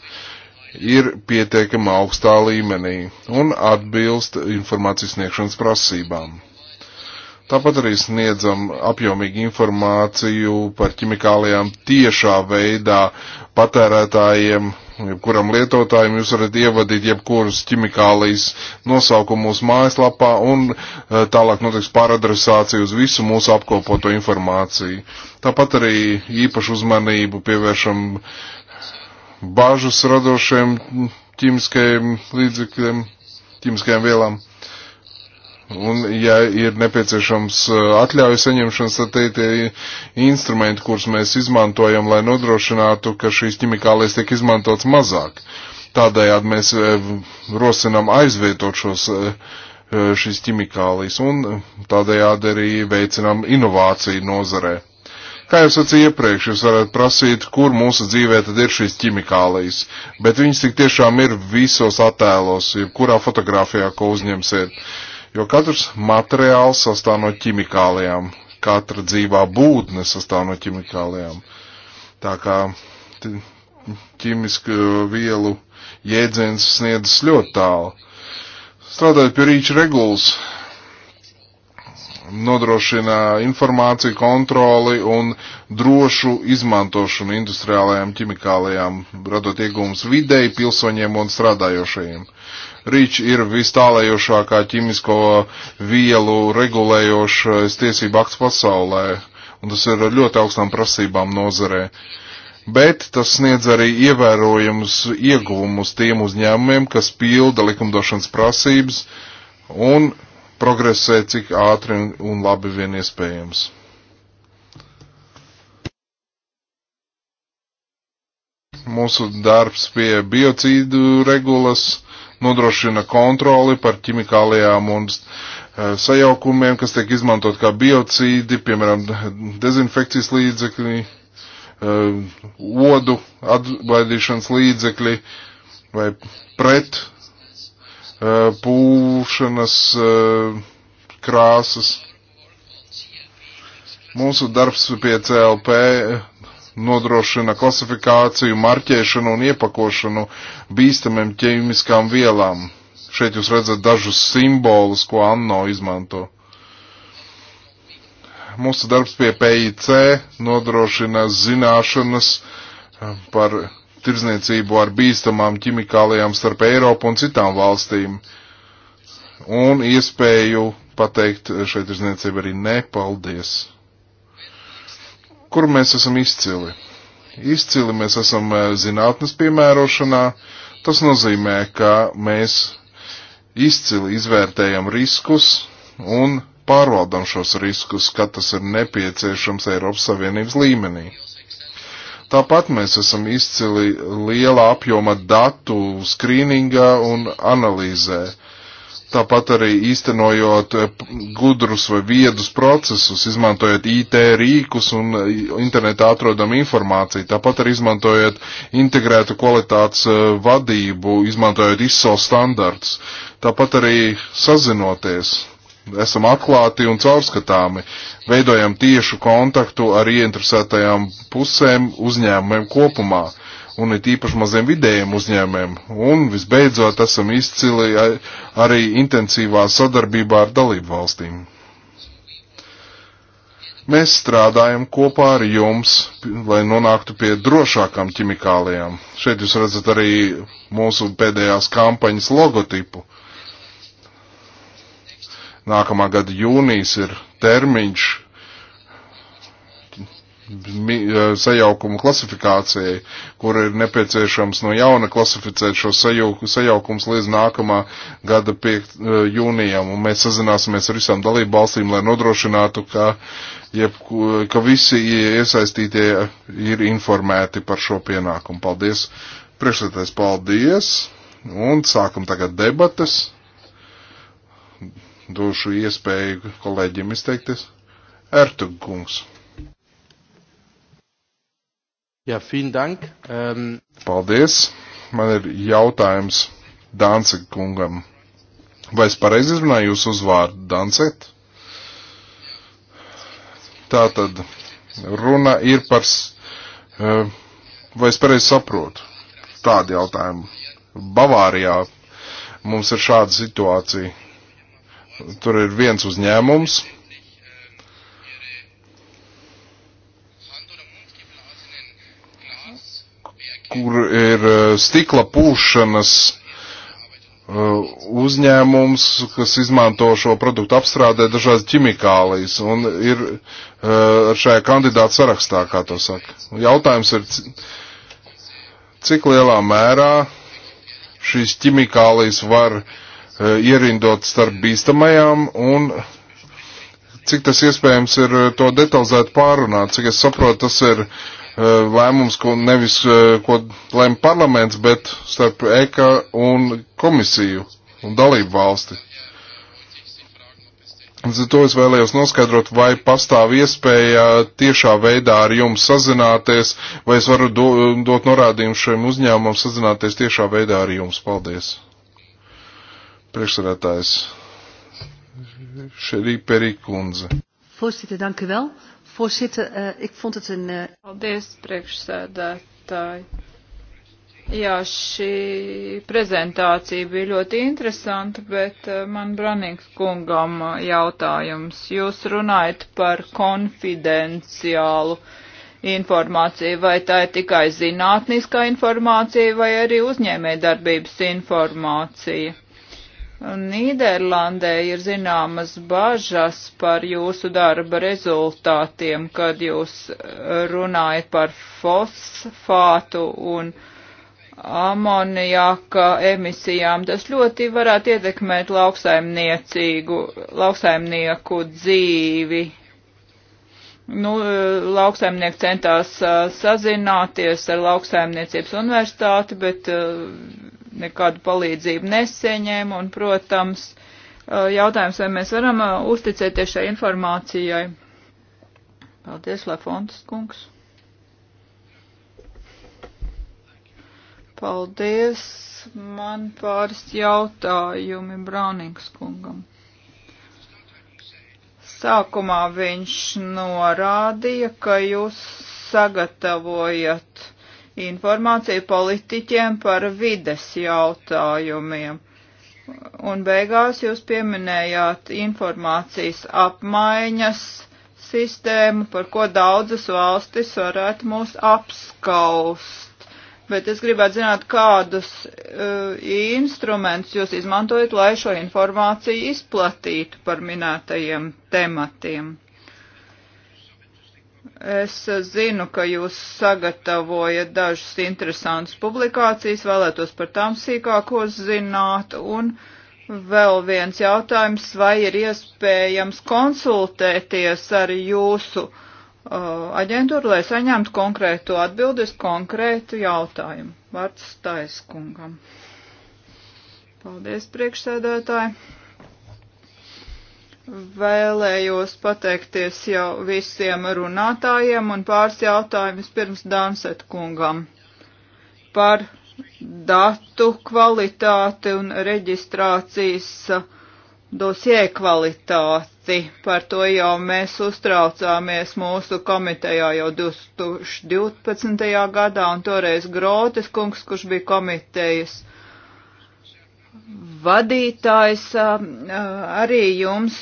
ir pietiekama augstā līmenī un atbilst informācijas sniegšanas prasībām. Tāpat arī sniedzam apjomīgu informāciju par ķimikālijām tiešā veidā patērētājiem, kuram lietotājiem jūs varat ievadīt jebkurus ķimikālijas nosaukumu mūsu mājaslapā un eh, tālāk notiks pāradresācija uz visu mūsu apkopoto informāciju. Tāpat arī īpašu uzmanību pievēršam bažas radošiem ķīmiskajiem līdzekļiem, ķīmiskajām vielām. Un, ja ir nepieciešams uh, atļauju saņemšanas, tad tie instrumenti, kurus mēs izmantojam, lai nodrošinātu, ka šīs ķimikālijas tiek izmantots mazāk. Tādējādi mēs uh, rosinām aizvietot šos, uh, šīs ķimikālijas un tādējādi arī veicinām inovāciju nozarē. Kā jau sacīju iepriekš, jūs varat prasīt, kur mūsu dzīvē tad ir šīs ķimikālijas, bet viņas tik tiešām ir visos attēlos, jebkurā fotografijā, ko uzņemsiet. Uh, jo katrs materiāls sastāv no ķimikālijām, katra dzīvā būtne sastāv no ķimikālijām. Tā kā ķimisku vielu jēdziens sniedzas ļoti tālu. Strādājot pie rīča regulas, nodrošina informāciju, kontroli un drošu izmantošanu industriālajām ķimikālajām, radot iegūmus videi, pilsoņiem un strādājošajiem. Rīč ir vistālējošākā ķimisko vielu regulējošais tiesību akts pasaulē, un tas ir ļoti augstām prasībām nozarē. Bet tas sniedz arī ievērojumus ieguvumus tiem uzņēmumiem, kas pilda likumdošanas prasības un progresē cik ātri un labi vien iespējams. Mūsu darbs pie biocīdu regulas nodrošina kontroli par ķimikālijām un eh, sajaukumiem, kas tiek izmantot kā biocīdi, piemēram, dezinfekcijas līdzekļi, eh, odu atbaidīšanas līdzekļi vai pret eh, pūšanas krāsas. Mūsu darbs pie CLP nodrošina klasifikāciju, marķēšanu un iepakošanu bīstamiem ķīmiskām vielām. Šeit jūs redzat dažus simbolus, ko ANO izmanto. Mūsu darbs pie PIC nodrošina zināšanas eh, par tirdzniecību ar bīstamām ķimikālijām starp Eiropu un citām valstīm. Un iespēju pateikt eh, šai tirdzniecībai arī nepaldies. Kur mēs esam izcili? Izcili mēs esam eh, zinātnes piemērošanā. Tas nozīmē, ka mēs izcili izvērtējam riskus un pārvaldam šos riskus, kad tas ir nepieciešams Eiropas Savienības līmenī. Tāpat mēs esam izcili liela apjoma datu skrīningā un analīzē tāpat arī īstenojot eh, gudrus vai viedus procesus, izmantojot IT rīkus un eh, internetā atrodam informāciju, tāpat arī izmantojot integrētu kvalitātes eh, vadību, izmantojot ISO standarts, tāpat arī sazinoties. Esam atklāti un caurskatāmi, veidojam tiešu kontaktu ar ieinteresētajām pusēm uzņēmumiem kopumā un it īpaši maziem vidējiem uzņēmēm. Un visbeidzot, esam izcili arī intensīvā sadarbībā ar dalību valstīm. Mēs strādājam kopā ar jums, lai nonāktu pie drošākām ķimikālijām. Šeit jūs redzat arī mūsu pēdējās kampaņas logotipu. Nākamā gada jūnijas ir termiņš, Eh, sajaukumu klasifikācijai, kur ir nepieciešams no jauna klasificēt šo sajauku, sajaukums līdz nākamā gada 5. Eh, jūnijam. Un mēs sazināsimies ar visām dalību valstīm, lai nodrošinātu, ka, jeb, ka visi iesaistītie ir informēti par šo pienākumu. Paldies! Priekšsētais, paldies! Un sākam tagad debatas. Došu iespēju kolēģiem izteikties. Ertug kungs. Jā, ja, fin dank. Um... Paldies. Man ir jautājums Dānce kungam. Vai es pareizi izrunāju jūsu uzvārdu Dāncet? Tātad runa ir par, uh, vai es pareizi saprotu, tādu jautājumu. Bavārijā mums ir šāda situācija. Tur ir viens uzņēmums, kur ir eh, stikla pūšanas eh, uzņēmums, kas izmanto šo produktu apstrādē dažādas ķimikālijas un ir eh, šajā kandidāta sarakstā, kā to saka. Jautājums ir, cik lielā mērā šīs ķimikālijas var ierindot starp bīstamajām un cik tas iespējams ir to detalizēt pārunāt. Cik es saprotu, tas ir uh, Eh, lēmums, ko nevis, eh, ko lēma parlaments, bet starp EKA un komisiju un dalību valsti. Līdz ar to es vēlējos noskaidrot, vai pastāv iespēja tiešā veidā ar jums sazināties, vai es varu do, dot norādījumu šiem uzņēmumam sazināties tiešā veidā ar jums. Paldies. Priekšsēdētājs Šerī Perī kundze. Voorzitter, dank u wel. Voorzitter, uh, ik vond het een. Uh... Paldies, priekšsēdētāji. Jā, šī prezentācija bija ļoti interesanta, bet eh, man Branīgs kungam jautājums. Jūs runājat par konfidenciālu informāciju, vai tā ir tikai zinātniskā informācija vai arī uzņēmē darbības informācija? Nīderlandē ir zināmas bažas par jūsu darba rezultātiem, kad jūs eh, runājat par fosfātu un amonijāka emisijām. Tas ļoti varētu ietekmēt lauksaimnieku dzīvi. Nu, eh, lauksaimnieki centās eh, sazināties ar lauksaimniecības universitāti, bet nekādu palīdzību neseņēma, un, protams, eh, jautājums, vai mēs varam eh, uzticēties šai informācijai. Paldies, Lefontas kungs. Paldies, man pāris jautājumi Braunings kungam. Sākumā viņš norādīja, ka jūs sagatavojat informāciju politiķiem par vides jautājumiem. Un beigās jūs pieminējāt informācijas apmaiņas sistēmu, par ko daudzas valstis varētu mūs apskaust. Bet es gribētu zināt, kādus uh, instrumentus jūs izmantojat, lai šo informāciju izplatītu par minētajiem tematiem. Es zinu, ka jūs sagatavojat dažas interesantas publikācijas, vēlētos par tām sīkākos zināt. Un vēl viens jautājums, vai ir iespējams konsultēties ar jūsu uh, aģentūru, lai saņemtu konkrētu atbildes konkrētu jautājumu. Vārds Taiskungam. Paldies, priekšsēdētāji. Vēlējos pateikties jau visiem runātājiem un pāris jautājumus pirms Dānset kungam par datu kvalitāti un reģistrācijas uh, dosie kvalitāti. Par to jau mēs uztraucāmies mūsu komitejā jau 2012. gadā, un toreiz Grotes kungs, kurš bija komitejas vadītājs arī jums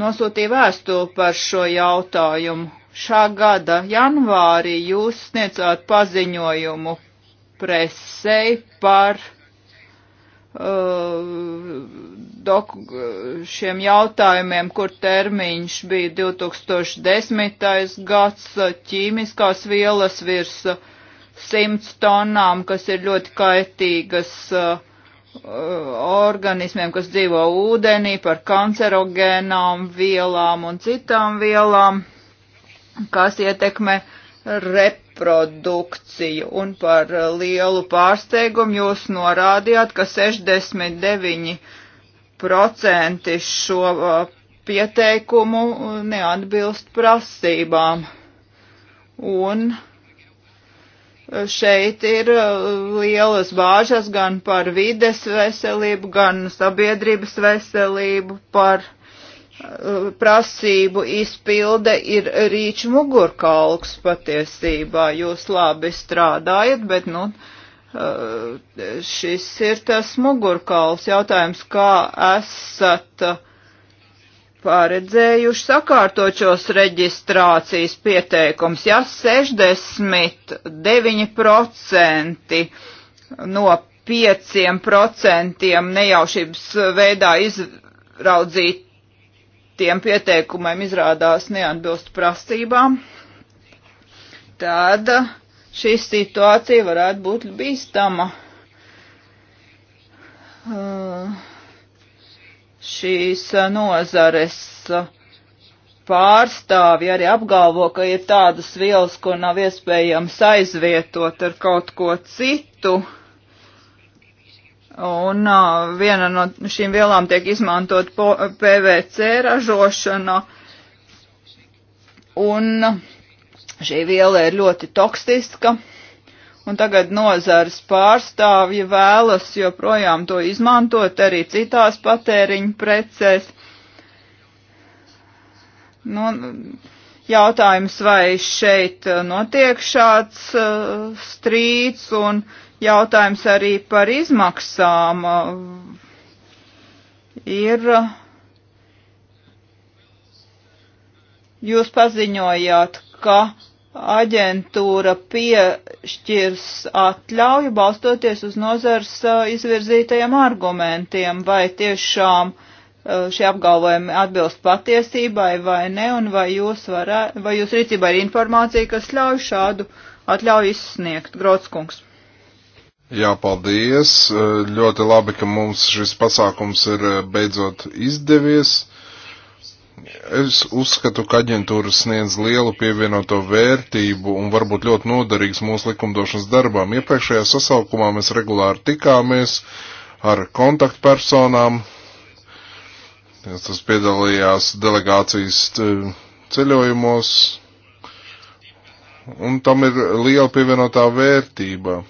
nosūtīja vēstuli par šo jautājumu. Šā gada janvārī jūs sniedzāt paziņojumu presei par uh, doku, šiem jautājumiem, kur termiņš bija 2010. gads ķīmiskās vielas virs 100 tonām, kas ir ļoti kaitīgas uh, organismiem, kas dzīvo ūdenī, par kancerogēnām vielām un citām vielām, kas ietekmē reprodukciju. Un par lielu pārsteigumu jūs norādījāt, ka 69% šo uh, pieteikumu neatbilst prasībām. Un uh, Šeit ir uh, lielas bāžas gan par vides veselību, gan sabiedrības veselību, par uh, prasību izpilde ir rīču mugurkalks patiesībā. Jūs labi strādājat, bet, nu, uh, šis ir tas mugurkauls jautājums, kā esat paredzējuši sakārtot šos reģistrācijas pieteikums, ja 69% no 5% nejaušības veidā izraudzītiem pieteikumiem izrādās neatbilst prasībām, tad šī situācija varētu būt bīstama. Uh, šīs nozares pārstāvi arī apgalvo, ka ir tādas vielas, ko nav iespējams aizvietot ar kaut ko citu. Un uh, viena no šīm vielām tiek izmantot po, PVC ražošana, un šī viela ir ļoti toksiska un tagad nozars pārstāvji vēlas joprojām to izmantot arī citās patēriņu precēs. Nu, jautājums, vai šeit uh, notiek šāds uh, strīds un jautājums arī par izmaksām uh, ir. Uh, jūs paziņojāt, ka aģentūra piešķirs atļauju balstoties uz nozars uh, izvirzītajiem argumentiem, vai tiešām uh, šie apgalvojumi atbilst patiesībai vai ne, un vai jūs, varē, vai jūs rīcībā ir informācija, kas ļauj šādu atļauju izsniegt. Grotskungs. Jā, paldies. Ļoti labi, ka mums šis pasākums ir uh, beidzot izdevies Es uzskatu, ka aģentūra sniedz lielu pievienoto vērtību un varbūt ļoti noderīgs mūsu likumdošanas darbām. Iepriekšējā sasaukumā mēs regulāri tikāmies ar kontaktpersonām. Tas piedalījās delegācijas e, ceļojumos. Un tam ir liela pievienotā vērtība.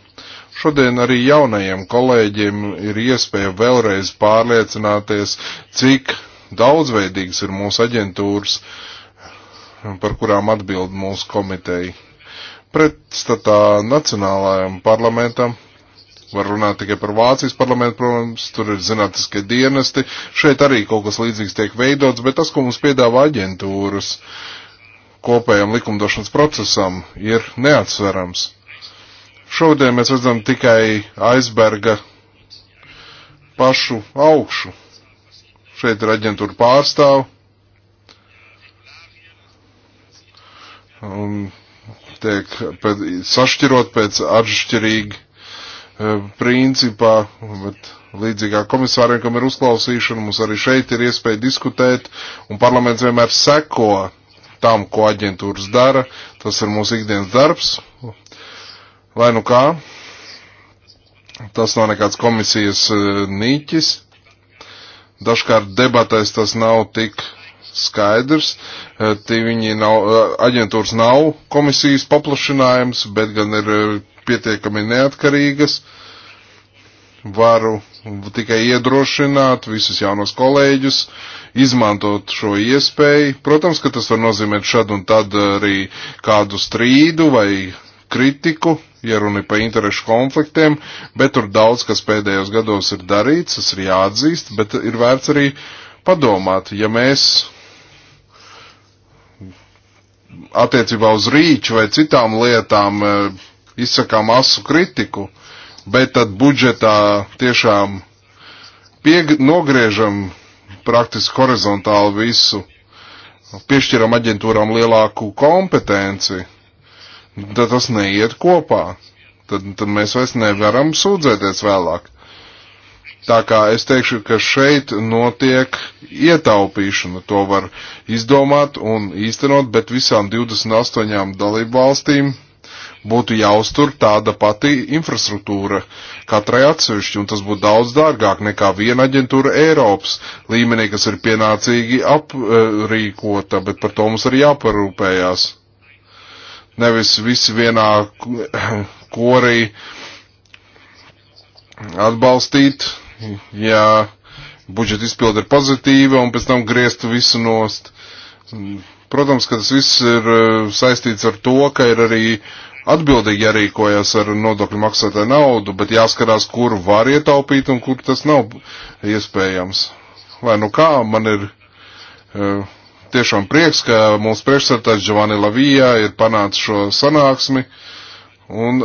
Šodien arī jaunajiem kolēģiem ir iespēja vēlreiz pārliecināties, cik Daudzveidīgas ir mūsu aģentūras, par kurām atbild mūsu komiteja. Pretstatā nacionālajam parlamentam var runāt tikai par Vācijas parlamentu, protams, tur ir zinātniskie dienesti. Šeit arī kaut kas līdzīgs tiek veidots, bet tas, ko mums piedāvā aģentūras kopējam likumdošanas procesam, ir neatsverams. Šodien mēs redzam tikai aizberga pašu augšu šeit ir aģentūra pārstāv. Un tiek pēc, sašķirot pēc atšķirīgi e, principā, bet līdzīgā komisāriem, kam ir uzklausīšana, mums arī šeit ir iespēja diskutēt, un parlaments vienmēr seko tam, ko aģentūras dara. Tas ir mūsu ikdienas darbs. Lai nu kā, tas nav nekāds komisijas e, niķis. Dažkārt debatēs tas nav tik skaidrs. Eh, Tī viņi nav, eh, aģentūras nav komisijas paplašinājums, bet gan ir eh, pietiekami neatkarīgas. Varu tikai iedrošināt visus jaunos kolēģus, izmantot šo iespēju. Protams, ka tas var nozīmēt šad un tad arī kādu strīdu vai kritiku, ja runa ir par interešu konfliktiem, bet tur daudz, kas pēdējos gados ir darīts, tas ir jāatzīst, bet ir vērts arī padomāt, ja mēs attiecībā uz rīču vai citām lietām e, izsakām asu kritiku, bet tad budžetā tiešām pieg nogriežam praktiski horizontāli visu, piešķiram aģentūrām lielāku kompetenci, tad tas neiet kopā. Tad, tad mēs vairs nevaram sūdzēties vēlāk. Tā kā es teikšu, ka šeit notiek ietaupīšana. To var izdomāt un īstenot, bet visām 28 dalību valstīm būtu jāuztur tāda pati infrastruktūra katrai atsevišķi, un tas būtu daudz dārgāk nekā viena aģentūra Eiropas līmenī, kas ir pienācīgi aprīkota, eh, bet par to mums arī jāparūpējās nevis visi vienā korī atbalstīt, ja budžeta izpilde ir pozitīva un pēc tam griezt visu nost. Protams, ka tas viss ir eh, saistīts ar to, ka ir arī atbildīgi jārīkojas ar nodokļu maksātāju naudu, bet jāskarās, kur var ietaupīt un kur tas nav iespējams. Lai nu kā, man ir uh, tiešām prieks, ka mūsu priekšsētājs Giovanni Lavijā ir panācis šo sanāksmi. Un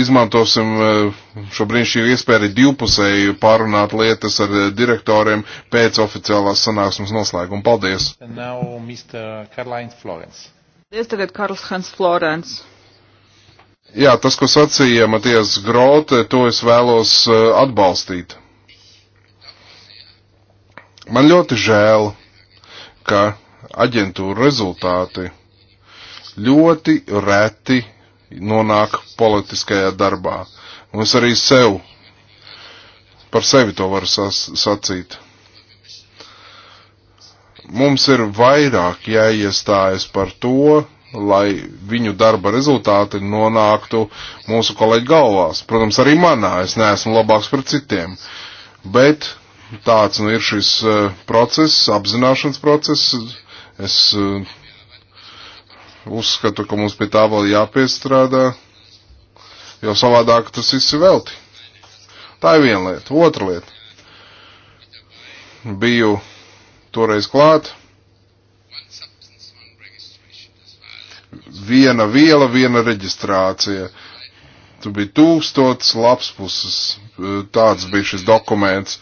izmantosim e, šo brīnišķīgu iespēju divpusēju pārunāt lietas ar e, direktoriem pēc oficiālās sanāksmes noslēguma. Paldies! Paldies tagad Karls Hans Florence. Jā, tas, ko sacīja Matijas Grote, to es vēlos e, atbalstīt. Man ļoti žēl, ka aģentūru rezultāti ļoti reti nonāk politiskajā darbā. Un es arī sev, par sevi to varu sas, sacīt. Mums ir vairāk jāiestājas par to, lai viņu darba rezultāti nonāktu mūsu kolēģi galvās. Protams, arī manā es neesmu labāks par citiem, bet tāds nu ir šis uh, process, apzināšanas process, Es uh, uzskatu, ka mums pie tā vēl jāpiestrādā, jo savādāk tas viss ir velti. Tā ir viena lieta. Otra lieta. Biju toreiz klāt. Viena viela, viena reģistrācija. Tu bija tūkstots lapspuses. Tāds bija šis dokuments.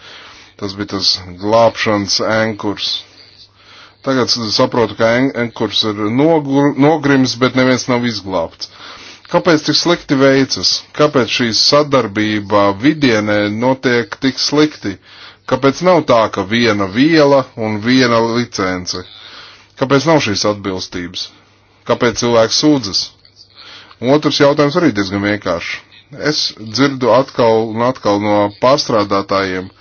Tas bija tas glābšanas ankurs Tagad saprotu, ka Enkurs ir nogur, nogrims, bet neviens nav izglābts. Kāpēc tik slikti veicas? Kāpēc šī sadarbība vidienē notiek tik slikti? Kāpēc nav tā, ka viena viela un viena licence? Kāpēc nav šīs atbilstības? Kāpēc cilvēks sūdzas? Otrs jautājums arī diezgan vienkāršs. Es dzirdu atkal un atkal no pārstrādātājiem,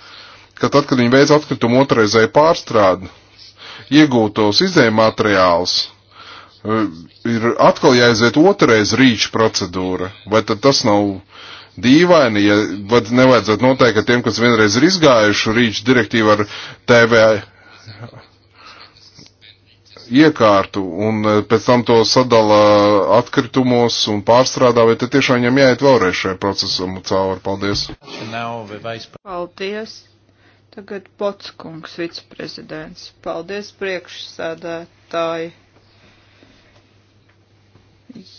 ka tad, kad viņi veic atkritumu otrreizēju pārstrādi, iegūtos izējumateriāls e, ir atkal jāiziet otrreiz rīču procedūra. Vai tad tas nav dīvaini, ja vad nevajadzētu noteikt, ka tiem, kas vienreiz ir izgājuši rīču direktīvu ar TV iekārtu un e, pēc tam to sadala atkritumos un pārstrādā, vai te tiešām viņam jāiet vēlreiz šajā procesam cauri? Paldies! Paldies! Tagad Botskungs viceprezidents. Paldies priekšsēdētāji.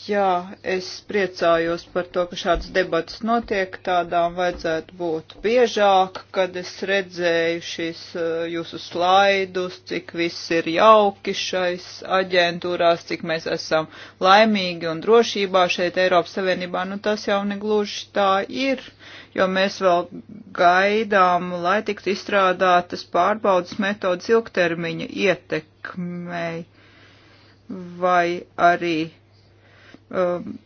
Jā, es priecājos par to, ka šāds debats notiek, tādām vajadzētu būt biežāk, kad es redzēju šīs eh, jūsu slaidus, cik viss ir jauki šais aģentūrās, cik mēs esam laimīgi un drošībā šeit Eiropas Savienībā, nu tas jau negluži tā ir, jo mēs vēl gaidām, lai tiktu izstrādātas pārbaudas metodas ilgtermiņa ietekmei vai arī Um,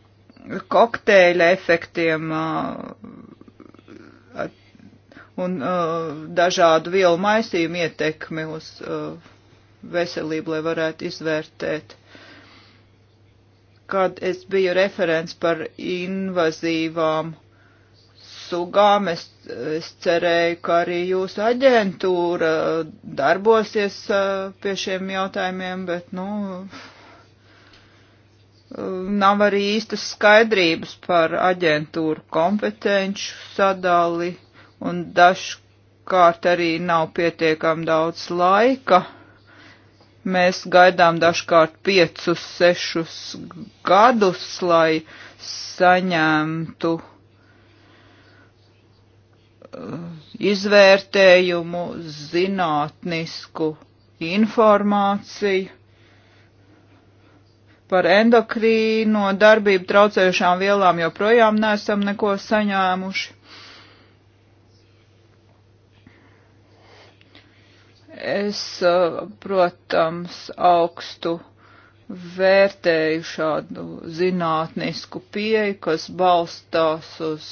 kokteļa efektiem uh, un uh, dažādu vielu maisījumu ietekmi uz uh, veselību, lai varētu izvērtēt. Kad es biju referents par invazīvām sugām, es, es cerēju, ka arī jūsu aģentūra darbosies pie šiem jautājumiem, bet, nu, nav arī īstas skaidrības par aģentūru kompetenču sadali un dažkārt arī nav pietiekam daudz laika. Mēs gaidām dažkārt piecus, sešus gadus, lai saņemtu uh, izvērtējumu, zinātnisku informāciju par endokrīno darbību traucējušām vielām joprojām nesam neko saņēmuši. Es, eh, protams, augstu vērtēju šādu zinātnisku pieeju, kas balstās uz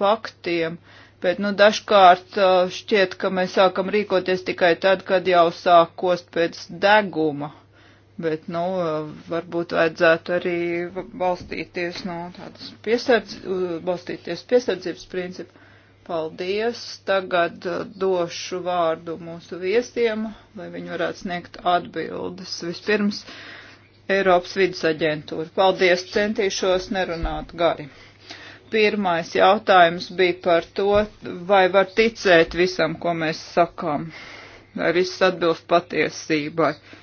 faktiem, bet, nu, dažkārt eh, šķiet, ka mēs sākam rīkoties tikai tad, kad jau sāk kost pēc deguma Bet, nu, varbūt vajadzētu arī balstīties, nu, tādas piesardz, balstīties piesardzības principu. Paldies! Tagad uh, došu vārdu mūsu viestiem, lai viņi varētu sniegt atbildes. Vispirms Eiropas vidas aģentūra. Paldies! Centīšos nerunāt gari. Pirmais jautājums bija par to, vai var ticēt visam, ko mēs sakām, vai viss atbilst patiesībai. Uh,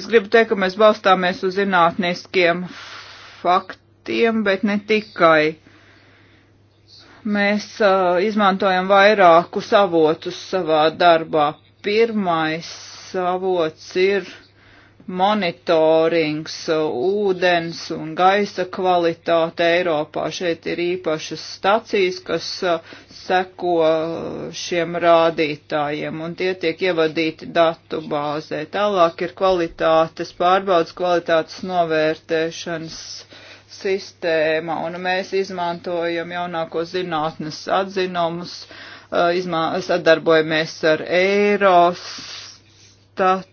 Es gribu teikt, ka mēs balstāmies uz zinātniskiem faktiem, bet ne tikai. Mēs uh, izmantojam vairākus avotus savā darbā. Pirmais avots ir monitorings, ūdens un gaisa kvalitāte Eiropā. Šeit ir īpašas stacijas, kas uh, seko uh, šiem rādītājiem, un tie tiek ievadīti datu bāzē. Tālāk ir kvalitātes pārbaudas, kvalitātes novērtēšanas sistēma, un mēs izmantojam jaunāko zinātnes atzinumus, uh, izmā, sadarbojamies ar Eirostat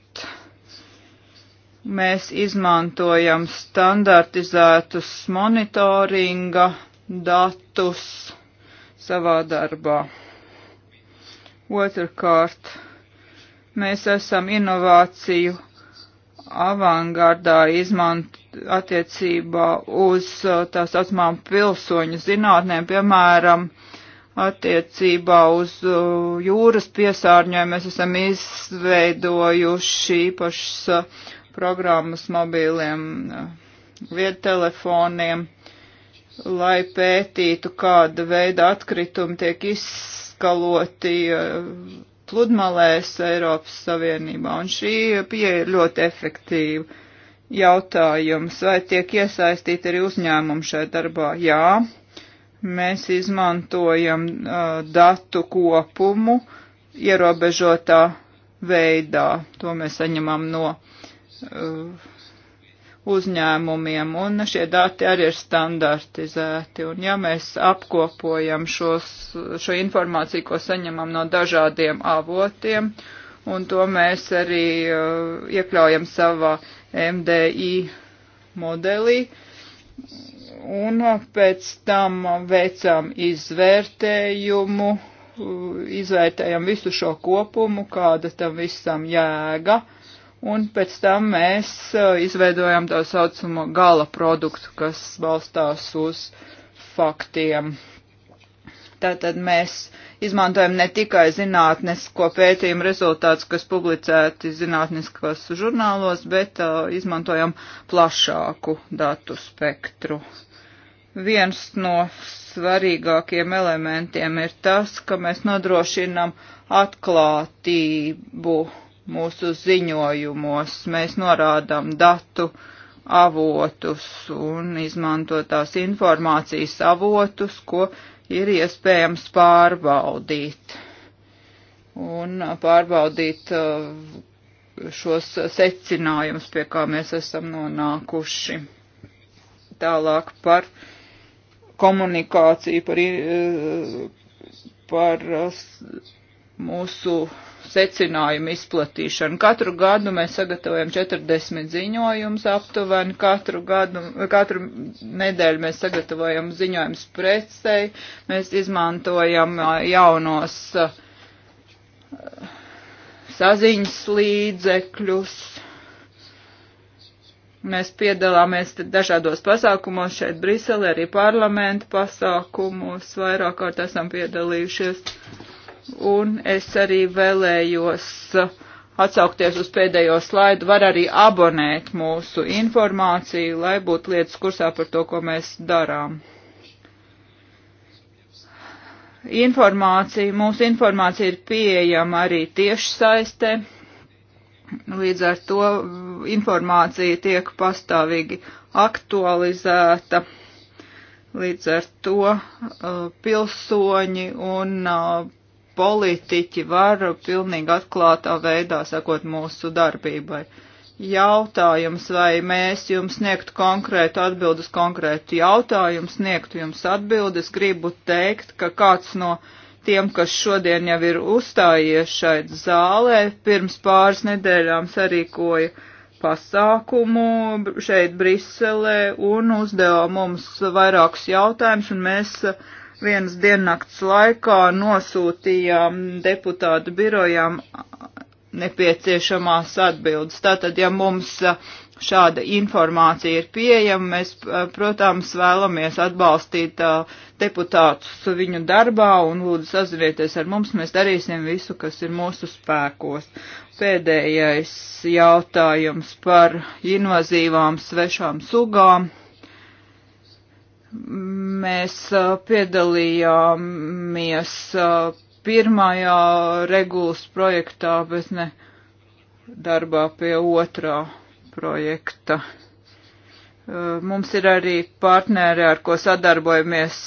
Mēs izmantojam standartizētus monitoringa datus savā darbā. Otrakārt, mēs esam inovāciju avangardā izmant attiecībā uz uh, tā saucamām pilsoņu zinātnēm, piemēram, attiecībā uz uh, jūras piesārņojumu mēs esam izveidojuši īpašas uh, programmas mobīliem viedtelefoniem, lai pētītu, kāda veida atkritumi tiek izskaloti eh, pludmalēs Eiropas Savienībā. Un šī pieeja ir ļoti efektīva. Jautājums, vai tiek iesaistīti arī uzņēmumi šajā darbā? Jā, mēs izmantojam uh, datu kopumu ierobežotā veidā. To mēs saņemam no uh, Uh, uzņēmumiem, un šie dati arī ir standartizēti. Un ja mēs apkopojam šos, šo informāciju, ko saņemam no dažādiem avotiem, un to mēs arī uh, iekļaujam savā MDI modelī, un pēc tam veicam izvērtējumu, uh, izvērtējam visu šo kopumu, kāda tam visam jēga. Uh, un pēc tam mēs uh, izveidojam tā saucamo gala produktu, kas balstās uz faktiem. Tātad mēs izmantojam ne tikai zinātnesko pētījumu rezultātus, kas publicēti zinātniskos žurnālos, bet uh, izmantojam plašāku datu spektru. Viens no svarīgākiem elementiem ir tas, ka mēs nodrošinam atklātību uh, mūsu ziņojumos. Mēs norādām datu avotus un izmantotās informācijas avotus, ko ir iespējams pārbaudīt. Un pārbaudīt uh, šos secinājumus, pie kā mēs esam nonākuši. Tālāk par komunikāciju, par, uh, par uh, mūsu secinājumu izplatīšanu. Katru gadu mēs sagatavojam 40 ziņojumus aptuveni, katru, gadu, katru nedēļu mēs sagatavojam ziņojumus precei, mēs izmantojam jaunos saziņas līdzekļus. Mēs piedalāmies dažādos pasākumos šeit Briselē, arī parlamenta pasākumos, vairāk kārt esam piedalījušies un es arī vēlējos atsaukties uz pēdējo slaidu, var arī abonēt mūsu informāciju, lai būtu lietas kursā par to, ko mēs darām. Informācija, mūsu informācija ir pieejama arī tiešsaistē, līdz ar to informācija tiek pastāvīgi aktualizēta. Līdz ar to uh, pilsoņi un uh, politiķi var pilnīgi atklātā veidā sakot mūsu darbībai. Jautājums, vai mēs jums sniegtu konkrētu atbildus konkrētu jautājumu, sniegtu jums atbildes, gribu teikt, ka kāds no tiem, kas šodien jau ir uzstājies šeit zālē, pirms pāris nedēļām sarīkoja pasākumu šeit Briselē un uzdeva mums vairākus jautājumus, un mēs uh, vienas diennakts laikā nosūtījām deputātu birojām nepieciešamās atbildes. Tātad, ja mums uh, šāda informācija ir pieejama, mēs, uh, protams, vēlamies atbalstīt uh, deputātus viņu darbā un lūdzu sazinieties ar mums, mēs darīsim visu, kas ir mūsu spēkos. Pēdējais jautājums par invazīvām svešām sugām. Mēs uh, piedalījāmies uh, pirmajā regulas projektā, bet ne darbā pie otrā projekta. Uh, mums ir arī partneri, ar ko sadarbojamies,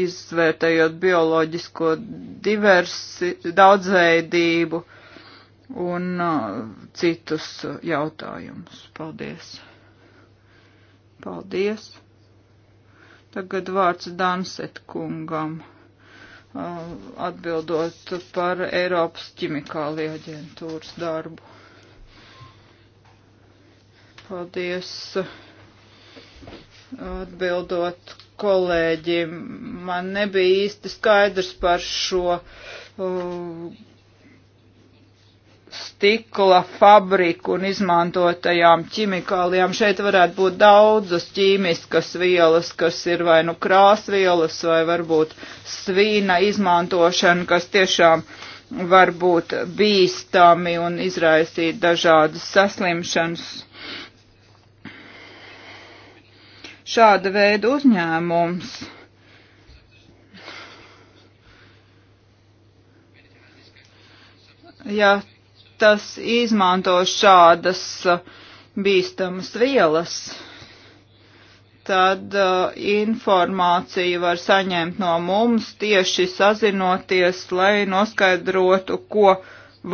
izvērtējot bioloģisko diversi, daudzveidību un citus jautājumus. Paldies! Paldies! Tagad vārds Danset kungam atbildot par Eiropas ķimikālija aģentūras darbu. Paldies. Atbildot kolēģim, man nebija īsti skaidrs par šo uh, stikla fabriku un izmantotajām ķimikālijām. Šeit varētu būt daudzas ķīmiskas vielas, kas ir vai nu krāsvielas, vai varbūt svīna izmantošana, kas tiešām var būt bīstami un izraisīt dažādas saslimšanas. Šāda veida uzņēmums. Ja tas izmanto šādas uh, bīstamas vielas, tad uh, informāciju var saņemt no mums tieši sazinoties, lai noskaidrotu, ko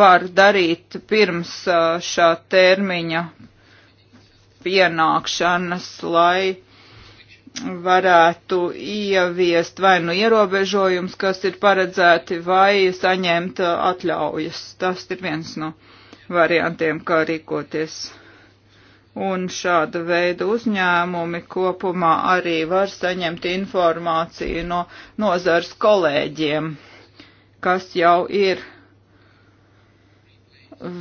var darīt pirms uh, šā termiņa pienākšanas, lai varētu ieviest vai nu ierobežojums, kas ir paredzēti, vai saņemt uh, atļaujas. Tas ir viens no variantiem, kā rīkoties. Un šāda veida uzņēmumi kopumā arī var saņemt informāciju no nozars kolēģiem, kas jau ir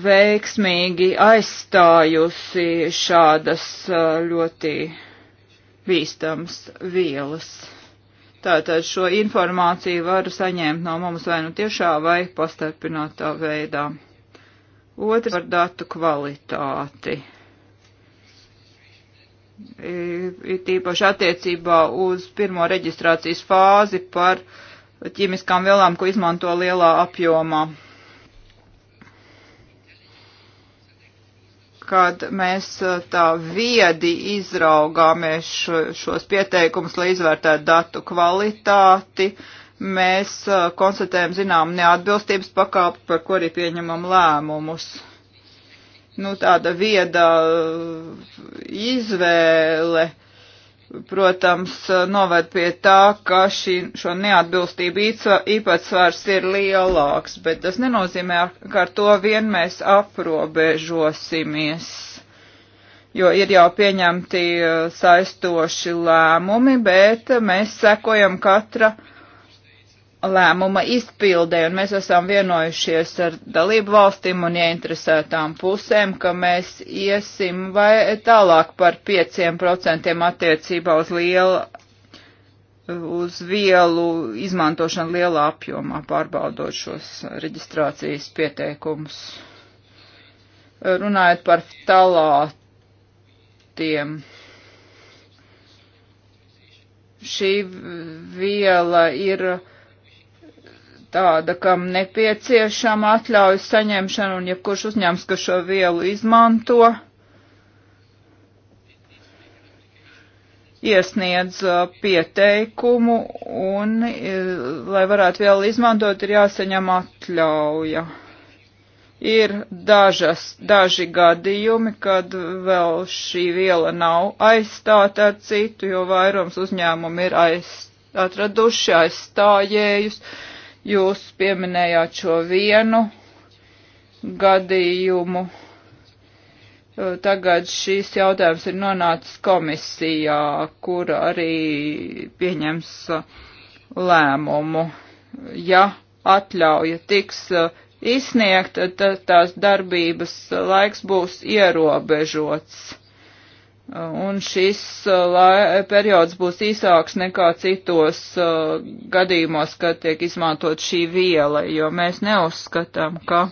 veiksmīgi aizstājusi šādas uh, ļoti bīstamas vielas. Tātad šo informāciju var saņemt no mums vai nu tiešā vai pastarpinātā veidā. Otrs par datu kvalitāti. Ir tīpaši attiecībā uz pirmo reģistrācijas fāzi par ķīmiskām vielām, ko izmanto lielā apjomā. kad mēs uh, tā viedi izraugāmies šos pieteikumus, lai izvērtētu datu kvalitāti, mēs uh, konstatējam zinām neatbilstības pakāpi, par ko arī pieņemam lēmumus. Nu, tāda vieda uh, izvēle protams, noved pie tā, ka šī, šo neatbilstību īpatsvars ir lielāks, bet tas nenozīmē, ka ar to vien mēs aprobežosimies, jo ir jau pieņemti uh, saistoši lēmumi, bet mēs sekojam katra uh, lēmuma izpildē, un mēs esam vienojušies ar dalību valstīm un ieinteresētām pusēm, ka mēs iesim vai tālāk par 5% attiecībā uz lielu, uz vielu izmantošanu lielā apjomā, pārbaudot šos reģistrācijas pieteikumus. Runājot par talātiem šī viela ir tāda, kam nepieciešama atļauja saņemšana un jebkurš uzņēmums, kas šo vielu izmanto, iesniedz uh, pieteikumu un, uh, lai varētu vielu izmantot, ir jāsaņem atļauja. Ir dažas, daži gadījumi, kad vēl šī viela nav aizstāta ar citu, jo vairums uzņēmumu ir aiz, atraduši aizstājējus. Uh, Jūs pieminējāt šo vienu gadījumu. Tagad šīs jautājums ir nonācis komisijā, kur arī pieņems lēmumu. Ja atļauja tiks izsniegta, tad tās darbības laiks būs ierobežots Un šis uh, lai, periods būs īsāks nekā citos uh, gadījumos, kad tiek izmantot šī viela, jo mēs neuzskatām, ka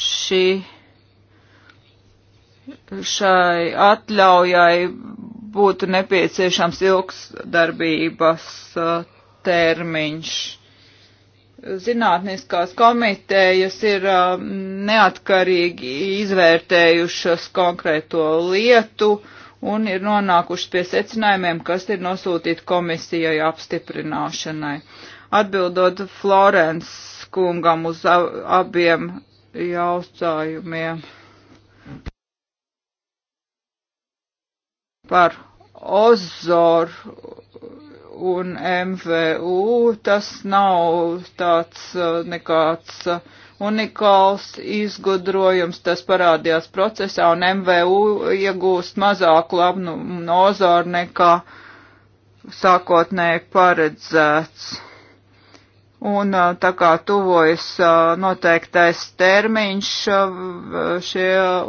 šī, šai atļaujai būtu nepieciešams ilgs darbības uh, termiņš Zinātniskās komitejas ir um, neatkarīgi izvērtējušas konkrēto lietu un ir nonākušas pie secinājumiem, kas ir nosūtīti komisijai apstiprināšanai. Atbildot Florence kungam uz abiem jautājumiem par ozoru un MVU. Tas nav tāds uh, nekāds uh, unikāls izgudrojums, tas parādījās procesā, un MVU iegūst mazāku labu nozoru nekā sākotnēji paredzēts. Un uh, tā kā tuvojas noteiktais termiņš, šie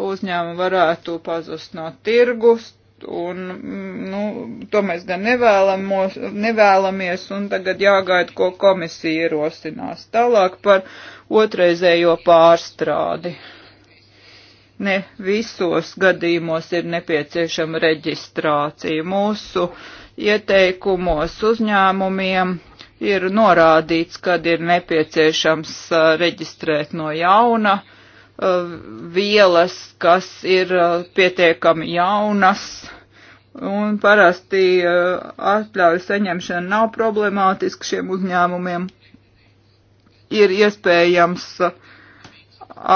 uzņēmumi varētu pazust no tirgus, un mm, nu, to mēs gan nevēlamos, nevēlamies, un tagad jāgaida, ko komisija ierosinās. Tālāk par otreizējo pārstrādi. Ne visos gadījumos ir nepieciešama reģistrācija. Mūsu ieteikumos uzņēmumiem ir norādīts, kad ir nepieciešams uh, reģistrēt no jauna Uh, vielas, kas ir uh, pietiekami jaunas, un parasti uh, atļauju saņemšana nav problemātiska šiem uzņēmumiem. Ir iespējams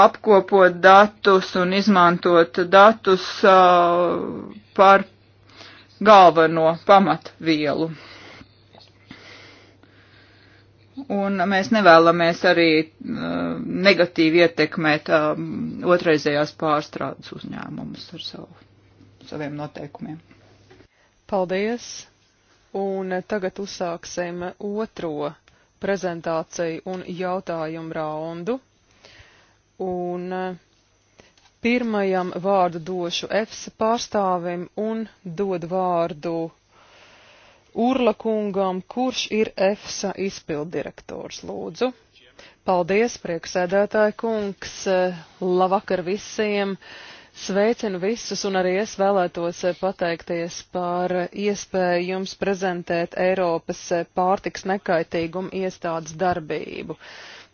apkopot datus un izmantot datus par galveno pamatvielu un mēs nevēlamies arī uh, negatīvi ietekmēt uh, otraizējās pārstrādes uzņēmumus ar savu, saviem noteikumiem. Paldies! Un tagad uzsāksim otro prezentāciju un jautājumu raundu. Un uh, pirmajam vārdu došu EFSA pārstāvim un dodu vārdu Urla kungam, kurš ir EFSA izpildirektors, lūdzu. Paldies, prieksēdētāji kungs, labvakar visiem! Sveicinu visus un arī es vēlētos pateikties par iespēju jums prezentēt Eiropas pārtiks nekaitīgumu iestādes darbību. Uh,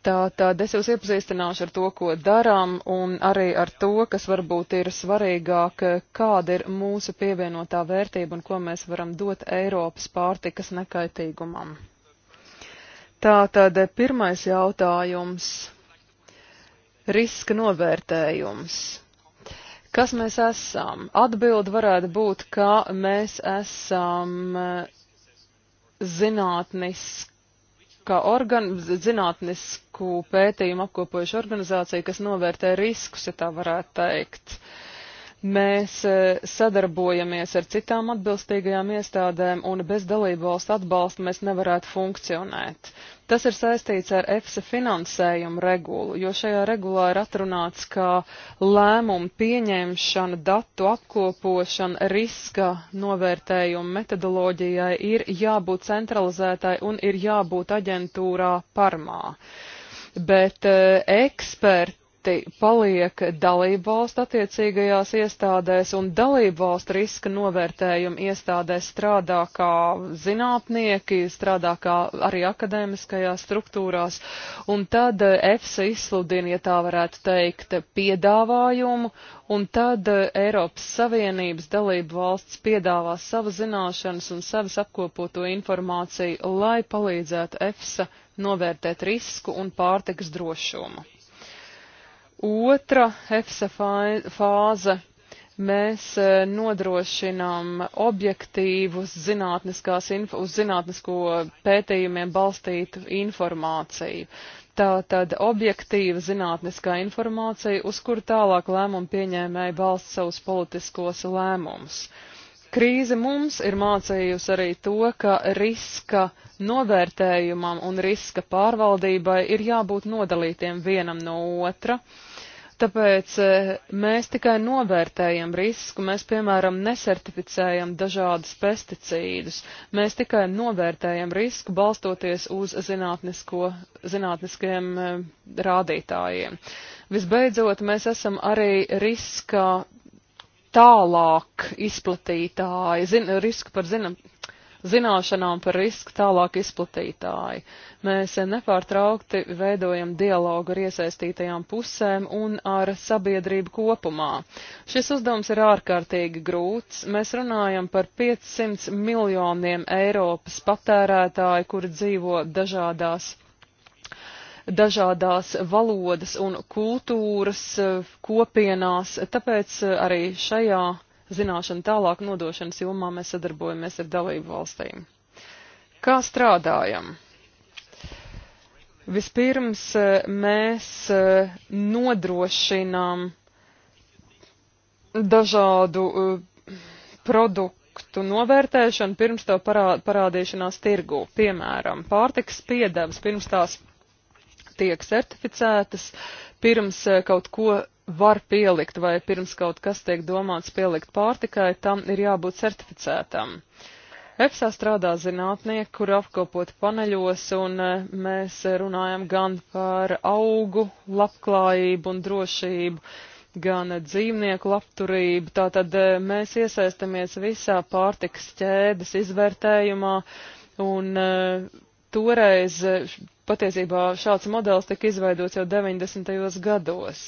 Tā tad es jūs iepazīstināšu ar to, ko darām, un arī ar to, kas varbūt ir svarīgāk, kāda ir mūsu pievienotā vērtība un ko mēs varam dot Eiropas pārtikas nekaitīgumam. Tā tad pirmais jautājums - riska novērtējums. Kas mēs esam? Atbildi varētu būt, ka mēs esam eh, zinātniski kā organ, zinātnisku pētījumu apkopojuša organizācija, kas novērtē riskus, ja tā varētu teikt. Uh, Mēs e, sadarbojamies ar citām atbilstīgajām iestādēm, un bez dalībvalstu atbalsta mēs nevarētu funkcionēt. Tas ir saistīts ar EFSA finansējumu regulu, jo šajā regulā ir atrunāts, ka lēmumu pieņemšana, datu apkopošana, riska novērtējuma metodoloģijai ir jābūt centralizētai un ir jābūt aģentūrā parmā. Bet e, eksperti dati paliek dalību valstu attiecīgajās iestādēs, un dalību valstu riska novērtējuma iestādēs strādā kā zinātnieki, strādā kā arī akadēmiskajās struktūrās, un tad EFSA izsludina, ja tā varētu teikt, piedāvājumu, un tad Eiropas Savienības dalību valsts piedāvā savas zināšanas un savas apkopoto informāciju, lai palīdzētu EFSA novērtēt risku un pārtikas drošumu. Otra EFSA fāze mēs e, nodrošinām objektīvus zinātniskās, uz zinātnisko pētījumiem balstītu informāciju. Tā tad objektīva zinātniskā informācija, uz kur tālāk lēmumu pieņēmēji balst savus politiskos lēmumus. Uh, Krīze mums ir mācījusi arī to, ka riska novērtējumam un riska pārvaldībai ir jābūt nodalītiem vienam no otra. Tāpēc e, mēs tikai novērtējam risku, mēs piemēram nesertificējam dažādas pesticīdus, mēs tikai novērtējam risku balstoties uz zinātniskiem e, rādītājiem. Visbeidzot, mēs esam arī riska tālāk izplatītāji, zin, risku par zinām, zināšanām par risku tālāk izplatītāji. Mēs nepārtraukti veidojam dialogu ar iesaistītajām pusēm un ar sabiedrību kopumā. Šis uzdevums ir ārkārtīgi grūts. Mēs runājam par 500 miljoniem Eiropas patērētāju, kuri dzīvo dažādās dažādās valodas un kultūras eh, kopienās, tāpēc eh, arī šajā zināšanu tālāk nodošanas jomā mēs sadarbojamies ar dalību valstīm. Kā strādājam? Vispirms eh, mēs nodrošinām dažādu produktu novērtēšanu pirms to parādīšanās tirgu. Piemēram, pārtiks piedevs pirms tās tiek certificētas, pirms eh, kaut ko var pielikt vai pirms kaut kas tiek domāts pielikt pārtikai, tam ir jābūt certificētam. EFSA strādā zinātnieki, kur apkopot paneļos, un eh, mēs runājam gan par augu labklājību un drošību, gan dzīvnieku labturību. Tātad eh, mēs iesaistamies visā pārtikas ķēdes izvērtējumā un toreiz eh, patiesībā šāds modelis tika izveidots jau 90. gados.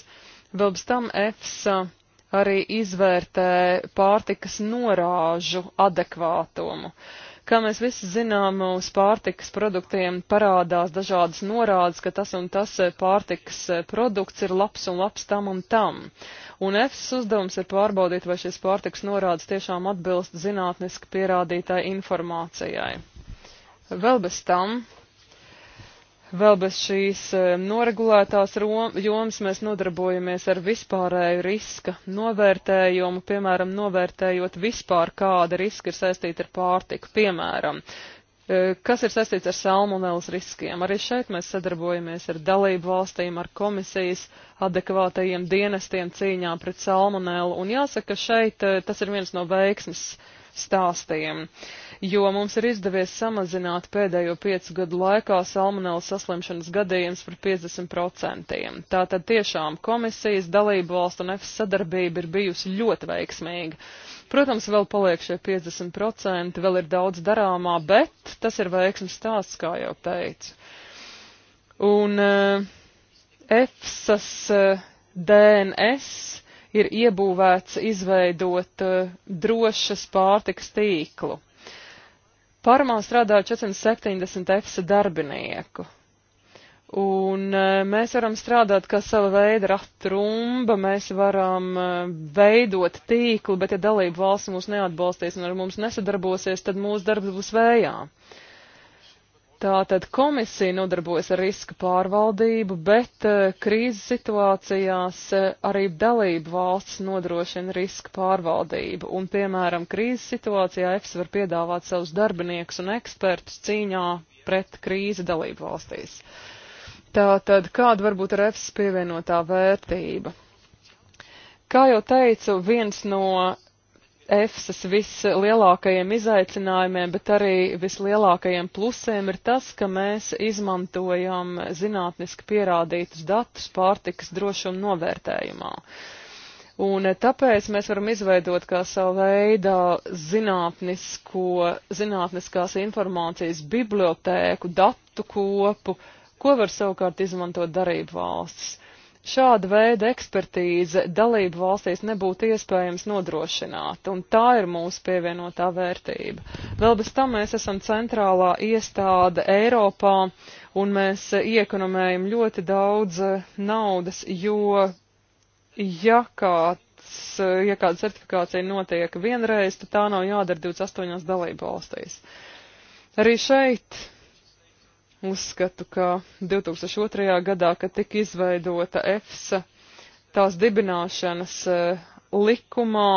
Vēl bez tam EFSA arī izvērtē pārtikas norāžu adekvātumu. Kā mēs visi zinām, uz pārtikas produktiem parādās dažādas norādes, ka tas un tas eh, pārtikas eh, produkts ir labs un labs tam un tam. Un EFSA uzdevums ir pārbaudīt, vai šīs pārtikas norādes tiešām atbilst zinātniski pierādītai informācijai. Vēl bez tam, vēl bez šīs e, noregulētās jomas mēs nodarbojamies ar vispārēju riska novērtējumu, piemēram, novērtējot vispār kāda riska ir saistīta ar pārtiku, piemēram, e, kas ir saistīts ar salmonēlas riskiem. Arī šeit mēs sadarbojamies ar dalību valstīm, ar komisijas adekvātajiem dienestiem cīņā pret salmonēlu, un jāsaka, šeit e, tas ir viens no veiksmes stāstiem, jo mums ir izdevies samazināt pēdējo piecu gadu laikā salmonēlas saslimšanas gadījums par 50%. Tātad tiešām komisijas, dalību valstu un EFS sadarbība ir bijusi ļoti veiksmīga. Protams, vēl paliek šie 50%, vēl ir daudz darāmā, bet tas ir veiksmes stāsts, kā jau teicu. Un uh, eh, EFSAS uh, eh, DNS ir iebūvēts izveidot uh, drošas pārtikas tīklu. Parmā strādā 470 EFSA darbinieku. Un uh, mēs varam strādāt kā sava veida ratrumba, mēs varam uh, veidot tīklu, bet ja dalību valsts mūs neatbalstīs un ar mums nesadarbosies, tad mūsu darbs būs vējā. Uh, Tātad komisija nodarbojas ar riska pārvaldību, bet eh, krīzes situācijās eh, arī dalību valsts nodrošina riska pārvaldību. Un, piemēram, krīzes situācijā EFS var piedāvāt savus darbiniekus un ekspertus cīņā pret krīzi dalību valstīs. Tātad, kāda varbūt ir EFS pievienotā vērtība? Kā jau teicu, viens no EFSAS vislielākajiem izaicinājumiem, bet arī vislielākajiem plusiem ir tas, ka mēs izmantojam zinātniski pierādītus datus pārtikas drošuma novērtējumā. Un tāpēc mēs varam izveidot kā savu veidu zinātniskās informācijas bibliotēku, datu kopu, ko var savukārt izmantot darību valsts. Šāda veida ekspertīze dalību valstīs nebūtu iespējams nodrošināt, un tā ir mūsu pievienotā vērtība. Vēl bez tam mēs esam centrālā iestāde Eiropā, un mēs iekonomējam ļoti daudz eh, naudas, jo, ja kāds, eh, ja kāda certifikācija notiek vienreiz, tad tā nav jādara 28 dalību valstīs. Arī šeit Uzskatu, ka 2002. gadā, kad tika izveidota EFSA, tās dibināšanas eh, likumā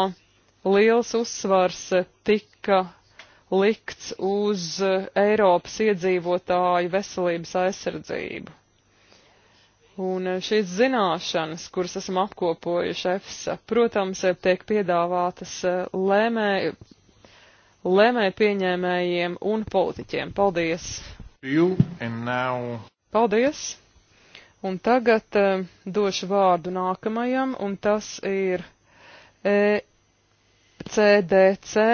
liels uzsvars eh, tika likts uz eh, Eiropas iedzīvotāju veselības aizsardzību. Un šīs zināšanas, kuras esam apkopojuši EFSA, protams, tiek piedāvātas lēmē, lēmē pieņēmējiem un politiķiem. Paldies! You, now... Paldies! Un tagad uh, došu vārdu nākamajam, un tas ir eh, e, CDC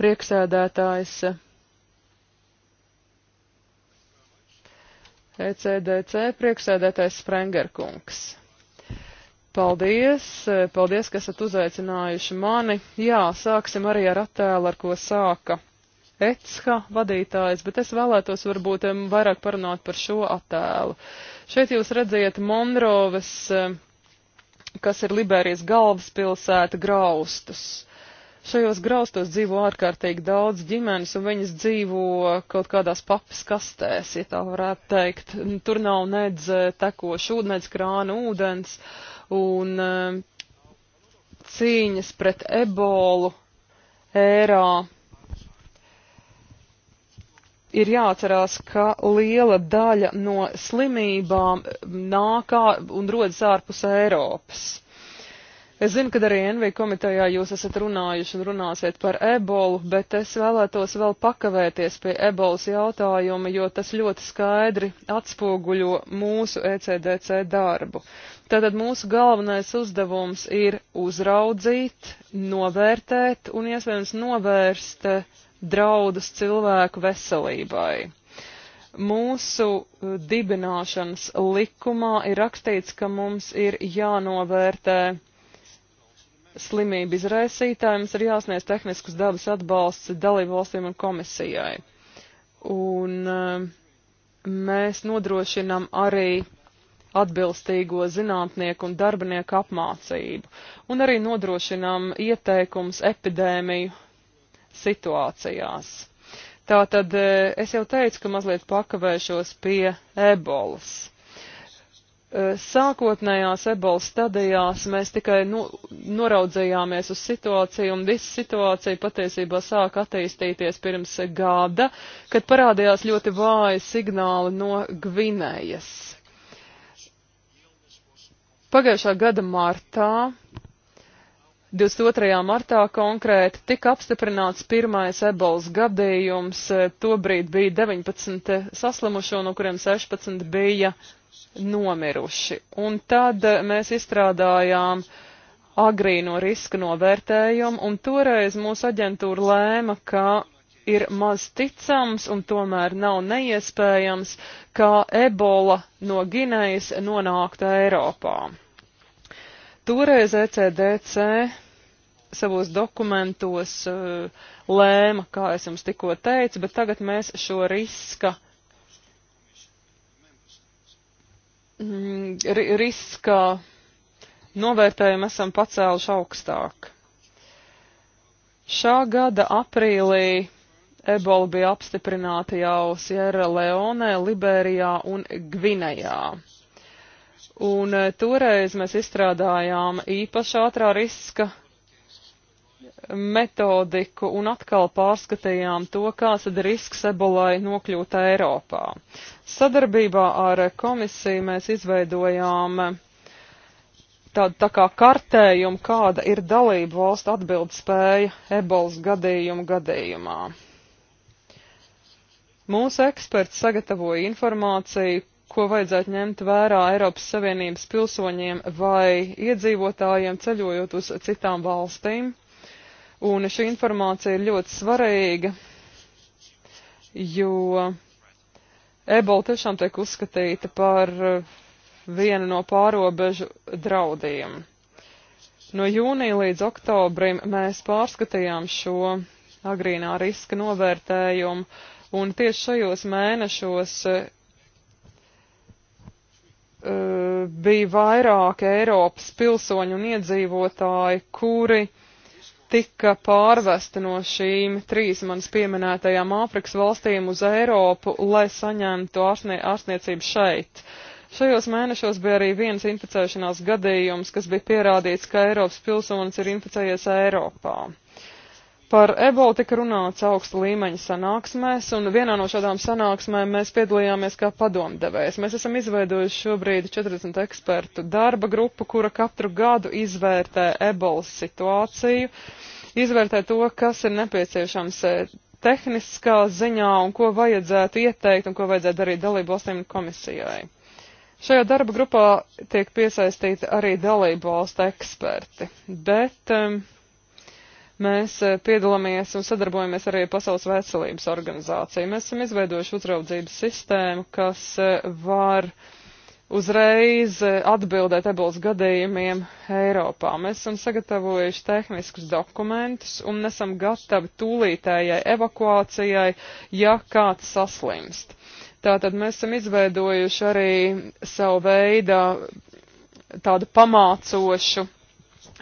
prieksēdētājs. ECDC prieksēdētājs Sprengerkungs. Paldies, eh, paldies, ka esat uzaicinājuši mani. Jā, sāksim arī ar attēlu, ar ko sāka ECHA vadītājs, bet es vēlētos varbūt vairāk parunāt par šo attēlu. Šeit jūs redziet Monroves, kas ir Liberijas galvaspilsēta, graustus. Šajos graustos dzīvo ārkārtīgi daudz ģimenes, un viņas dzīvo kaut kādās papas kastēs, ja tā varētu teikt. Tur nav nedz eh, tekošu ūdens, krāna ūdens, un cīņas pret ebolu ērā ir jāatcerās, ka liela daļa no slimībām nākā un rodas ārpus Eiropas. Es zinu, ka arī NV komitejā jūs esat runājuši un runāsiet par ebolu, bet es vēlētos vēl pakavēties pie ebolas jautājuma, jo tas ļoti skaidri atspoguļo mūsu ECDC darbu. Tātad mūsu galvenais uzdevums ir uzraudzīt, novērtēt un iespējams novērst draudus cilvēku veselībai. Mūsu uh, dibināšanas likumā ir rakstīts, ka mums ir jānovērtē slimību izraisītājiem, ir jāsniedz tehniskas dabas atbalsts dalību valstīm un komisijai. Un uh, mēs nodrošinam arī atbilstīgo zinātnieku un darbinieku apmācību, un arī nodrošinām ieteikums epidēmiju situācijās. Tātad e, es jau teicu, ka mazliet pakavēšos pie ebolas. E, sākotnējās ebolas stadijās mēs tikai nu, noraudzījāmies uz situāciju, un visa situācija patiesībā sāka attīstīties pirms gada, kad parādījās ļoti vāji signāli no Gvinējas. Pagājušā gada martā 22. martā konkrēti tika apstiprināts pirmais ebolas gadījums. Tobrīd bija 19 saslimušo, no kuriem 16 bija nomiruši. Un tad mēs izstrādājām agrīno riska novērtējumu, un toreiz mūsu aģentūra lēma, ka ir maz ticams un tomēr nav neiespējams, ka ebola no Ginejas nonāktu Eiropā. Toreiz ECDC savos dokumentos uh, lēma, kā es jums tikko teicu, bet tagad mēs šo riska, mm, ri, riska novērtējumu esam pacēluši augstāk. Šā gada aprīlī ebola bija apstiprināta jau Sierra Leone, Liberijā un Gvinējā. Un eh, toreiz mēs izstrādājām īpaši ātrā riska metodiku un atkal pārskatījām to, kāds ir risks ebolai nokļūt Eiropā. Sadarbībā ar komisiju mēs izveidojām eh, tādu tā kā kartējumu, kāda ir dalību valstu atbildspēja ebolas gadījumu gadījumā. Mūsu eksperts sagatavoja informāciju ko vajadzētu ņemt vērā Eiropas Savienības pilsoņiem vai iedzīvotājiem ceļojot uz citām valstīm. Un šī informācija ir ļoti svarīga, jo ebola tiešām tiek uzskatīta par vienu no pārobežu draudiem. No jūnija līdz oktobrim mēs pārskatījām šo agrīnā riska novērtējumu, un tieši šajos mēnešos Eh, bija vairāk Eiropas pilsoņu un iedzīvotāji, kuri tika pārvesti no šīm trīs manas pieminētajām Āfrikas valstīm uz Eiropu, lai saņemtu ārstnie, ārstniecību šeit. Šajos mēnešos bija arī viens inficēšanās gadījums, kas bija pierādīts, ka Eiropas pilsonis ir inficējies Eiropā. Par ebolu tika runāts augsta līmeņa sanāksmēs, un vienā no šādām sanāksmēm mēs piedalījāmies kā padomdevējs. Mēs esam izveidojuši šobrīd 40 ekspertu darba grupu, kura katru gadu izvērtē ebolas situāciju, izvērtē to, kas ir nepieciešams e, tehniskā ziņā un ko vajadzētu ieteikt un ko vajadzētu darīt dalību valstīm komisijai. Šajā darba grupā tiek piesaistīti arī dalību valstu eksperti, bet um, Mēs eh, piedalāmies un sadarbojamies arī Pasaules veselības organizāciju. Mēs esam izveidojuši uzraudzības sistēmu, kas eh, var uzreiz eh, atbildēt ebolas gadījumiem Eiropā. Mēs esam sagatavojuši tehniskus dokumentus un esam gatavi tūlītējai evakuācijai, ja kāds saslimst. Tātad mēs esam izveidojuši arī savu veidu tādu pamācošu,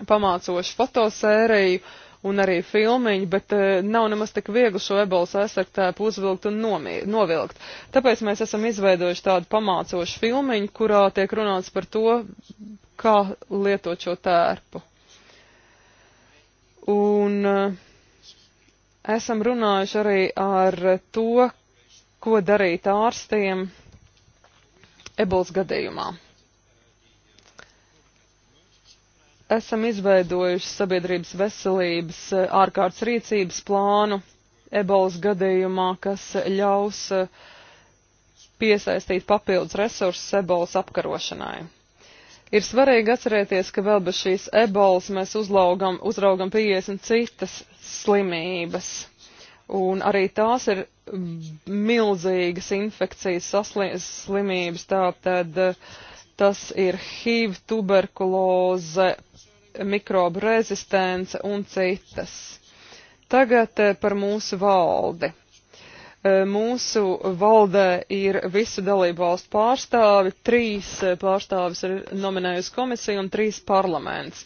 pamācošu fotosēriju, un arī filmiņu, bet eh, nav nemaz tik viegli šo ebolas aizsaktēpu uzvilkt un nomī, novilkt. Tāpēc mēs esam izveidojuši tādu pamācošu filmiņu, kurā tiek runāts par to, kā lietot šo tērpu. Un eh, esam runājuši arī ar to, ko darīt ārstiem ebolas gadījumā. esam izveidojuši sabiedrības veselības eh, ārkārtas rīcības plānu ebolas gadījumā, kas ļaus eh, piesaistīt papildus resursus ebolas apkarošanai. Ir svarīgi atcerēties, ka vēl bez šīs ebolas mēs uzlaugam, uzraugam 50 citas slimības. Un arī tās ir milzīgas infekcijas saslimības, tātad uh, tas ir HIV, tuberkuloze, mikrobu rezistence un citas. Tagad eh, par mūsu valdi. Eh, mūsu valdē ir visu dalību valstu pārstāvi, trīs eh, pārstāvis ir nominējusi komisija un trīs parlaments.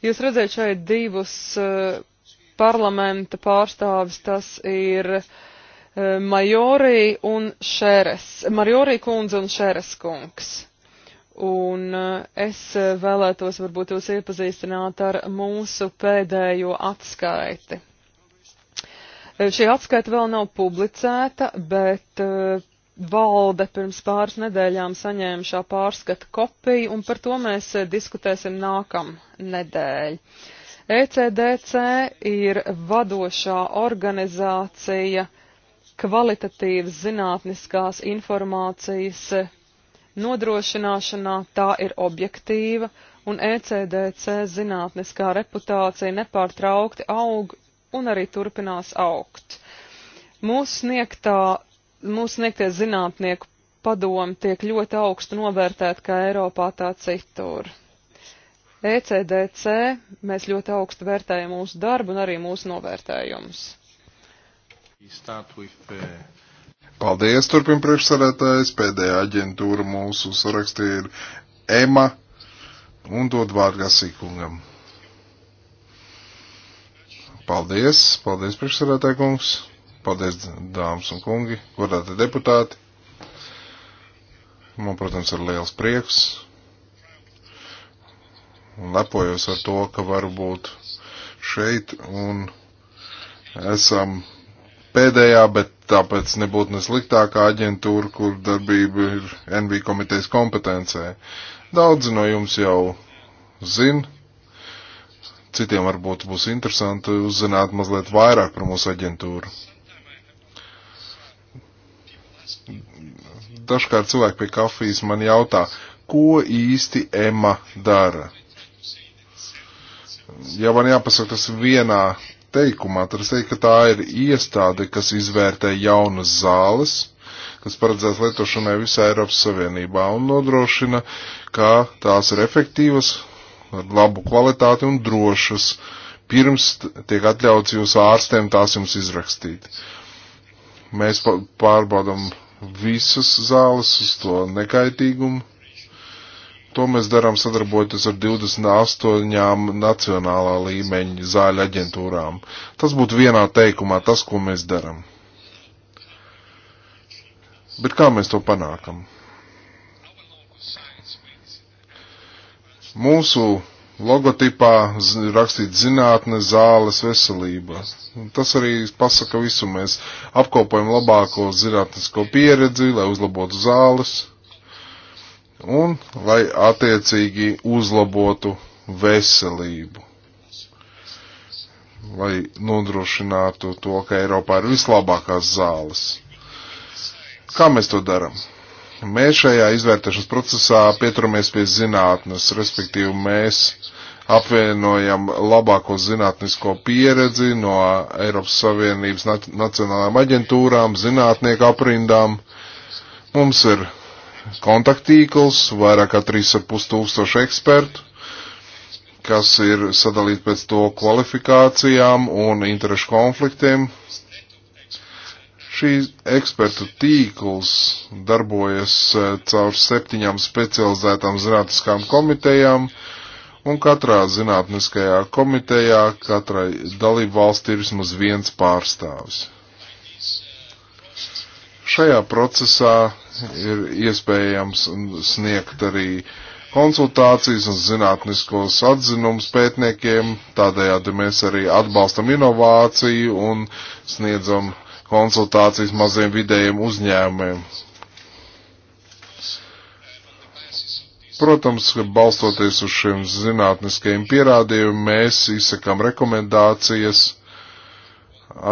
Jūs redzēt šeit divus parlamenta pārstāvis, tas ir Majorī un Šeres, Majorī kundze un Šeres kungs. Un eh, es eh, vēlētos varbūt jūs iepazīstināt ar mūsu pēdējo atskaiti. Eh, šī atskaita vēl nav publicēta, bet valde pirms pāris nedēļām saņēma šā pārskata kopiju, un par to mēs diskutēsim nākam nedēļ. ECDC ir vadošā organizācija kvalitatīvas zinātniskās informācijas nodrošināšanā, tā ir objektīva, un ECDC zinātniskā reputācija nepārtraukti aug un arī turpinās augt. Mūsu sniegtā, mūsu sniegtie zinātnieku padomi tiek ļoti augstu novērtēti kā Eiropā tā citur. ECDC mēs ļoti augstu vērtējam mūsu darbu un arī mūsu novērtējumus. Start with, uh... Paldies, turpina priekšsarētājs. Pēdējā aģentūra mūsu sarakstī ir EMA un dod vārdu Gasīkungam. Paldies, paldies priekšsarētāj kungs, paldies dāmas un kungi, godāti deputāti. Man, protams, ir liels prieks un lepojos ar to, ka varu būt šeit un esam pēdējā, bet tāpēc nebūtu nesliktākā aģentūra, kur darbība ir NV komitejas kompetencē. Daudzi no jums jau zin, citiem varbūt būs interesanti uzzināt mazliet vairāk par mūsu aģentūru. Dažkārt cilvēki pie kafijas man jautā, ko īsti Ema dara? Ja man jāpasaka tas vienā teikumā, tur es teiktu, ka tā ir iestāde, kas izvērtē jaunas zāles, kas paredzēts lietošanai visā Eiropas Savienībā un nodrošina, ka tās ir efektīvas, ar labu kvalitāti un drošas, pirms tiek atļauts jūsu ārstiem tās jums izrakstīt. Mēs pārbaudam visas zāles uz to nekaitīgumu, To mēs darām sadarbojoties ar 28 nacionālā līmeņa zāļu aģentūrām. Tas būtu vienā teikumā tas, ko mēs darām. Bet kā mēs to panākam? Mūsu logotipā rakstīts zinātne, zāles, veselība. Tas arī pasaka visu. Mēs apkopojam labāko zinātnisko pieredzi, lai uzlabotu zāles un lai attiecīgi uzlabotu veselību, lai nodrošinātu to, ka Eiropā ir vislabākās zāles. Kā mēs to darām? Mēs šajā izvērtēšanas procesā pieturamies pie zinātnes, respektīvi mēs apvienojam labāko zinātnisko pieredzi no Eiropas Savienības nacionālajām aģentūrām, zinātnieku aprindām. Mums ir kontaktīkls, vairāk kā 3,5 tūkstoši ekspertu, kas ir sadalīti pēc to kvalifikācijām un interešu konfliktiem. Šī ekspertu tīkls darbojas e, caur septiņām specializētām zinātniskām komitejām, un katrā zinātniskajā komitejā katrai dalību valstī ir vismaz viens pārstāvis. Šajā procesā ir iespējams sniegt arī konsultācijas un zinātniskos atzinumus pētniekiem. Tādējādi mēs arī atbalstam inovāciju un sniedzam konsultācijas maziem vidējiem uzņēmumiem. Protams, ka balstoties uz šiem zinātniskajiem pierādījumiem, mēs izsakām rekomendācijas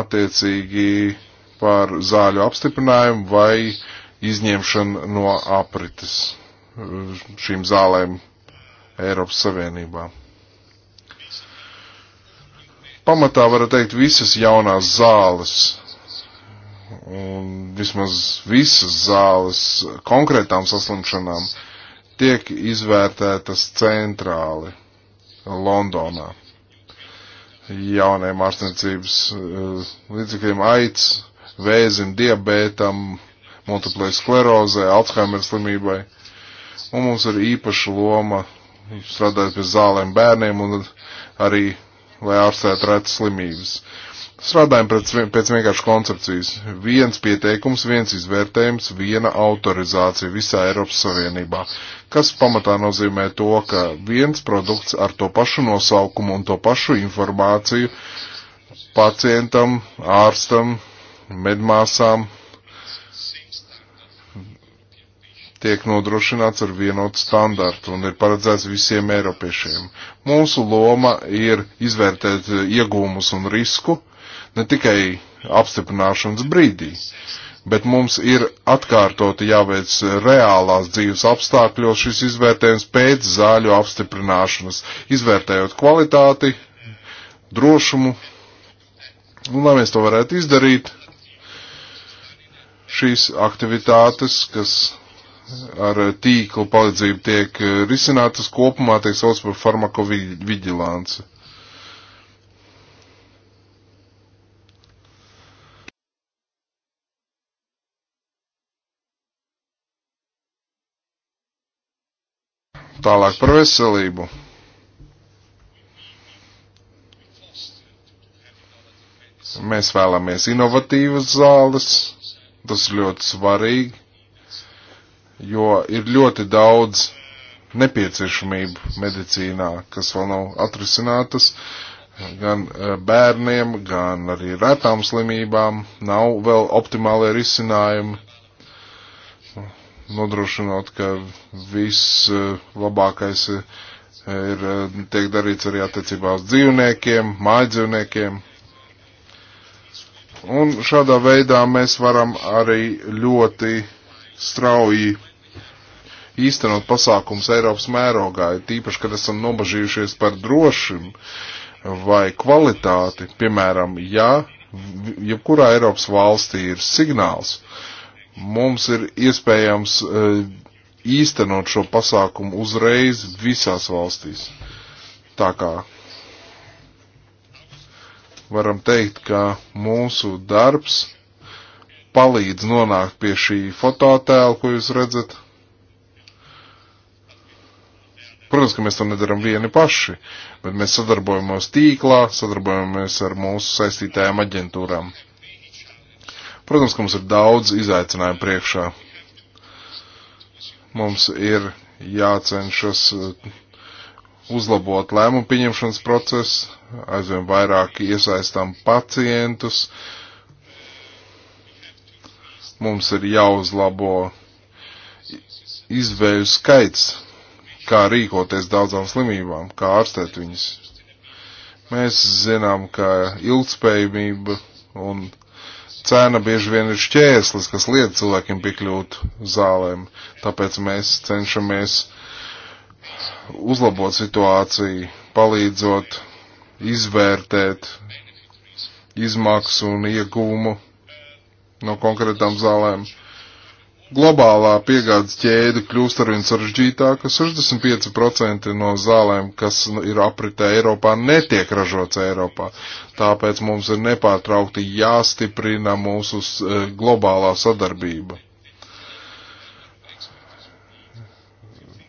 attiecīgi par zāļu apstiprinājumu vai uh, izņemšanu no aprites eh, šīm zālēm Eiropas Savienībā. Pamatā var teikt visas jaunās zāles un vismaz visas zāles konkrētām saslimšanām tiek izvērtētas centrāli Londonā. Jauniem ārstniecības eh, līdzekļiem aids, vēzim, diabētam, multiplai sklerozē, Alzheimer slimībai. Un mums ir īpaša loma strādājot pie zālēm bērniem un arī, lai ārstētu retas slimības. Strādājam pēc, pēc vienkārši koncepcijas. Viens pieteikums, viens izvērtējums, viena autorizācija visā Eiropas Savienībā, kas pamatā nozīmē to, ka viens produkts ar to pašu nosaukumu un to pašu informāciju pacientam, ārstam, medmāsām, tiek nodrošināts ar vienotu standartu un ir paredzēts visiem eiropiešiem. Mūsu loma ir izvērtēt eh, iegūmus un risku ne tikai apstiprināšanas brīdī, bet mums ir atkārtoti jāveic reālās dzīves apstākļos šis izvērtējums pēc zāļu apstiprināšanas, izvērtējot kvalitāti, drošumu, un lai mēs to varētu izdarīt, šīs aktivitātes, kas ar tīklu palīdzību tiek eh, risinātas kopumā, tiek sauc par farmakoviģilanci. Tālāk par veselību. Mēs vēlamies inovatīvas zāles, tas ļoti svarīgi jo ir ļoti daudz nepieciešamību medicīnā, kas vēl nav atrisinātas, gan e, bērniem, gan arī retām slimībām. Nav vēl optimālie risinājumi, nodrošinot, ka viss e, labākais e, ir tiek darīts arī attiecībā uz dzīvniekiem, mājdzīvniekiem. Un šādā veidā mēs varam arī ļoti strauji īstenot pasākums Eiropas mērogā, tīpaši, kad esam nobažījušies par drošim vai kvalitāti. Piemēram, ja jebkurā Eiropas valstī ir signāls, mums ir iespējams eh, īstenot šo pasākumu uzreiz visās valstīs. Tā kā varam teikt, ka mūsu darbs palīdz nonākt pie šī fototēla, ko jūs redzat. Protams, ka mēs to nedaram vieni paši, bet mēs sadarbojamies tīklā, sadarbojamies ar mūsu saistītājām aģentūrām. Protams, ka mums ir daudz izaicinājumu priekšā. Mums ir jācenšas uh, uzlabot lēmumu pieņemšanas procesu, aizvien vairāk iesaistām pacientus. Mums ir jāuzlabo izvēļu skaits kā rīkoties daudzām slimībām, kā ārstēt viņas. Mēs zinām, ka ilgspējība un cena bieži vien ir šķēslis, kas liedz cilvēkiem piekļūt zālēm. Tāpēc mēs cenšamies uzlabot situāciju, palīdzot izvērtēt izmaksu un ieguvumu no konkrētām zālēm. Globālā piegādes ķēde kļūst arvien sarežģītāka. 65% no zālēm, kas ir apritē Eiropā, netiek ražots Eiropā. Tāpēc mums ir nepārtraukti jāstiprina mūsu eh, globālā sadarbība.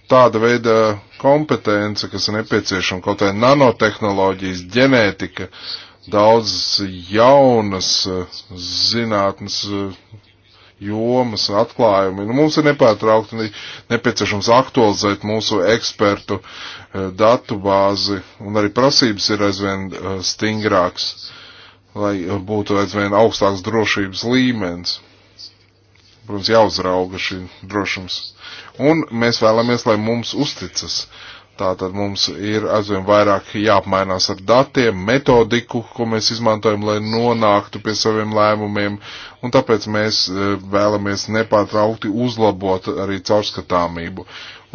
Tāda veida kompetence, kas ir nepieciešama kaut vai nanotehnoloģijas, ģenētika, daudzas jaunas eh, zinātnes eh, jomas atklājumi. Nu, mums ir nepārtraukti nepieciešams aktualizēt mūsu ekspertu eh, datu bāzi, un arī prasības ir aizvien eh, stingrāks, lai eh, būtu aizvien augstāks drošības līmenis. Protams, jāuzrauga šī drošums. Un mēs vēlamies, lai mums uzticas. Uh, Tātad mums ir aizvien vairāk jāapmainās ar datiem, metodiku, ko mēs izmantojam, lai nonāktu pie saviem lēmumiem, un tāpēc mēs e, vēlamies nepārtraukti uzlabot arī caurskatāmību.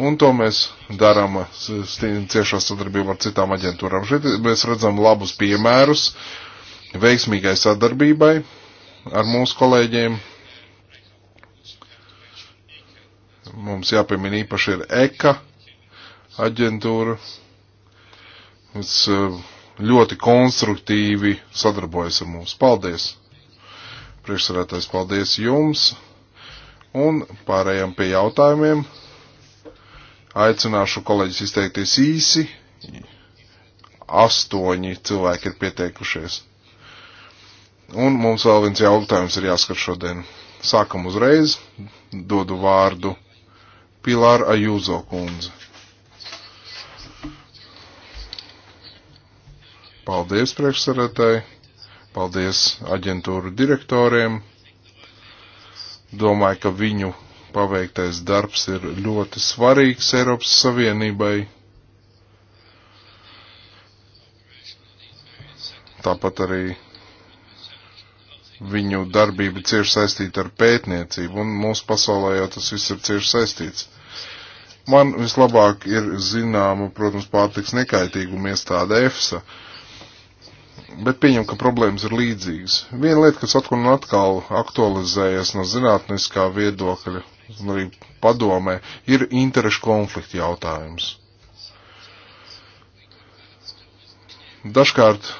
Un to mēs darām ciešā sadarbībā ar citām aģentūrām. Šeit mēs redzam labus piemērus veiksmīgai sadarbībai ar mūsu kolēģiem, mums jāpiemina īpaši ir ECA, aģentūra, kas eh, ļoti konstruktīvi sadarbojas ar mums. Paldies! Priekšsarētais, paldies jums! Un pārējām pie jautājumiem. Aicināšu kolēģis izteikties īsi. Astoņi cilvēki ir pieteikušies. Un mums vēl viens jautājums ir jāskat šodien. Sākam uzreiz. Dodu vārdu Pilāra Ajūzo kundze. Paldies priekšsarētāji, paldies aģentūru direktoriem. Domāju, ka viņu paveiktais darbs ir ļoti svarīgs Eiropas Savienībai. Tāpat arī viņu darbība cieši saistīta ar pētniecību, un mūsu pasaulē jau tas viss ir cieši saistīts. Man vislabāk ir zināma, protams, pārtiks nekaitīguma iestāde EFSA. Uh, bet pieņem, ka problēmas ir līdzīgas. Viena lieta, kas atkal un atkal aktualizējas no zinātniskā viedokļa, un arī padomē, ir interešu konflikta jautājums. Dažkārt e,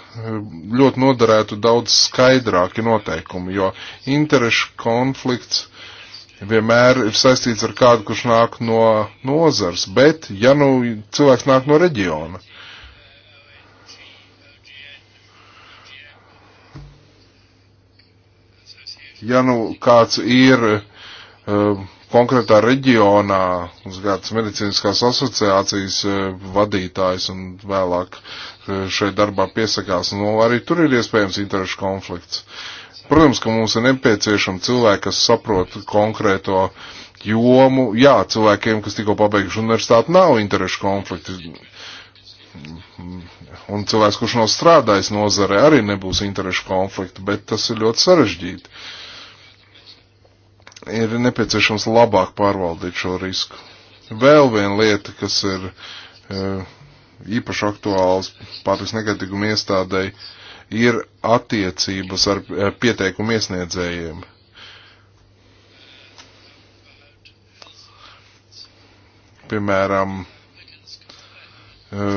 ļoti noderētu daudz skaidrāki noteikumi, jo interešu konflikts vienmēr ir saistīts ar kādu, kurš nāk no nozars, bet ja nu cilvēks nāk no reģiona, ja nu kāds ir eh, konkrētā reģionā, uz kādas medicīniskās asociācijas eh, vadītājs un vēlāk eh, šeit darbā piesakās, nu arī tur ir iespējams interešu konflikts. Protams, ka mums ir nepieciešami cilvēki, kas saprot konkrēto jomu. Jā, cilvēkiem, kas tikko pabeiguši universitāti, nav interešu konflikti. Un cilvēks, kurš nav strādājis nozare, arī nebūs interešu konflikti, bet tas ir ļoti sarežģīti. Uh, ir nepieciešams labāk pārvaldīt šo risku. Vēl viena lieta, kas ir e, īpaši aktuāls pārtiks negatīguma iestādēji, ir attiecības ar e, pieteikumu iesniedzējiem. Piemēram, e,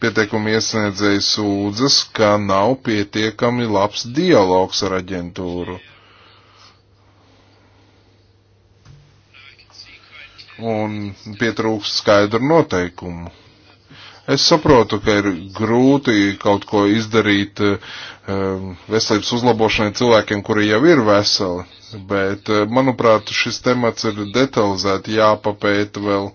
pieteikumu iesniedzēji sūdzas, ka nav pietiekami labs dialogs ar aģentūru un pietrūkst skaidru noteikumu. Es saprotu, ka ir grūti kaut ko izdarīt um, veselības uzlabošanai cilvēkiem, kuri jau ir veseli, bet, uh, manuprāt, šis temats ir detalizēti jāpapēta vēl.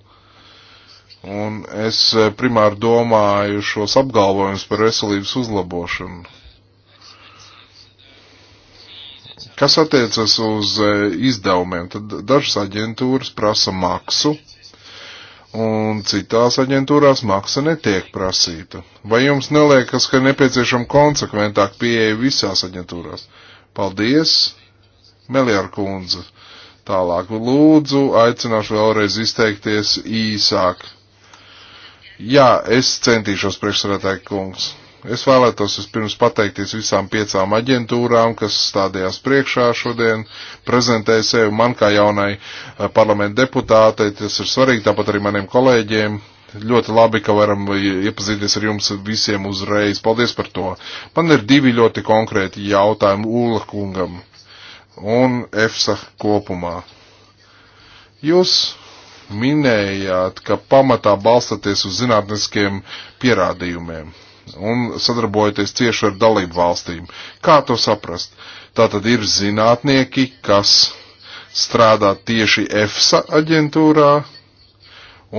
Un es uh, primāri domāju šos apgalvojumus par veselības uzlabošanu. Kas attiecas uz e, izdevumiem, tad dažas aģentūras prasa maksu, un citās aģentūrās maksa netiek prasīta. Vai jums neliekas, ka nepieciešama konsekventāk pieeja visās aģentūrās? Paldies, Melior kundze. Tālāk lūdzu, aicināšu vēlreiz izteikties īsāk. Jā, es centīšos priekšsarētāju kungs. Es vēlētos vispirms pateikties visām piecām aģentūrām, kas stādījās priekšā šodien, prezentēja sevi man kā jaunai eh, parlamenta deputātei, tas ir svarīgi, tāpat arī maniem kolēģiem. Ļoti labi, ka varam iepazīties ar jums visiem uzreiz. Paldies par to. Man ir divi ļoti konkrēti jautājumi Ūla kungam un EFSA kopumā. Jūs minējāt, ka pamatā balstaties uz zinātniskiem pierādījumiem un sadarbojoties cieši ar dalību valstīm. Kā to saprast? Tātad ir zinātnieki, kas strādā tieši EFSA aģentūrā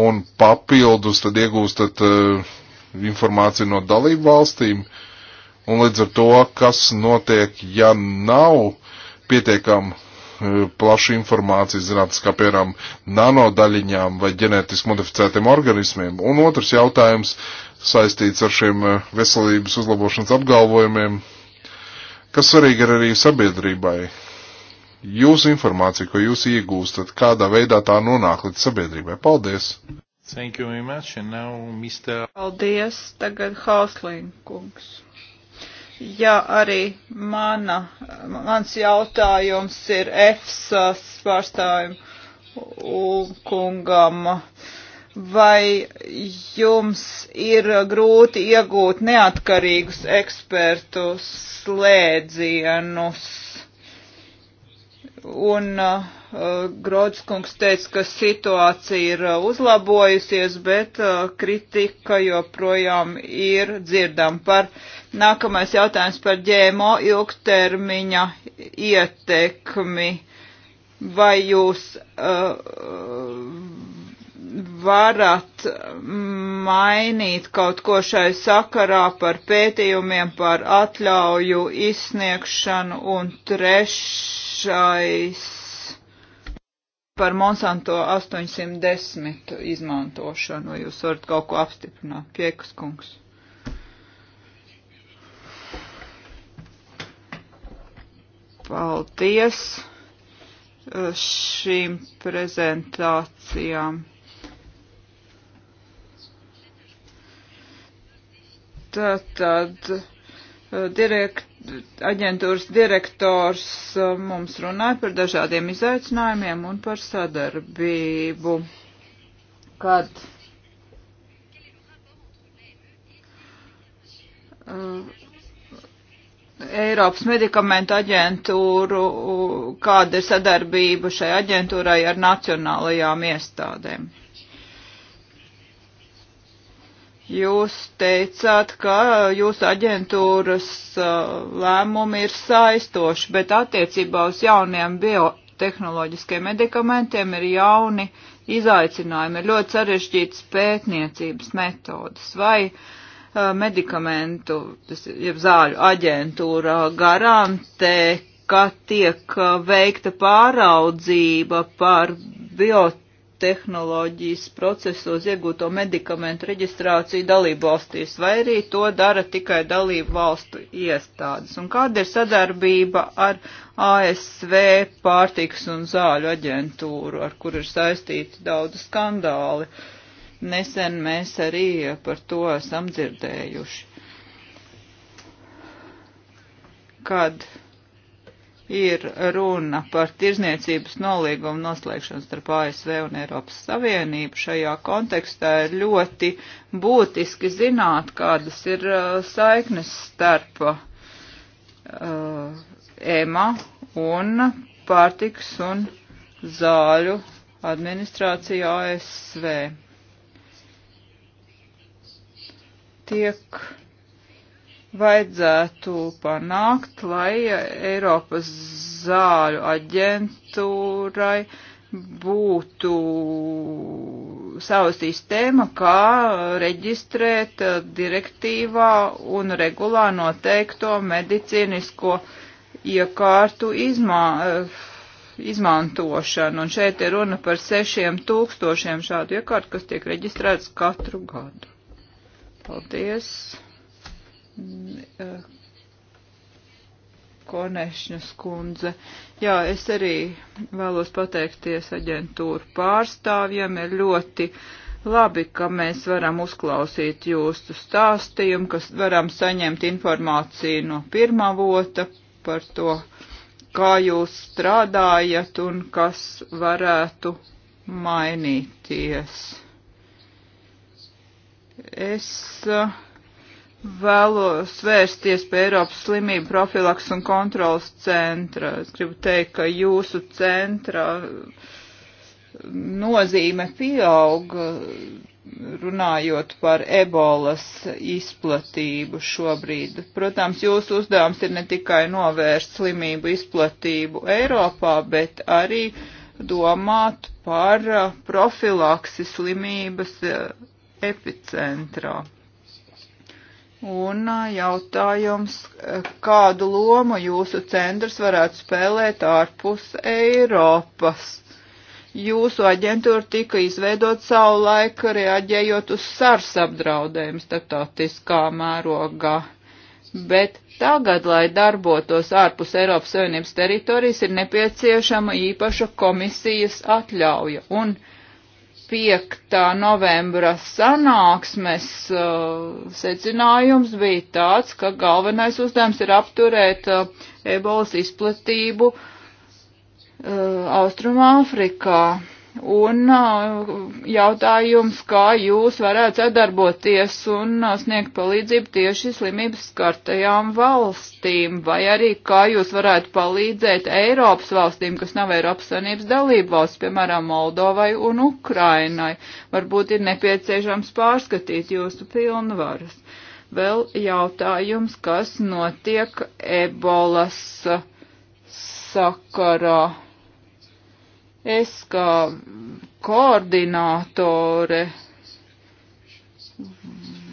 un papildus tad iegūstat uh, informāciju no dalību valstīm. Un līdz ar to, kas notiek, ja nav pietiekam uh, plaša informācija zinātniskā, piemēram, nanodaļiņām vai ģenētiski modificētiem organismiem. Un otrs jautājums saistīts ar šiem eh, veselības uzlabošanas apgalvojumiem, kas svarīgi ir arī sabiedrībai. Jūsu informācija, ko jūs iegūstat, kādā veidā tā nonāk līdz sabiedrībai. Paldies! Thank you very much, and now Mr. Paldies, tagad Hauslīn kungs. Jā, arī mana, mans jautājums ir EFSAS pārstājumu kungam. Uh, Vai jums ir grūti iegūt neatkarīgus ekspertu slēdzienus? Un uh, Grodskungs teica, ka situācija ir uh, uzlabojusies, bet uh, kritika joprojām ir dzirdama par nākamais jautājums par ģēmo ilgtermiņa ietekmi. Vai jūs uh, varat mainīt kaut ko šai sakarā par pētījumiem, par atļauju izsniegšanu un trešais par Monsanto 810 izmantošanu, vai jūs varat kaut ko apstiprināt, piekas kungs? Paldies uh, šīm prezentācijām. Tad eh, direkt, aģentūras direktors eh, mums runāja par dažādiem izaicinājumiem un par sadarbību. Kad eh, Eiropas medikamentu aģentūru, kāda ir sadarbība šai aģentūrai ar nacionālajām iestādēm. Jūs teicāt, ka jūsu aģentūras uh, lēmumi ir saistoši, bet attiecībā uz jauniem biotehnoloģiskiem medikamentiem ir jauni izaicinājumi, ir ļoti sarežģītas pētniecības metodas. Vai uh, medikamentu, jeb zāļu aģentūra garantē, ka tiek uh, veikta pāraudzība par biotehnoloģiju? tehnoloģijas procesos iegūto medikamentu reģistrāciju dalību valstīs, vai arī to dara tikai dalību valstu iestādes? Un kāda ir sadarbība ar ASV pārtiks un zāļu aģentūru, ar kur ir saistīti daudz skandāli? Nesen mēs arī par to esam dzirdējuši. Kad ir runa par tirzniecības nolīgumu noslēgšanu starp ASV un Eiropas Savienību. Šajā kontekstā ir ļoti būtiski zināt, kādas ir uh, saiknes starp uh, EMA un pārtiks un zāļu administrāciju ASV. Tiek vajadzētu panākt, lai Eiropas zāļu aģentūrai būtu savas sistēma, kā reģistrēt direktīvā un regulā noteikto medicīnisko iekārtu izmā, izmantošanu. Un šeit ir runa par sešiem tūkstošiem šādu iekārtu, kas tiek reģistrētas katru gadu. Paldies! Konešņas kundze. Jā, es arī vēlos pateikties aģentūru pārstāvjiem. Ir ļoti labi, ka mēs varam uzklausīt jūsu stāstījumu, kas varam saņemt informāciju no pirmā vota par to, kā jūs strādājat un kas varētu mainīties. Es uh, vēlos vērsties pie Eiropas slimību profilaks un kontrolas centra. Es gribu teikt, ka jūsu centra nozīme pieaug, runājot par ebolas izplatību šobrīd. Protams, jūsu uzdevums ir ne tikai novērst slimību izplatību Eiropā, bet arī domāt par profilaksi slimības epicentrā. Un jautājums, kādu lomu jūsu centrs varētu spēlēt ārpus Eiropas? Jūsu aģentūra tika izveidot savu laiku, reaģējot uz sars apdraudējumu starptautiskā mērogā. Bet tagad, lai darbotos ārpus Eiropas Savienības teritorijas, ir nepieciešama īpaša komisijas atļauja. Un, uh, 5. novembra sanāksmes uh, secinājums bija tāds, ka galvenais uzdevums ir apturēt uh, ebolas izplatību uh, Austrumāfrikā. Afrikā Un uh, jautājums, kā jūs varētu sadarboties un uh, sniegt palīdzību tieši slimības skartajām valstīm, vai arī kā jūs varētu palīdzēt Eiropas valstīm, kas nav Eiropas Savienības dalība valsts, piemēram, Moldovai un Ukrainai. Varbūt ir nepieciešams pārskatīt jūsu pilnvaras. Vēl jautājums, kas notiek ebolas sakarā Es kā koordinātore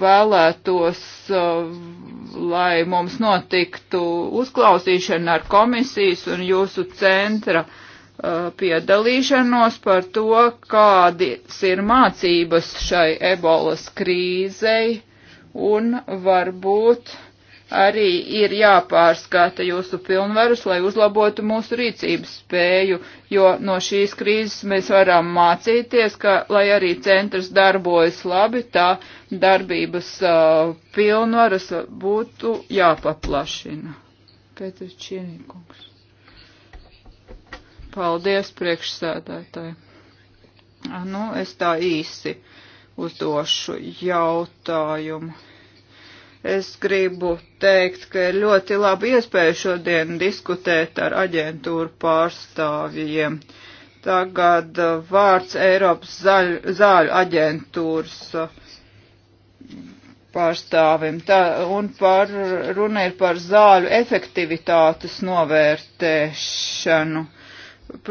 vēlētos, uh, lai mums notiktu uzklausīšana ar komisijas un jūsu centra uh, piedalīšanos par to, kādas ir mācības šai ebolas krīzei un varbūt arī ir jāpārskata jūsu pilnvarus, lai uzlabotu mūsu rīcības spēju, jo no šīs krīzes mēs varam mācīties, ka, lai arī centrs darbojas labi, tā darbības uh, pilnvaras būtu jāpaplašina. Pēters Čienīkungs. Paldies, priekšsēdētāji. Ah, nu, es tā īsi uzdošu jautājumu Es gribu teikt, ka ir ļoti labi iespēja šodien diskutēt ar aģentūru pārstāvjiem. Tagad uh, vārds Eiropas zaļu, zāļu aģentūras uh, pārstāvim. Tā, un par, runa ir par zāļu efektivitātes novērtēšanu.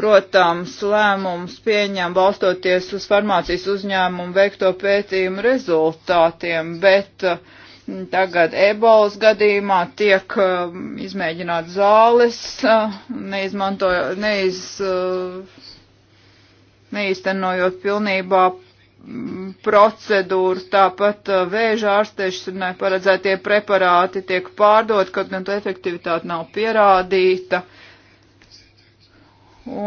Protams, lēmums pieņem balstoties uz farmācijas uzņēmumu veikto pētījumu rezultātiem, bet uh, Tagad ebolas gadījumā tiek uh, um, izmēģināt zāles, uh, neizmantojo, neiz, uh, neiztenojot pilnībā mm, procedūru, tāpat uh, vēža ārstēšanai paredzētie preparāti tiek pārdot, kaut gan to efektivitāte nav pierādīta.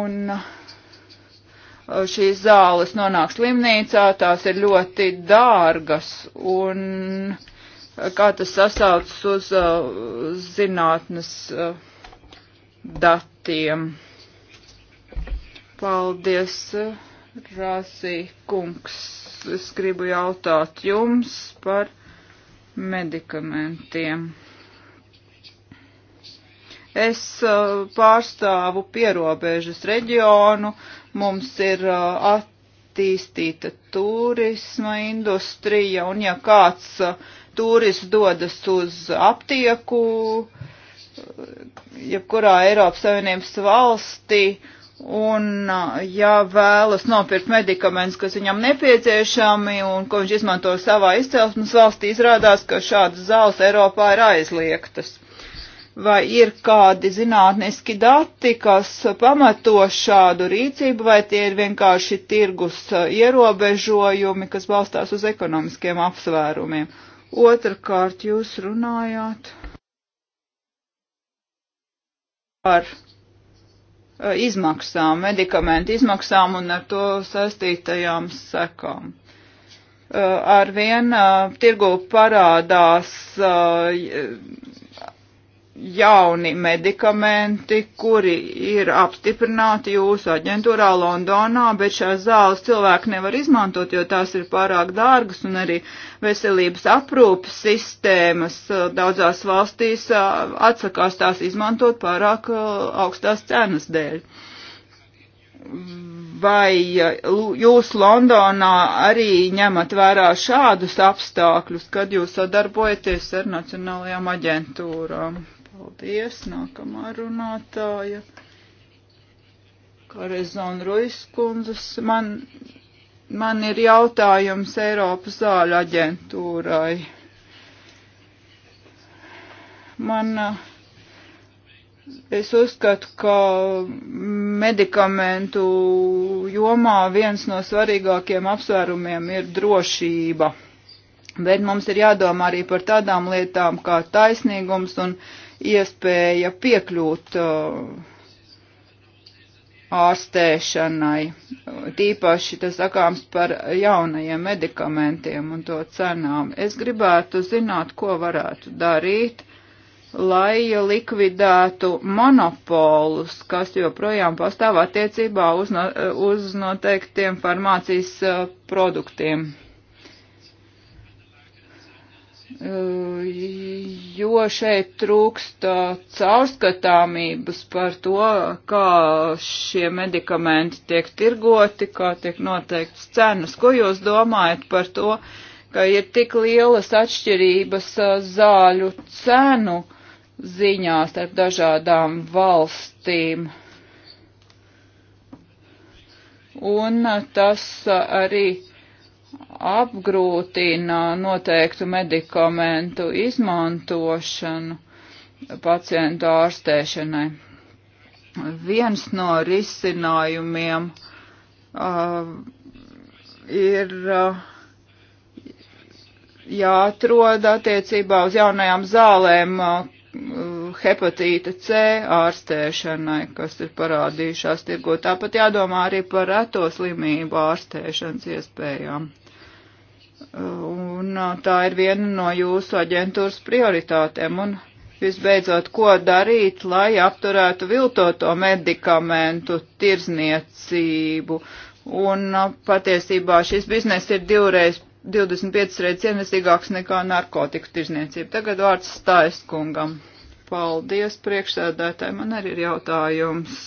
Un uh, šīs zāles nonāk slimnīcā, tās ir ļoti dārgas un uh, kā tas sasauc uh, uz zinātnes uh, datiem. Paldies, Rāsī kungs. Es gribu jautāt jums par medikamentiem. Es uh, pārstāvu pierobežas reģionu, mums ir at attīstīta turisma industrija, un ja kāds uh, turists dodas uz aptieku, uh, jebkurā Eiropas Savienības valstī, Un, uh, ja vēlas nopirkt medikamentus, kas viņam nepieciešami un ko viņš izmanto savā izcelsmes valstī, izrādās, ka šādas zāles Eiropā ir aizliegtas vai ir kādi zinātniski dati, kas pamato šādu rīcību, vai tie ir vienkārši tirgus uh, ierobežojumi, kas balstās uz ekonomiskiem apsvērumiem. Otrakārt, jūs runājāt par uh, izmaksām, medikamentu izmaksām un ar to saistītajām sekām uh, ar vien uh, tirgu parādās uh, jauni medikamenti, kuri ir apstiprināti jūsu aģentūrā Londonā, bet šās zāles cilvēki nevar izmantot, jo tās ir pārāk dārgas un arī veselības aprūpas sistēmas uh, daudzās valstīs uh, atsakās tās izmantot pārāk uh, augstās cenas dēļ. Vai jūs Londonā arī ņemat vērā šādus apstākļus, kad jūs sadarbojaties ar nacionālajām aģentūrām? Paldies, nākamā runātāja. Karezon Ruiskundzes, man, man ir jautājums Eiropas zāļu aģentūrai. Man, es uzskatu, ka medikamentu jomā viens no svarīgākiem apsvērumiem ir drošība. Bet mums ir jādomā arī par tādām lietām kā taisnīgums un taisnīgums iespēja piekļūt uh, ārstēšanai. Tīpaši tas sakāms par jaunajiem medikamentiem un to cenām. Es gribētu zināt, ko varētu darīt, lai likvidētu monopolus, kas joprojām pastāv attiecībā uz, no, uz noteiktiem farmācijas uh, produktiem. Eh, jo šeit trūkst eh, caurskatāmības par to, kā šie medikamenti tiek tirgoti, kā tiek noteikts cenas. Ko jūs domājat par to, ka ir tik lielas atšķirības eh, zāļu cenu ziņā starp dažādām valstīm? Un tas arī apgrūtina noteiktu medikamentu izmantošanu pacientu ārstēšanai. Viens no risinājumiem uh, ir uh, jāatrod attiecībā uz jaunajām zālēm uh, hepatīta C ārstēšanai, kas ir parādījušās tirgo. Tāpat jādomā arī par reto slimību ārstēšanas iespējām. Un tā ir viena no jūsu aģentūras prioritātēm. Un visbeidzot, ko darīt, lai apturētu viltoto medikamentu tirzniecību. Un patiesībā šis biznes ir divreiz, 25 reizes ienesīgāks nekā narkotiku tirzniecība. Tagad vārds stājas kungam. Paldies priekšsēdētāji, man arī ir jautājums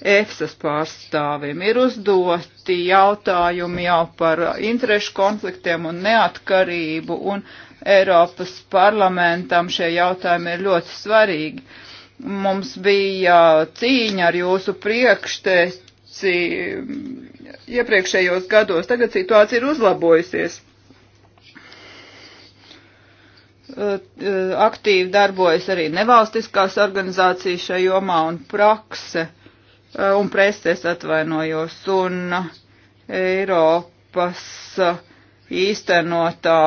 EFSAS pārstāvim. Ir uzdoti jautājumi jau par interešu konfliktiem un neatkarību, un Eiropas parlamentam šie jautājumi ir ļoti svarīgi. Mums bija cīņa ar jūsu priekšteci iepriekšējos gados. Tagad situācija ir uzlabojusies. Aktīvi darbojas arī nevalstiskās organizācijas šajomā un prakse Eh, un preses atvainojos, un eh, Eiropas eh, īstenotā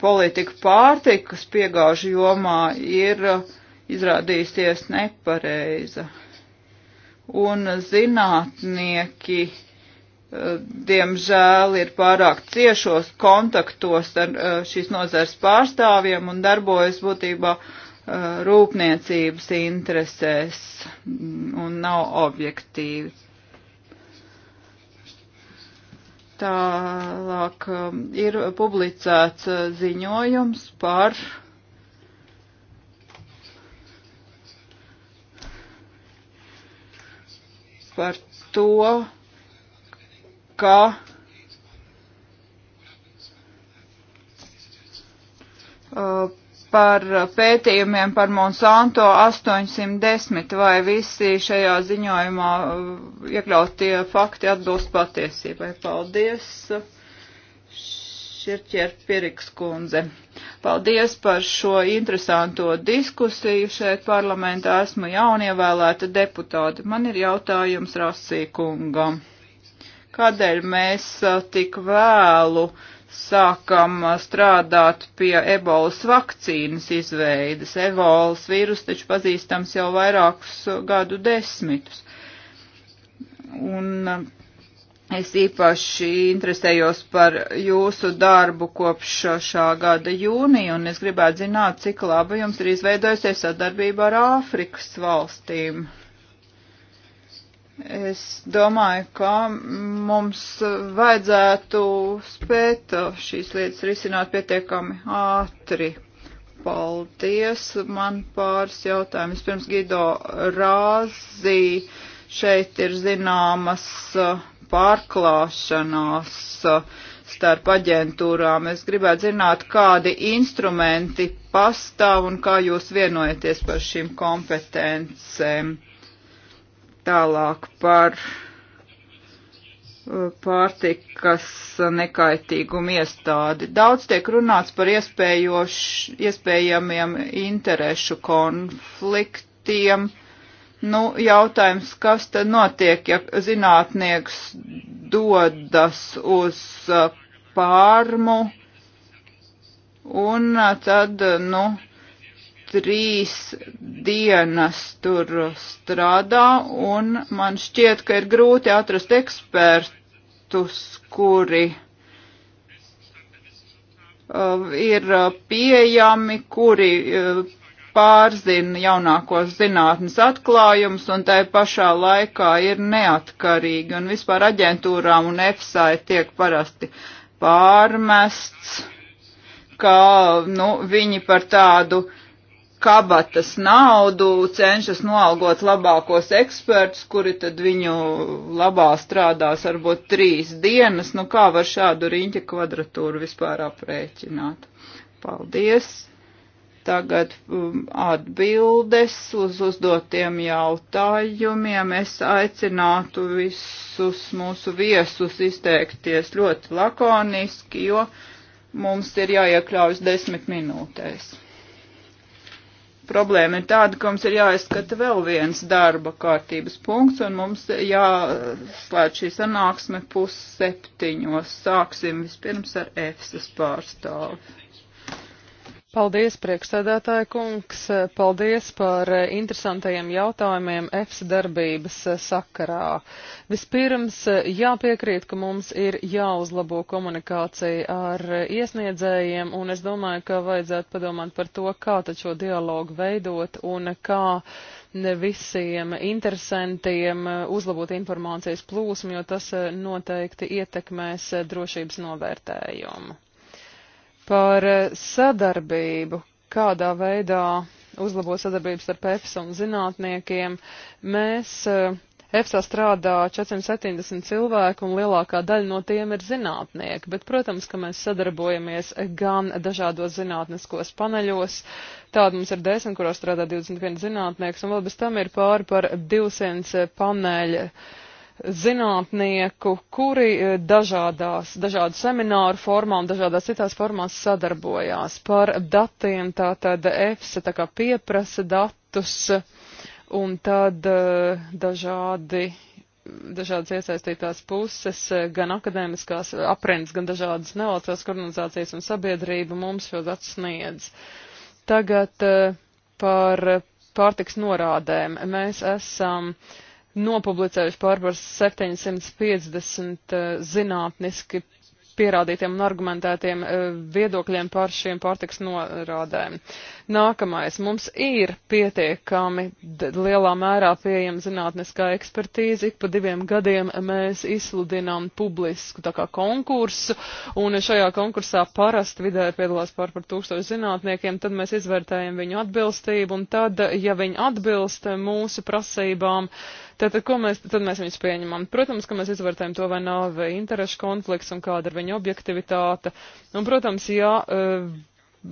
politika pārtikas piegāžu jomā ir izrādījusies nepareiza. Un zinātnieki, diemžēl, ir pārāk ciešos kontaktos ar šīs nozars pārstāvjiem un darbojas būtībā uh, Uh, rūpniecības interesēs mm, un nav objektīvi. Tālāk um, ir publicēts uh, ziņojums par par to, ka uh, par pētījumiem par Monsanto 810, vai visi šajā ziņojumā uh, iekļautie fakti atbilst patiesībai. Paldies, Širķer Piriks kundze. Paldies par šo interesanto diskusiju šeit parlamentā. Esmu jaunievēlēta deputāte. Man ir jautājums Rasī kungam. Kādēļ mēs uh, tik vēlu sākam uh, strādāt pie ebolas vakcīnas izveidas. Ebolas vīrus taču pazīstams jau vairākus uh, gadu desmitus. Un uh, es īpaši interesējos par jūsu darbu kopš šā gada jūnija, un es gribētu zināt, cik laba jums ir izveidojusies sadarbība ar Āfrikas valstīm. Es domāju, ka mums vajadzētu spēt šīs lietas risināt pietiekami ātri. Paldies! Man pāris jautājumus. Pirms Gido Rāzī šeit ir zināmas pārklāšanās starp aģentūrām. Es gribētu zināt, kādi instrumenti pastāv un kā jūs vienojaties par šīm kompetencēm Tālāk par uh, pārtikas nekaitīgumu iestādi. Daudz tiek runāts par iespējamiem interešu konfliktiem. Nu, jautājums, kas tad notiek, ja zinātnieks dodas uz uh, pārmu un uh, tad, nu, trīs dienas tur strādā, un man šķiet, ka ir grūti atrast ekspertus, kuri uh, ir pieejami, kuri uh, pārzina jaunākos zinātnes atklājumus un tai pašā laikā ir neatkarīgi, un vispār aģentūrām un EFSAI tiek parasti pārmests, ka, nu, viņi par tādu uh, kabatas naudu, cenšas noalgot labākos ekspertus, kuri tad viņu labā strādās varbūt trīs dienas. Nu kā var šādu riņķa kvadratūru vispār aprēķināt? Paldies! Tagad um, atbildes uz uzdotiem jautājumiem. Es aicinātu visus mūsu viesus izteikties ļoti lakoniski, jo mums ir jāiekļaujas desmit minūtēs problēma ir tāda, ka mums ir jāizskata vēl viens darba kārtības punkts, un mums jāslēdz šī sanāksme pusseptiņos. Sāksim vispirms ar EFSAS pārstāvi. Paldies, priekšsēdētāja kungs, paldies par interesantajiem jautājumiem EFSA darbības sakarā. Vispirms jāpiekrīt, ka mums ir jāuzlabo komunikācija ar iesniedzējiem, un es domāju, ka vajadzētu padomāt par to, kā tad šo dialogu veidot un kā visiem interesantiem uzlabot informācijas plūsmu, jo tas noteikti ietekmēs drošības novērtējumu par eh, sadarbību, kādā veidā uzlabot sadarbības ar PEFS un zinātniekiem. Mēs EFSA eh, strādā 470 cilvēku un lielākā daļa no tiem ir zinātnieki, bet, protams, ka mēs sadarbojamies gan dažādos zinātniskos paneļos, tāda mums ir 10, kurā strādā 21 zinātnieks, un vēl bez tam ir pāri par 200 paneļa uh, zinātnieku, kuri e, dažādās, dažādu semināru formā un dažādās citās formās sadarbojās par datiem, tātad EFSA tā kā pieprasa datus un tad e, dažādi, dažādas iesaistītās puses, e, gan akadēmiskās aprindas, gan dažādas nevalstiskās organizācijas un sabiedrība mums šo datus sniedz. Tagad par pārtiks norādēm. Mēs esam uh, nopublicējuši pār par 750 eh, zinātniski pierādītiem un argumentētiem eh, viedokļiem par šiem pārtiks norādēm. Nākamais. Mums ir pietiekami lielā mērā pieejama zinātniskā ekspertīze. Ik pa diviem gadiem mēs izsludinām publisku tā kā konkursu, un šajā konkursā parasti vidē piedalās pār par tūkstošu zinātniekiem, tad mēs izvērtējam viņu atbilstību, un tad, ja viņi atbilst mūsu prasībām, Tātad, ko mēs, tad mēs viņus pieņemam? Protams, ka mēs izvērtējam to, vai nav interešu konflikts un kāda ir viņa objektivitāte. Un, protams, ja eh,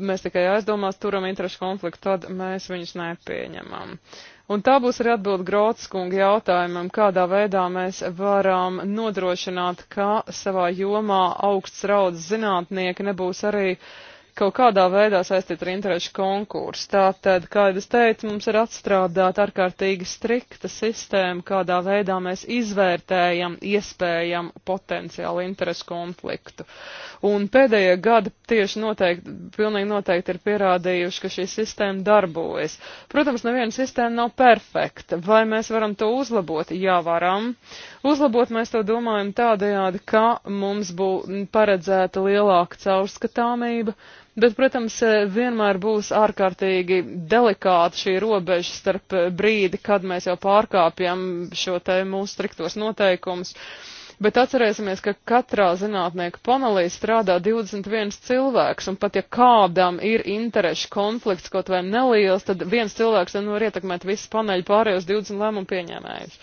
mēs tikai aizdomās turam interešu konfliktu, tad mēs viņus nepieņemam. Un tā būs arī atbildi Grotskunga jautājumam, kādā veidā mēs varam nodrošināt, ka savā jomā augsts raudas zinātnieki nebūs arī uh, kaut kādā veidā saistīta ar interešu konkursu. Tātad, kā jau es teicu, mums ir atstrādāta ārkārtīgi strikta sistēma, kādā veidā mēs izvērtējam iespējam potenciālu interešu konfliktu. Un pēdējie gadi tieši noteikti, pilnīgi noteikti ir pierādījuši, ka šī sistēma darbojas. Protams, neviena sistēma nav perfekta. Vai mēs varam to uzlabot? Jā, varam. Uzlabot mēs to domājam tādējādi, ka mums būtu paredzēta lielāka caurskatāmība, bet, protams, e, vienmēr būs ārkārtīgi delikāta šī robeža starp e, brīdi, kad mēs jau pārkāpjam šo te mūsu striktos noteikumus. Bet atcerēsimies, ka katrā zinātnieka panelī strādā 21 cilvēks, un pat ja kādam ir interešu konflikts kaut vai neliels, tad viens cilvēks nevar ietekmēt visu paneļu pārējos 20 lēmumu pieņēmējus.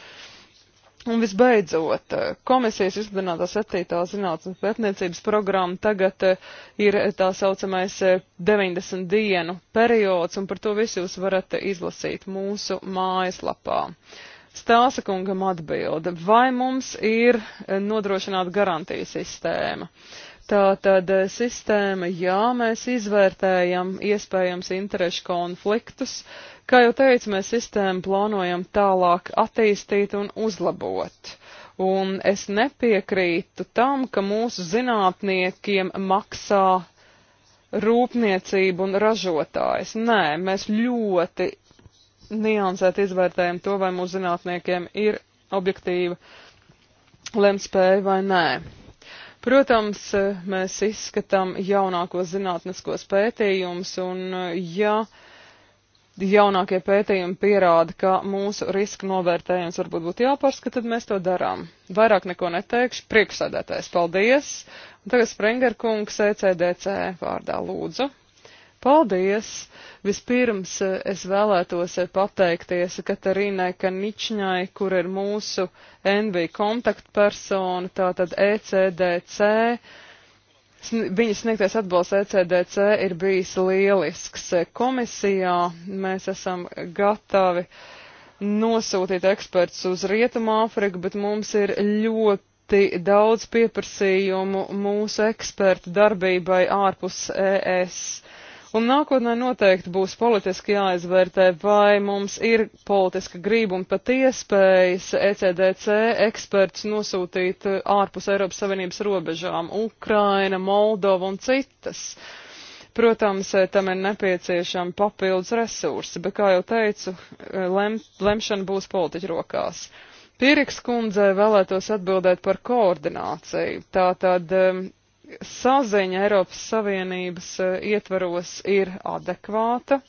Un visbeidzot, eh, komisijas izdarinātā septītā zinātnes pētniecības programma tagad eh, ir tā saucamais 90 eh, dienu periods, un par to visu jūs varat izlasīt mūsu mājaslapā. Stāsta kungam atbilde, vai mums ir nodrošināta garantija sistēma? Tātad sistēma, jā, mēs izvērtējam iespējams interešu konfliktus, uh, Kā jau teicu, mēs sistēmu plānojam tālāk attīstīt un uzlabot. Un es nepiekrītu tam, ka mūsu zinātniekiem maksā rūpniecība un ražotājs. Nē, mēs ļoti niansēt izvērtējam to, vai mūsu zinātniekiem ir objektīva lemspēja vai nē. Protams, mēs izskatām jaunākos zinātniskos pētījumus, un ja uh, jaunākie pētījumi pierāda, ka mūsu riska novērtējums varbūt būtu jāpārskata, tad mēs to darām. Vairāk neko neteikšu. Priekšsēdētājs, paldies! Un tagad Springer kungs ECDC vārdā lūdzu. Paldies! Vispirms e, es vēlētos e, pateikties Katarīnai Kaničņai, kur ir mūsu NV kontaktpersona, tātad ECDC Viņas sniegtais atbalsts ECDC ir bijis lielisks. Komisijā mēs esam gatavi nosūtīt eksperts uz Rietumu Āfriku, bet mums ir ļoti daudz pieprasījumu mūsu ekspertu darbībai ārpus ES. Uh, Un nākotnē noteikti būs politiski jāizvērtē, vai mums ir politiska grība un pat iespējas ECDC eksperts nosūtīt ārpus Eiropas Savienības robežām - Ukraina, Moldova un citas. Protams, tam ir nepieciešama papildus resursi, bet, kā jau teicu, lem, lemšana būs politiķu rokās. Pīriks kundzei vēlētos atbildēt par koordināciju. Tātad um, saziņa Eiropas Savienības eh, ietvaros ir adekvāta.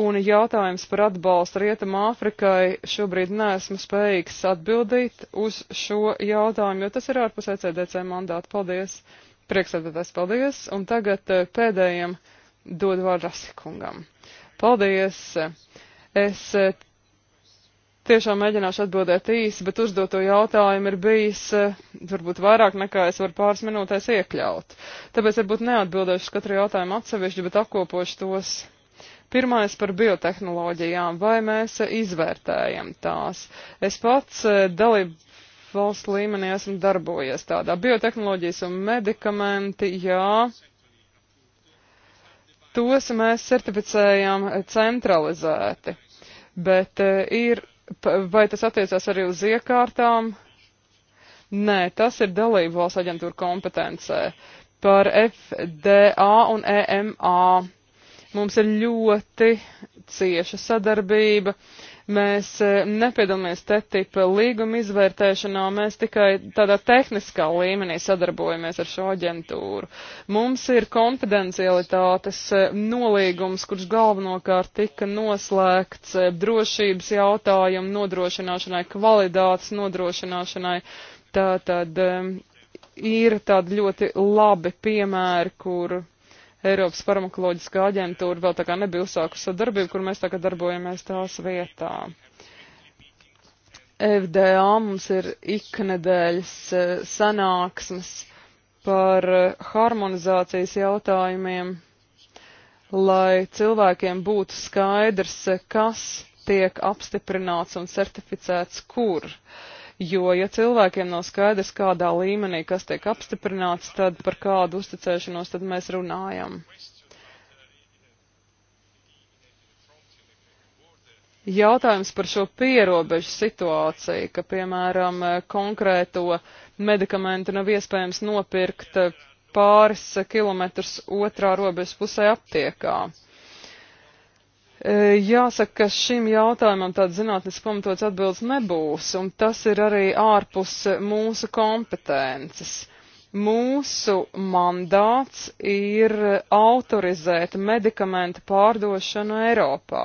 Un jautājums par atbalstu Rietam Āfrikai šobrīd neesmu spējīgs atbildīt uz šo jautājumu, jo tas ir ārpus ECDC mandāta. Paldies! Prieksēdētājs, paldies! Un tagad eh, pēdējiem dod vārdu Rasikungam. Paldies! Es eh, Tiešām mēģināšu atbildēt īsi, bet uzdoto jautājumu ir bijis eh, varbūt vairāk nekā es varu pāris minūtēs iekļaut. Tāpēc varbūt neatbildēšu katru jautājumu atsevišķi, bet apkopošu tos. Pirmais par biotehnoloģijām. Vai mēs eh, izvērtējam tās? Es pats eh, dalību valsts līmenī esmu darbojies tādā. Biotehnoloģijas un medikamenti, jā. Tos mēs certificējam centralizēti bet ir vai tas attiecās arī uz iekārtām? Nē, tas ir dalību valsts aģentūra kompetencē par FDA un EMA. Mums ir ļoti cieša sadarbība. Uh, Mēs e, nepiedalāmies te tipa līguma izvērtēšanā, mēs tikai tādā tehniskā līmenī sadarbojamies ar šo aģentūru. Mums ir konfidencialitātes e, nolīgums, kurš galvenokārt tika noslēgts e, drošības jautājumu nodrošināšanai, kvalitātes nodrošināšanai. Tātad ir tādi ļoti labi piemēri, kur Eiropas farmakoloģiskā aģentūra vēl tā kā nebija uzsākusi sadarbību, kur mēs tagad darbojamies tās vietā. FDA mums ir iknedēļas eh, sanāksmes par eh, harmonizācijas jautājumiem, lai cilvēkiem būtu skaidrs, eh, kas tiek apstiprināts un certificēts kur. Uh, jo, ja cilvēkiem nav skaidrs, kādā līmenī kas tiek apstiprināts, tad par kādu uzticēšanos tad mēs runājam. Jautājums par šo pierobežu situāciju, ka, piemēram, konkrēto medikamentu nav iespējams nopirkt pāris kilometrus otrā robežas pusē aptiekā. Uh, E, jāsaka, ka šim jautājumam tāds zinātnes pamatots atbildes nebūs, un tas ir arī ārpus mūsu kompetences. Mūsu mandāts ir autorizēt medikamentu pārdošanu Eiropā.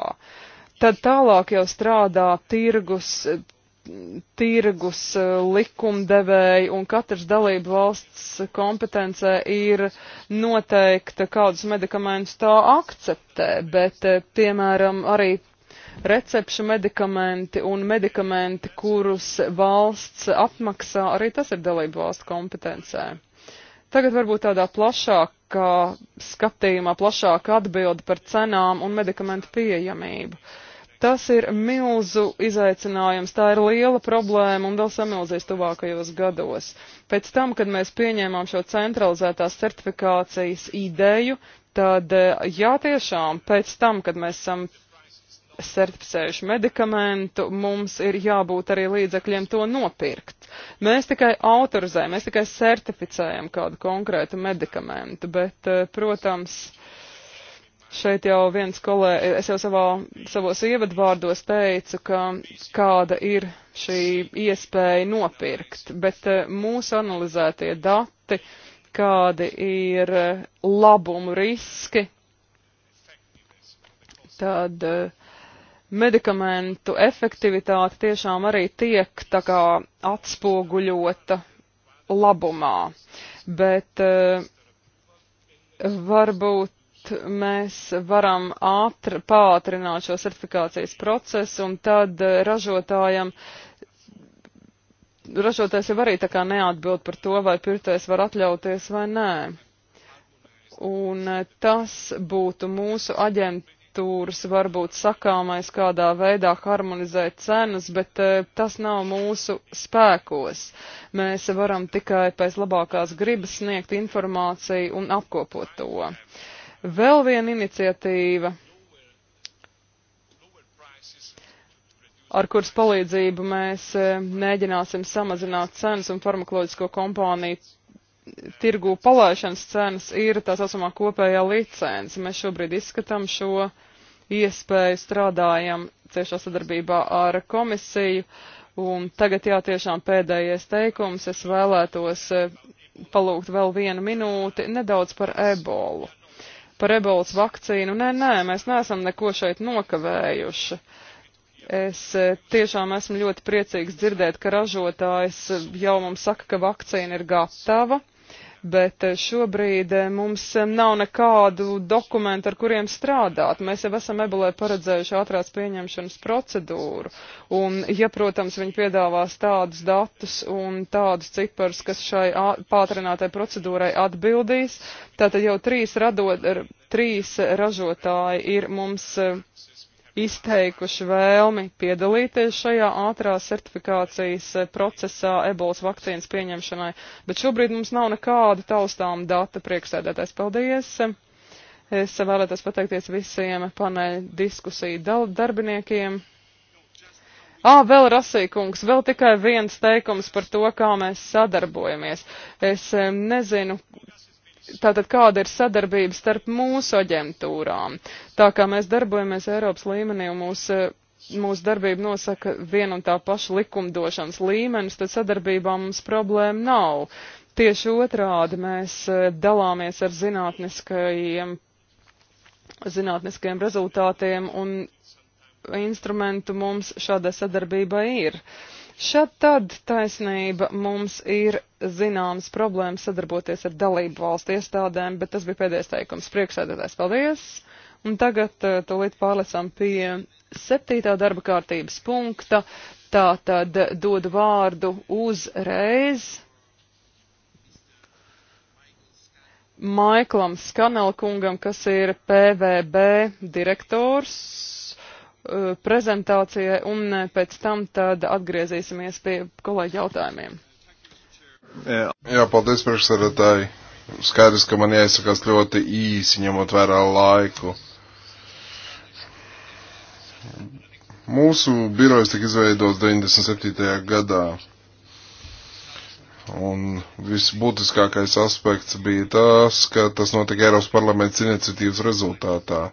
Tad tālāk jau strādā tirgus, tirgus eh, likumdevēji un katrs dalību valsts kompetencē ir noteikta, kādus medikamentus tā akceptē, bet, eh, piemēram, arī recepšu medikamenti un medikamenti, kurus valsts apmaksā, arī tas ir dalību valstu kompetencē. Tagad varbūt tādā plašākā skatījumā, plašāka atbilde par cenām un medikamentu pieejamību. Uh, Tas ir milzu izaicinājums, tā ir liela problēma un vēl samilzīs tuvākajos gados. Pēc tam, kad mēs pieņēmām šo centralizētās certifikācijas ideju, tad eh, jā, tiešām pēc tam, kad mēs esam certificējuši medikamentu, mums ir jābūt arī līdzekļiem to nopirkt. Mēs tikai autorizējam, mēs tikai certificējam kādu konkrētu medikamentu, bet, eh, protams, uh, Šeit jau viens kolēģis, es jau savā, savos ievadvārdos teicu, ka kāda ir šī iespēja nopirkt, bet eh, mūsu analizētie dati, kādi ir eh, labumu riski, tad eh, medikamentu efektivitāte tiešām arī tiek tā kā atspoguļota labumā, bet varbūt manuprāt, mēs varam ātri pātrināt šo certifikācijas procesu un tad eh, ražotājam ražotājs jau arī tā kā neatbild par to, vai pirtais var atļauties vai nē. Un eh, tas būtu mūsu aģentūras varbūt sakāmais, kādā veidā harmonizēt cenas, bet eh, tas nav mūsu spēkos. Mēs varam tikai pēc labākās gribas sniegt informāciju un apkopot to. Uh, Vēl viena iniciatīva, ar kuras palīdzību mēs e, mēģināsim samazināt cenas un farmakoloģisko kompāniju tirgu palaišanas cenas, ir tā saucamā kopējā licence. Mēs šobrīd izskatām šo iespēju, strādājam ciešā sadarbībā ar komisiju. Un tagad jā, tiešām pēdējais teikums. Es vēlētos e, palūgt vēl vienu minūti nedaudz par ebolu par ebolas vakcīnu. Nē, nē, mēs neesam neko šeit nokavējuši. Es e, tiešām esmu ļoti priecīgs dzirdēt, ka ražotājs jau mums saka, ka vakcīna ir gatava bet eh, šobrīd eh, mums eh, nav nekādu dokumentu, ar kuriem strādāt. Mēs jau esam ebolē paredzējuši ātrās pieņemšanas procedūru, un, ja, protams, viņi piedāvās tādus datus un tādus ciparus, kas šai pātrinātai procedūrai atbildīs, tātad jau trīs, radot, er, trīs ražotāji ir mums izteikuši vēlmi piedalīties šajā ātrā certifikācijas eh, procesā ebolas vakcīnas pieņemšanai, bet šobrīd mums nav nekāda taustām data priekšsēdētājs. Paldies! Es vēlētos pateikties visiem paneļa diskusiju darbiniekiem. Ā, vēl rasīkungs, vēl tikai viens teikums par to, kā mēs sadarbojamies. Es eh, nezinu, tātad kāda ir sadarbība starp mūsu aģentūrām. Tā kā mēs darbojamies Eiropas līmenī un eh, mūsu mūsu darbību nosaka viena un tā paša likumdošanas līmenis, tad sadarbībā mums problēma nav. Tieši otrādi mēs eh, dalāmies ar zinātniskajiem, zinātniskajiem rezultātiem un instrumentu mums šādai sadarbībai ir. Uh, Šad tad taisnība mums ir zināmas problēmas sadarboties ar dalību valstu iestādēm, bet tas bija pēdējais teikums. Priekšsēdētājs, paldies! Un tagad eh, tūlīt pārlecam pie septītā darba kārtības punkta. Tā tad dodu vārdu uzreiz Maiklam Skanelkungam, kas ir PVB direktors. Eh, prezentācijai un pēc tam tad atgriezīsimies pie kolēģi jautājumiem. Jā, Jā paldies priekšsēdētāji. Skaidrs, ka man jāizsakās ļoti īsi, ņemot vērā laiku. Mūsu birojas tika izveidots 97. gadā. Un visbūtiskākais aspekts bija tas, ka tas notika Eiropas parlaments iniciatīvas rezultātā.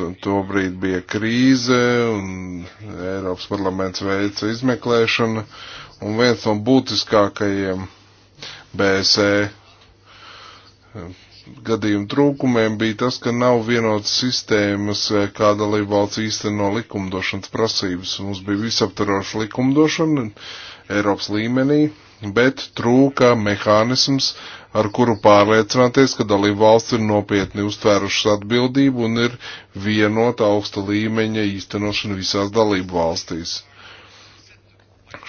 Tobrīd bija krīze un Eiropas parlaments veica izmeklēšanu un viens no būtiskākajiem BSE eh, gadījumu trūkumiem bija tas, ka nav vienotas sistēmas, eh, kā dalība valsts īsteno likumdošanas prasības. Mums bija visaptaroša likumdošana Eiropas līmenī, bet trūka mehānisms, ar kuru pārliecināties, ka dalību valsts ir nopietni uztvērušas atbildību un ir vienota augsta līmeņa īstenošana visās dalību valstīs.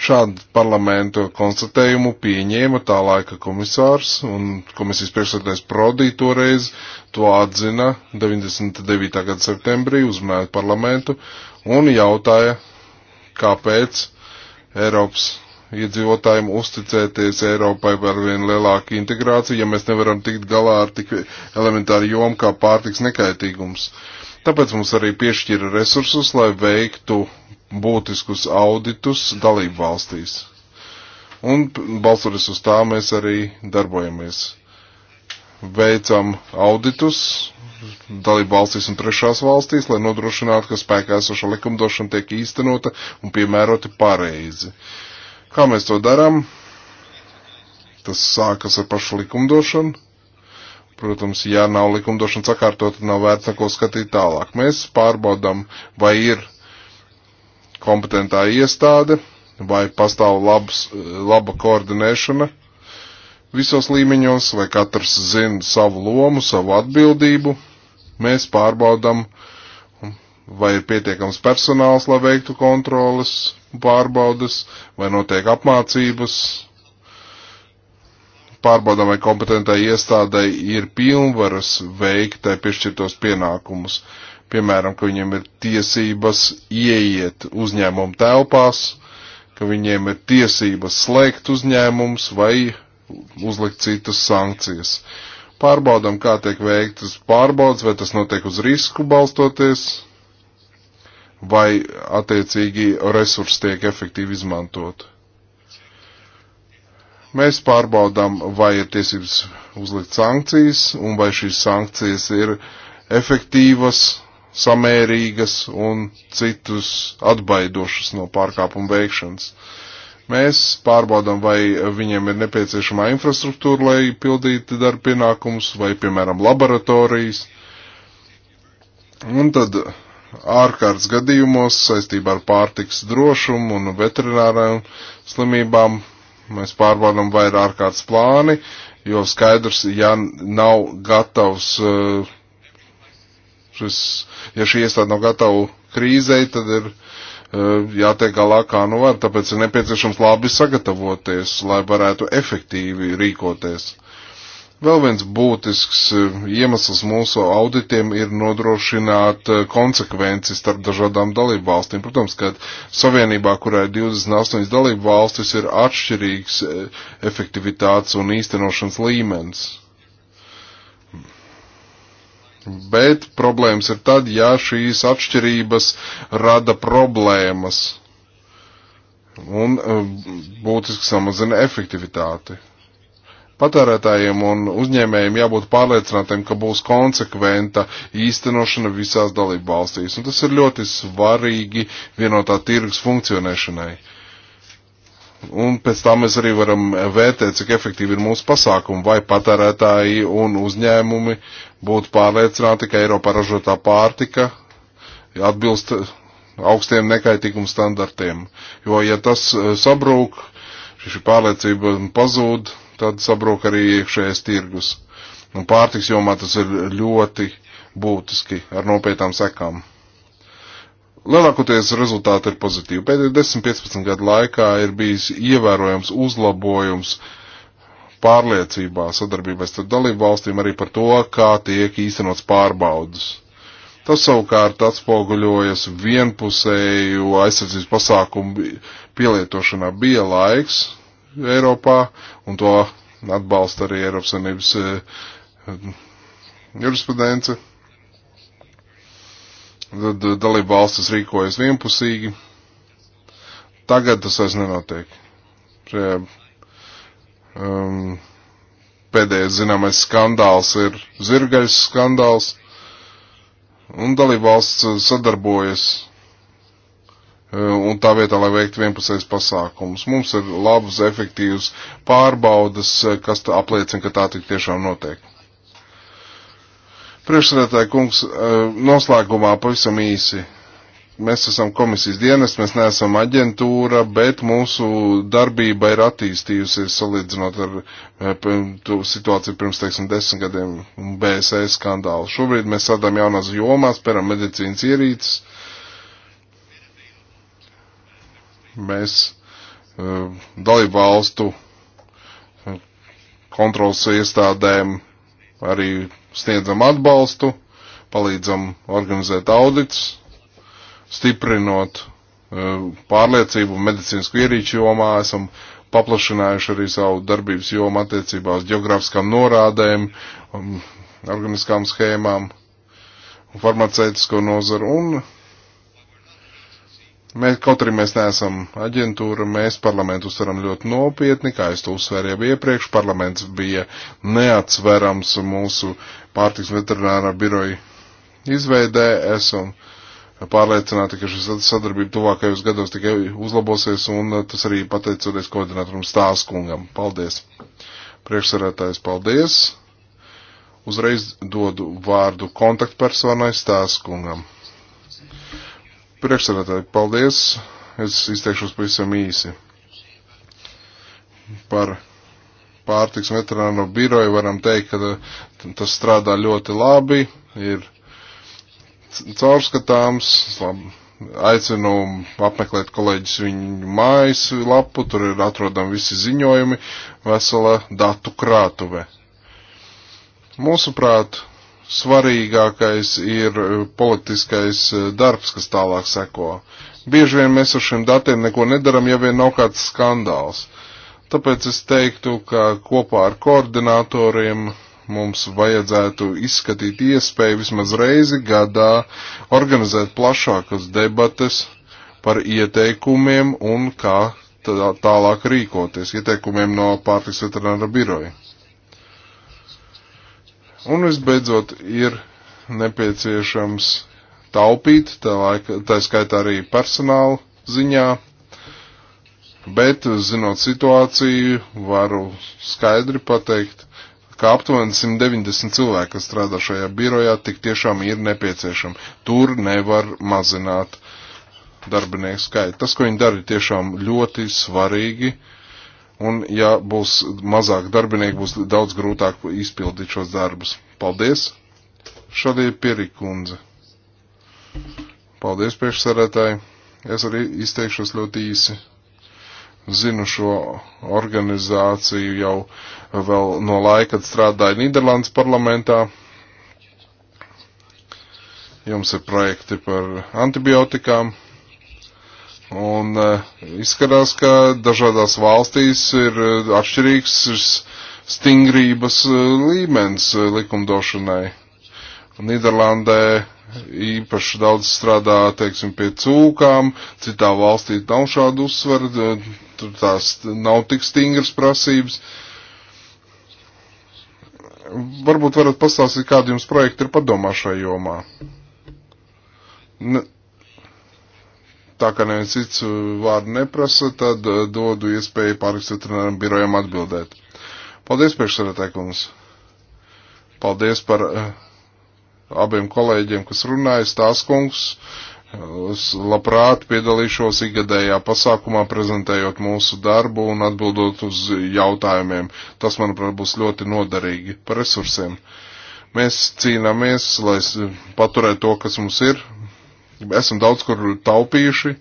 Šādu parlamentu konstatējumu pieņēma tā laika komisārs un komisijas priekšsēdētājs Prodī toreiz to atzina 99. gada septembrī, uzmanējot parlamentu un jautāja, kāpēc Eiropas iedzīvotājiem uzticēties Eiropai par vien lielāku integrāciju, ja mēs nevaram tikt galā ar tik elementāru jomu kā pārtiks nekaitīgums. Tāpēc mums arī piešķira resursus, lai veiktu būtiskus auditus dalību valstīs. Un balsoties uz tā mēs arī darbojamies. Veicam auditus dalību valstīs un trešās valstīs, lai nodrošinātu, ka spēkā esoša likumdošana tiek īstenota un piemērota pareizi. Uh, Kā mēs to darām? Tas sākas ar pašu likumdošanu. Protams, ja nav likumdošana sakārtot, tad nav vērts neko skatīt tālāk. Mēs pārbaudām, vai ir kompetentā iestāde, vai pastāv labs, laba koordinēšana visos līmeņos, vai katrs zina savu lomu, savu atbildību. Mēs pārbaudām, vai ir pietiekams personāls, lai veiktu kontrolas, pārbaudas, vai notiek apmācības, pārbaudām, vai kompetentai iestādai ir pilnvaras veikt tai piešķirtos pienākumus. Piemēram, ka viņiem ir tiesības ieiet uzņēmumu telpās, ka viņiem ir tiesības slēgt uzņēmums vai uzlikt citas sankcijas. Pārbaudām, kā tiek veiktas pārbaudas, vai tas notiek uz risku balstoties, vai attiecīgi resursi tiek efektīvi izmantot. Mēs pārbaudām, vai ir tiesības uzlikt sankcijas un vai šīs sankcijas ir efektīvas, samērīgas un citus atbaidošas no pārkāpuma veikšanas. Mēs pārbaudām, vai viņiem ir nepieciešamā infrastruktūra, lai pildītu darba pienākumus, vai, piemēram, laboratorijas. Un tad ārkārtas gadījumos saistībā ar pārtiks drošumu un veterinārām slimībām. Mēs pārbaudām, vai ir ārkārtas plāni, jo skaidrs, ja nav gatavs, eh, šis, ja šī iestāde nav gatava krīzei, tad ir eh, jātiek galā kā nu var, tāpēc ir nepieciešams labi sagatavoties, lai varētu efektīvi rīkoties. Vēl viens būtisks eh, iemesls mūsu auditiem ir nodrošināt eh, konsekvenci starp dažādām dalību valstīm. Protams, ka savienībā, kurā ir 28 dalību valstis, ir atšķirīgs eh, efektivitātes un īstenošanas līmenis. Bet problēmas ir tad, ja šīs atšķirības rada problēmas un būtiski samazina efektivitāti. Patērētājiem un uzņēmējiem jābūt pārliecinātiem, ka būs konsekventa īstenošana visās dalību valstīs. Un tas ir ļoti svarīgi vienotā tirgus funkcionēšanai. Un pēc tā mēs arī varam vērtēt, cik efektīvi ir mūsu pasākumi, vai patērētāji un uzņēmumi būtu pārliecināti, ka Eiropā ražotā pārtika atbilst augstiem nekaitīguma standartiem. Jo, ja tas eh, sabrūk, šī pārliecība pazūd, tad sabrūk arī iekšējais tirgus. Un nu, pārtiks jomā tas ir ļoti būtiski ar nopietnām sekām. Lielākoties rezultāti ir pozitīvi. Pēdējo 10-15 gadu laikā ir bijis ievērojams uzlabojums pārliecībā sadarbībās starp dalību valstīm arī par to, kā tiek īstenots pārbaudas. Tas savukārt atspoguļojas vienpusēju aizsardzības pasākumu pielietošanā. Bija laiks, Eiropā, un to atbalsta arī Eiropas Savienības eh, jurisprudence. Tad eh, dalība valstis rīkojas vienpusīgi. Tagad tas vairs nenotiek. Šajā, um, ehm, pēdējais zināmais skandāls ir zirgaļas skandāls, un dalība valsts eh, sadarbojas Eh, un tā vietā, lai veiktu vienpusējs pasākums. Mums ir labas, efektīvas pārbaudas, eh, kas apliecina, ka tā tik tiešām notiek. Priekšsēdētāji kungs, eh, noslēgumā pavisam īsi. Mēs esam komisijas dienas, mēs neesam aģentūra, bet mūsu darbība ir attīstījusies salīdzinot ar situāciju pirms, teiksim, desmit gadiem BSE skandālu. Šobrīd mēs sadām jaunās jomās, pēram medicīnas ierīces, uh, mēs uh, eh, dalību valstu eh, kontrols iestādēm arī sniedzam atbalstu, palīdzam organizēt audits, stiprinot uh, pārliecību medicīnisku ierīču jomā, esam paplašinājuši arī savu darbības jomu attiecībā uz geogrāfiskām norādēm, um, organiskām schēmām, farmaceitisko nozaru un Mēs, kaut arī mēs neesam aģentūra, mēs parlamentu uztveram ļoti nopietni, kā es to uzsveru jau iepriekš. Parlaments bija neatsverams mūsu pārtiks veterinārā biroja izveidē. Esam pārliecināti, ka šī sadarbība tuvākajos gados tikai uzlabosies, un tas arī pateicoties koordinatoram Stāskungam. Paldies! Priekšsarētājs, paldies! Uzreiz dodu vārdu kontaktpersonai Stāskungam. Priekšsēdētāji, paldies. Es izteikšos pavisam īsi. Par pārtiks veterāno biroju varam teikt, ka tas strādā ļoti labi, ir caurskatāms, labi, aicinu apmeklēt kolēģis viņu mājas lapu, tur ir atrodami visi ziņojumi, vesela datu krātuve. Mūsuprāt, svarīgākais ir eh, politiskais eh, darbs, kas tālāk seko. Bieži vien mēs ar šiem datiem neko nedaram, ja vien nav kāds skandāls. Tāpēc es teiktu, ka kopā ar koordinatoriem mums vajadzētu izskatīt iespēju vismaz reizi gadā organizēt plašākas debates par ieteikumiem un kā tālāk rīkoties, ieteikumiem no pārtiks veterināra biroja. Un visbeidzot ir nepieciešams taupīt, tā, laika, tā skaitā arī personāla ziņā, bet zinot situāciju, varu skaidri pateikt, ka aptuveni 190 cilvēki, kas strādā šajā birojā, tik tiešām ir nepieciešami. Tur nevar mazināt darbinieku skaitu. Tas, ko viņi dara, ir tiešām ļoti svarīgi. Uh, Un, ja būs mazāk darbinieku, būs daudz grūtāk izpildīt šos darbus. Paldies! Šādie pierikundze. Paldies, priekšsarētāji. Es arī izteikšos ļoti īsi. Zinu šo organizāciju jau vēl no laika, kad strādāju Nīderlandes parlamentā. Jums ir projekti par antibiotikām Un e, izskatās, ka dažādās valstīs ir e, atšķirīgs stingrības e, līmenis likumdošanai. Nīderlandē īpaši daudz strādā, teiksim, pie cūkām, citā valstī nav šādu uzsvaru, tur tās nav tik stingras prasības. Varbūt varat pastāstīt, kādi jums projekti ir padomā šajā jomā. Ne, Tā kā neviens cits uh, vārdu neprasa, tad uh, dodu iespēju pārekstratūram birojam atbildēt. Paldies, priekšsēdētāj kungs! Paldies par uh, abiem kolēģiem, kas runāja, stās kungs. Uh, es labprāt piedalīšos ikgadējā pasākumā, prezentējot mūsu darbu un atbildot uz jautājumiem. Tas, manuprāt, būs ļoti noderīgi par resursiem. Mēs cīnāmies, lai paturētu to, kas mums ir, Esam daudz kur taupījuši.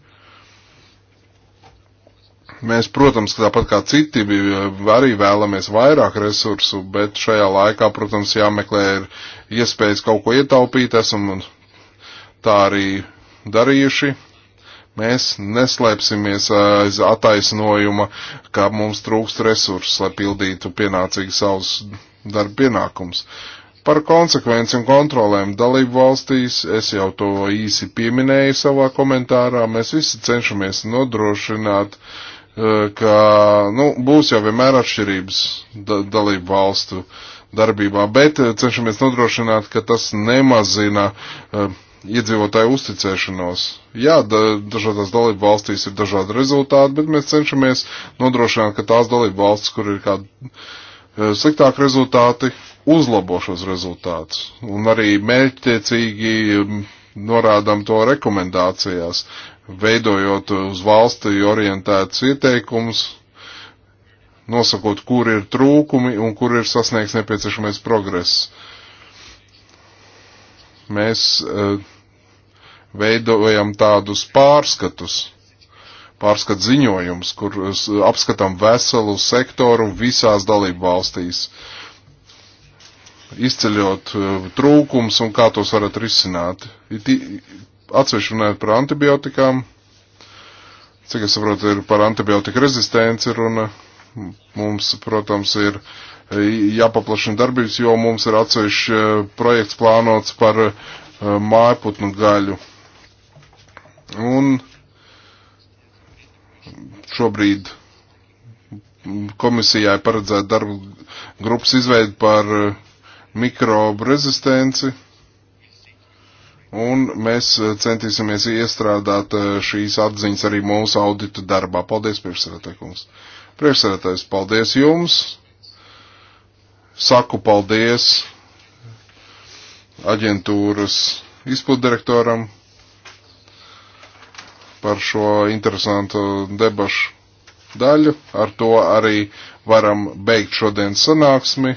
Mēs, protams, tāpat kā citi, arī vēlamies vairāk resursu, bet šajā laikā, protams, jāmeklē ir iespējas kaut ko ietaupīt. Esam tā arī darījuši. Mēs neslēpsimies aiz attaisnojuma, ka mums trūkst resursus, lai pildītu pienācīgi savus darba pienākumus. Uh, Par konsekvenci un kontrolēm dalību valstīs, es jau to īsi pieminēju savā komentārā, mēs visi cenšamies nodrošināt, eh, ka nu, būs jau vienmēr atšķirības da dalību valstu darbībā, bet eh, cenšamies nodrošināt, ka tas nemazina uh, iedzīvotāju uzticēšanos. Jā, da, dažādās dalību valstīs ir dažādi rezultāti, bet mēs cenšamies nodrošināt, ka tās dalību valstis, kur ir kādi uh, sliktāki rezultāti, uzlabo šos rezultātus un arī mērķtiecīgi um, norādām to rekomendācijās, veidojot uz valsti orientētus ieteikumus, nosakot, kur ir trūkumi un kur ir sasniegts nepieciešamais progress. Mēs uh, veidojam tādus pārskatus, pārskat ziņojums, kur uh, apskatam veselu sektoru visās dalību valstīs. Uh, izceļot uh, trūkums un kā tos varat risināt. Atsevišķi runājot par antibiotikām, cik es saprotu, ir par antibiotika rezistenci runa. Mums, protams, ir jāpaplašina darbības, jo mums ir atsevišķi uh, projekts plānots par uh, mājputnu gaļu. Un šobrīd komisijai paredzēta darba grupas izveida par uh, mikrobu rezistenci, un mēs eh, centīsimies iestrādāt eh, šīs atziņas arī mūsu auditu darbā. Paldies, priekšsēdētājs. Priekšsēdētājs, paldies jums! Saku paldies aģentūras izpildirektoram par šo interesantu debašu daļu. Ar to arī varam beigt šodienas sanāksmi.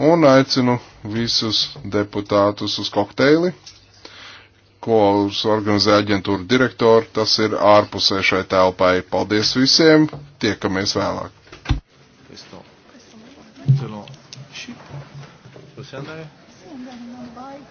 Un aicinu visus deputātus uz kokteili, ko organizē aģentūra direktori. Tas ir ārpusē šai telpai. Paldies visiem! Tiekamies vēlāk! Possiamo andare?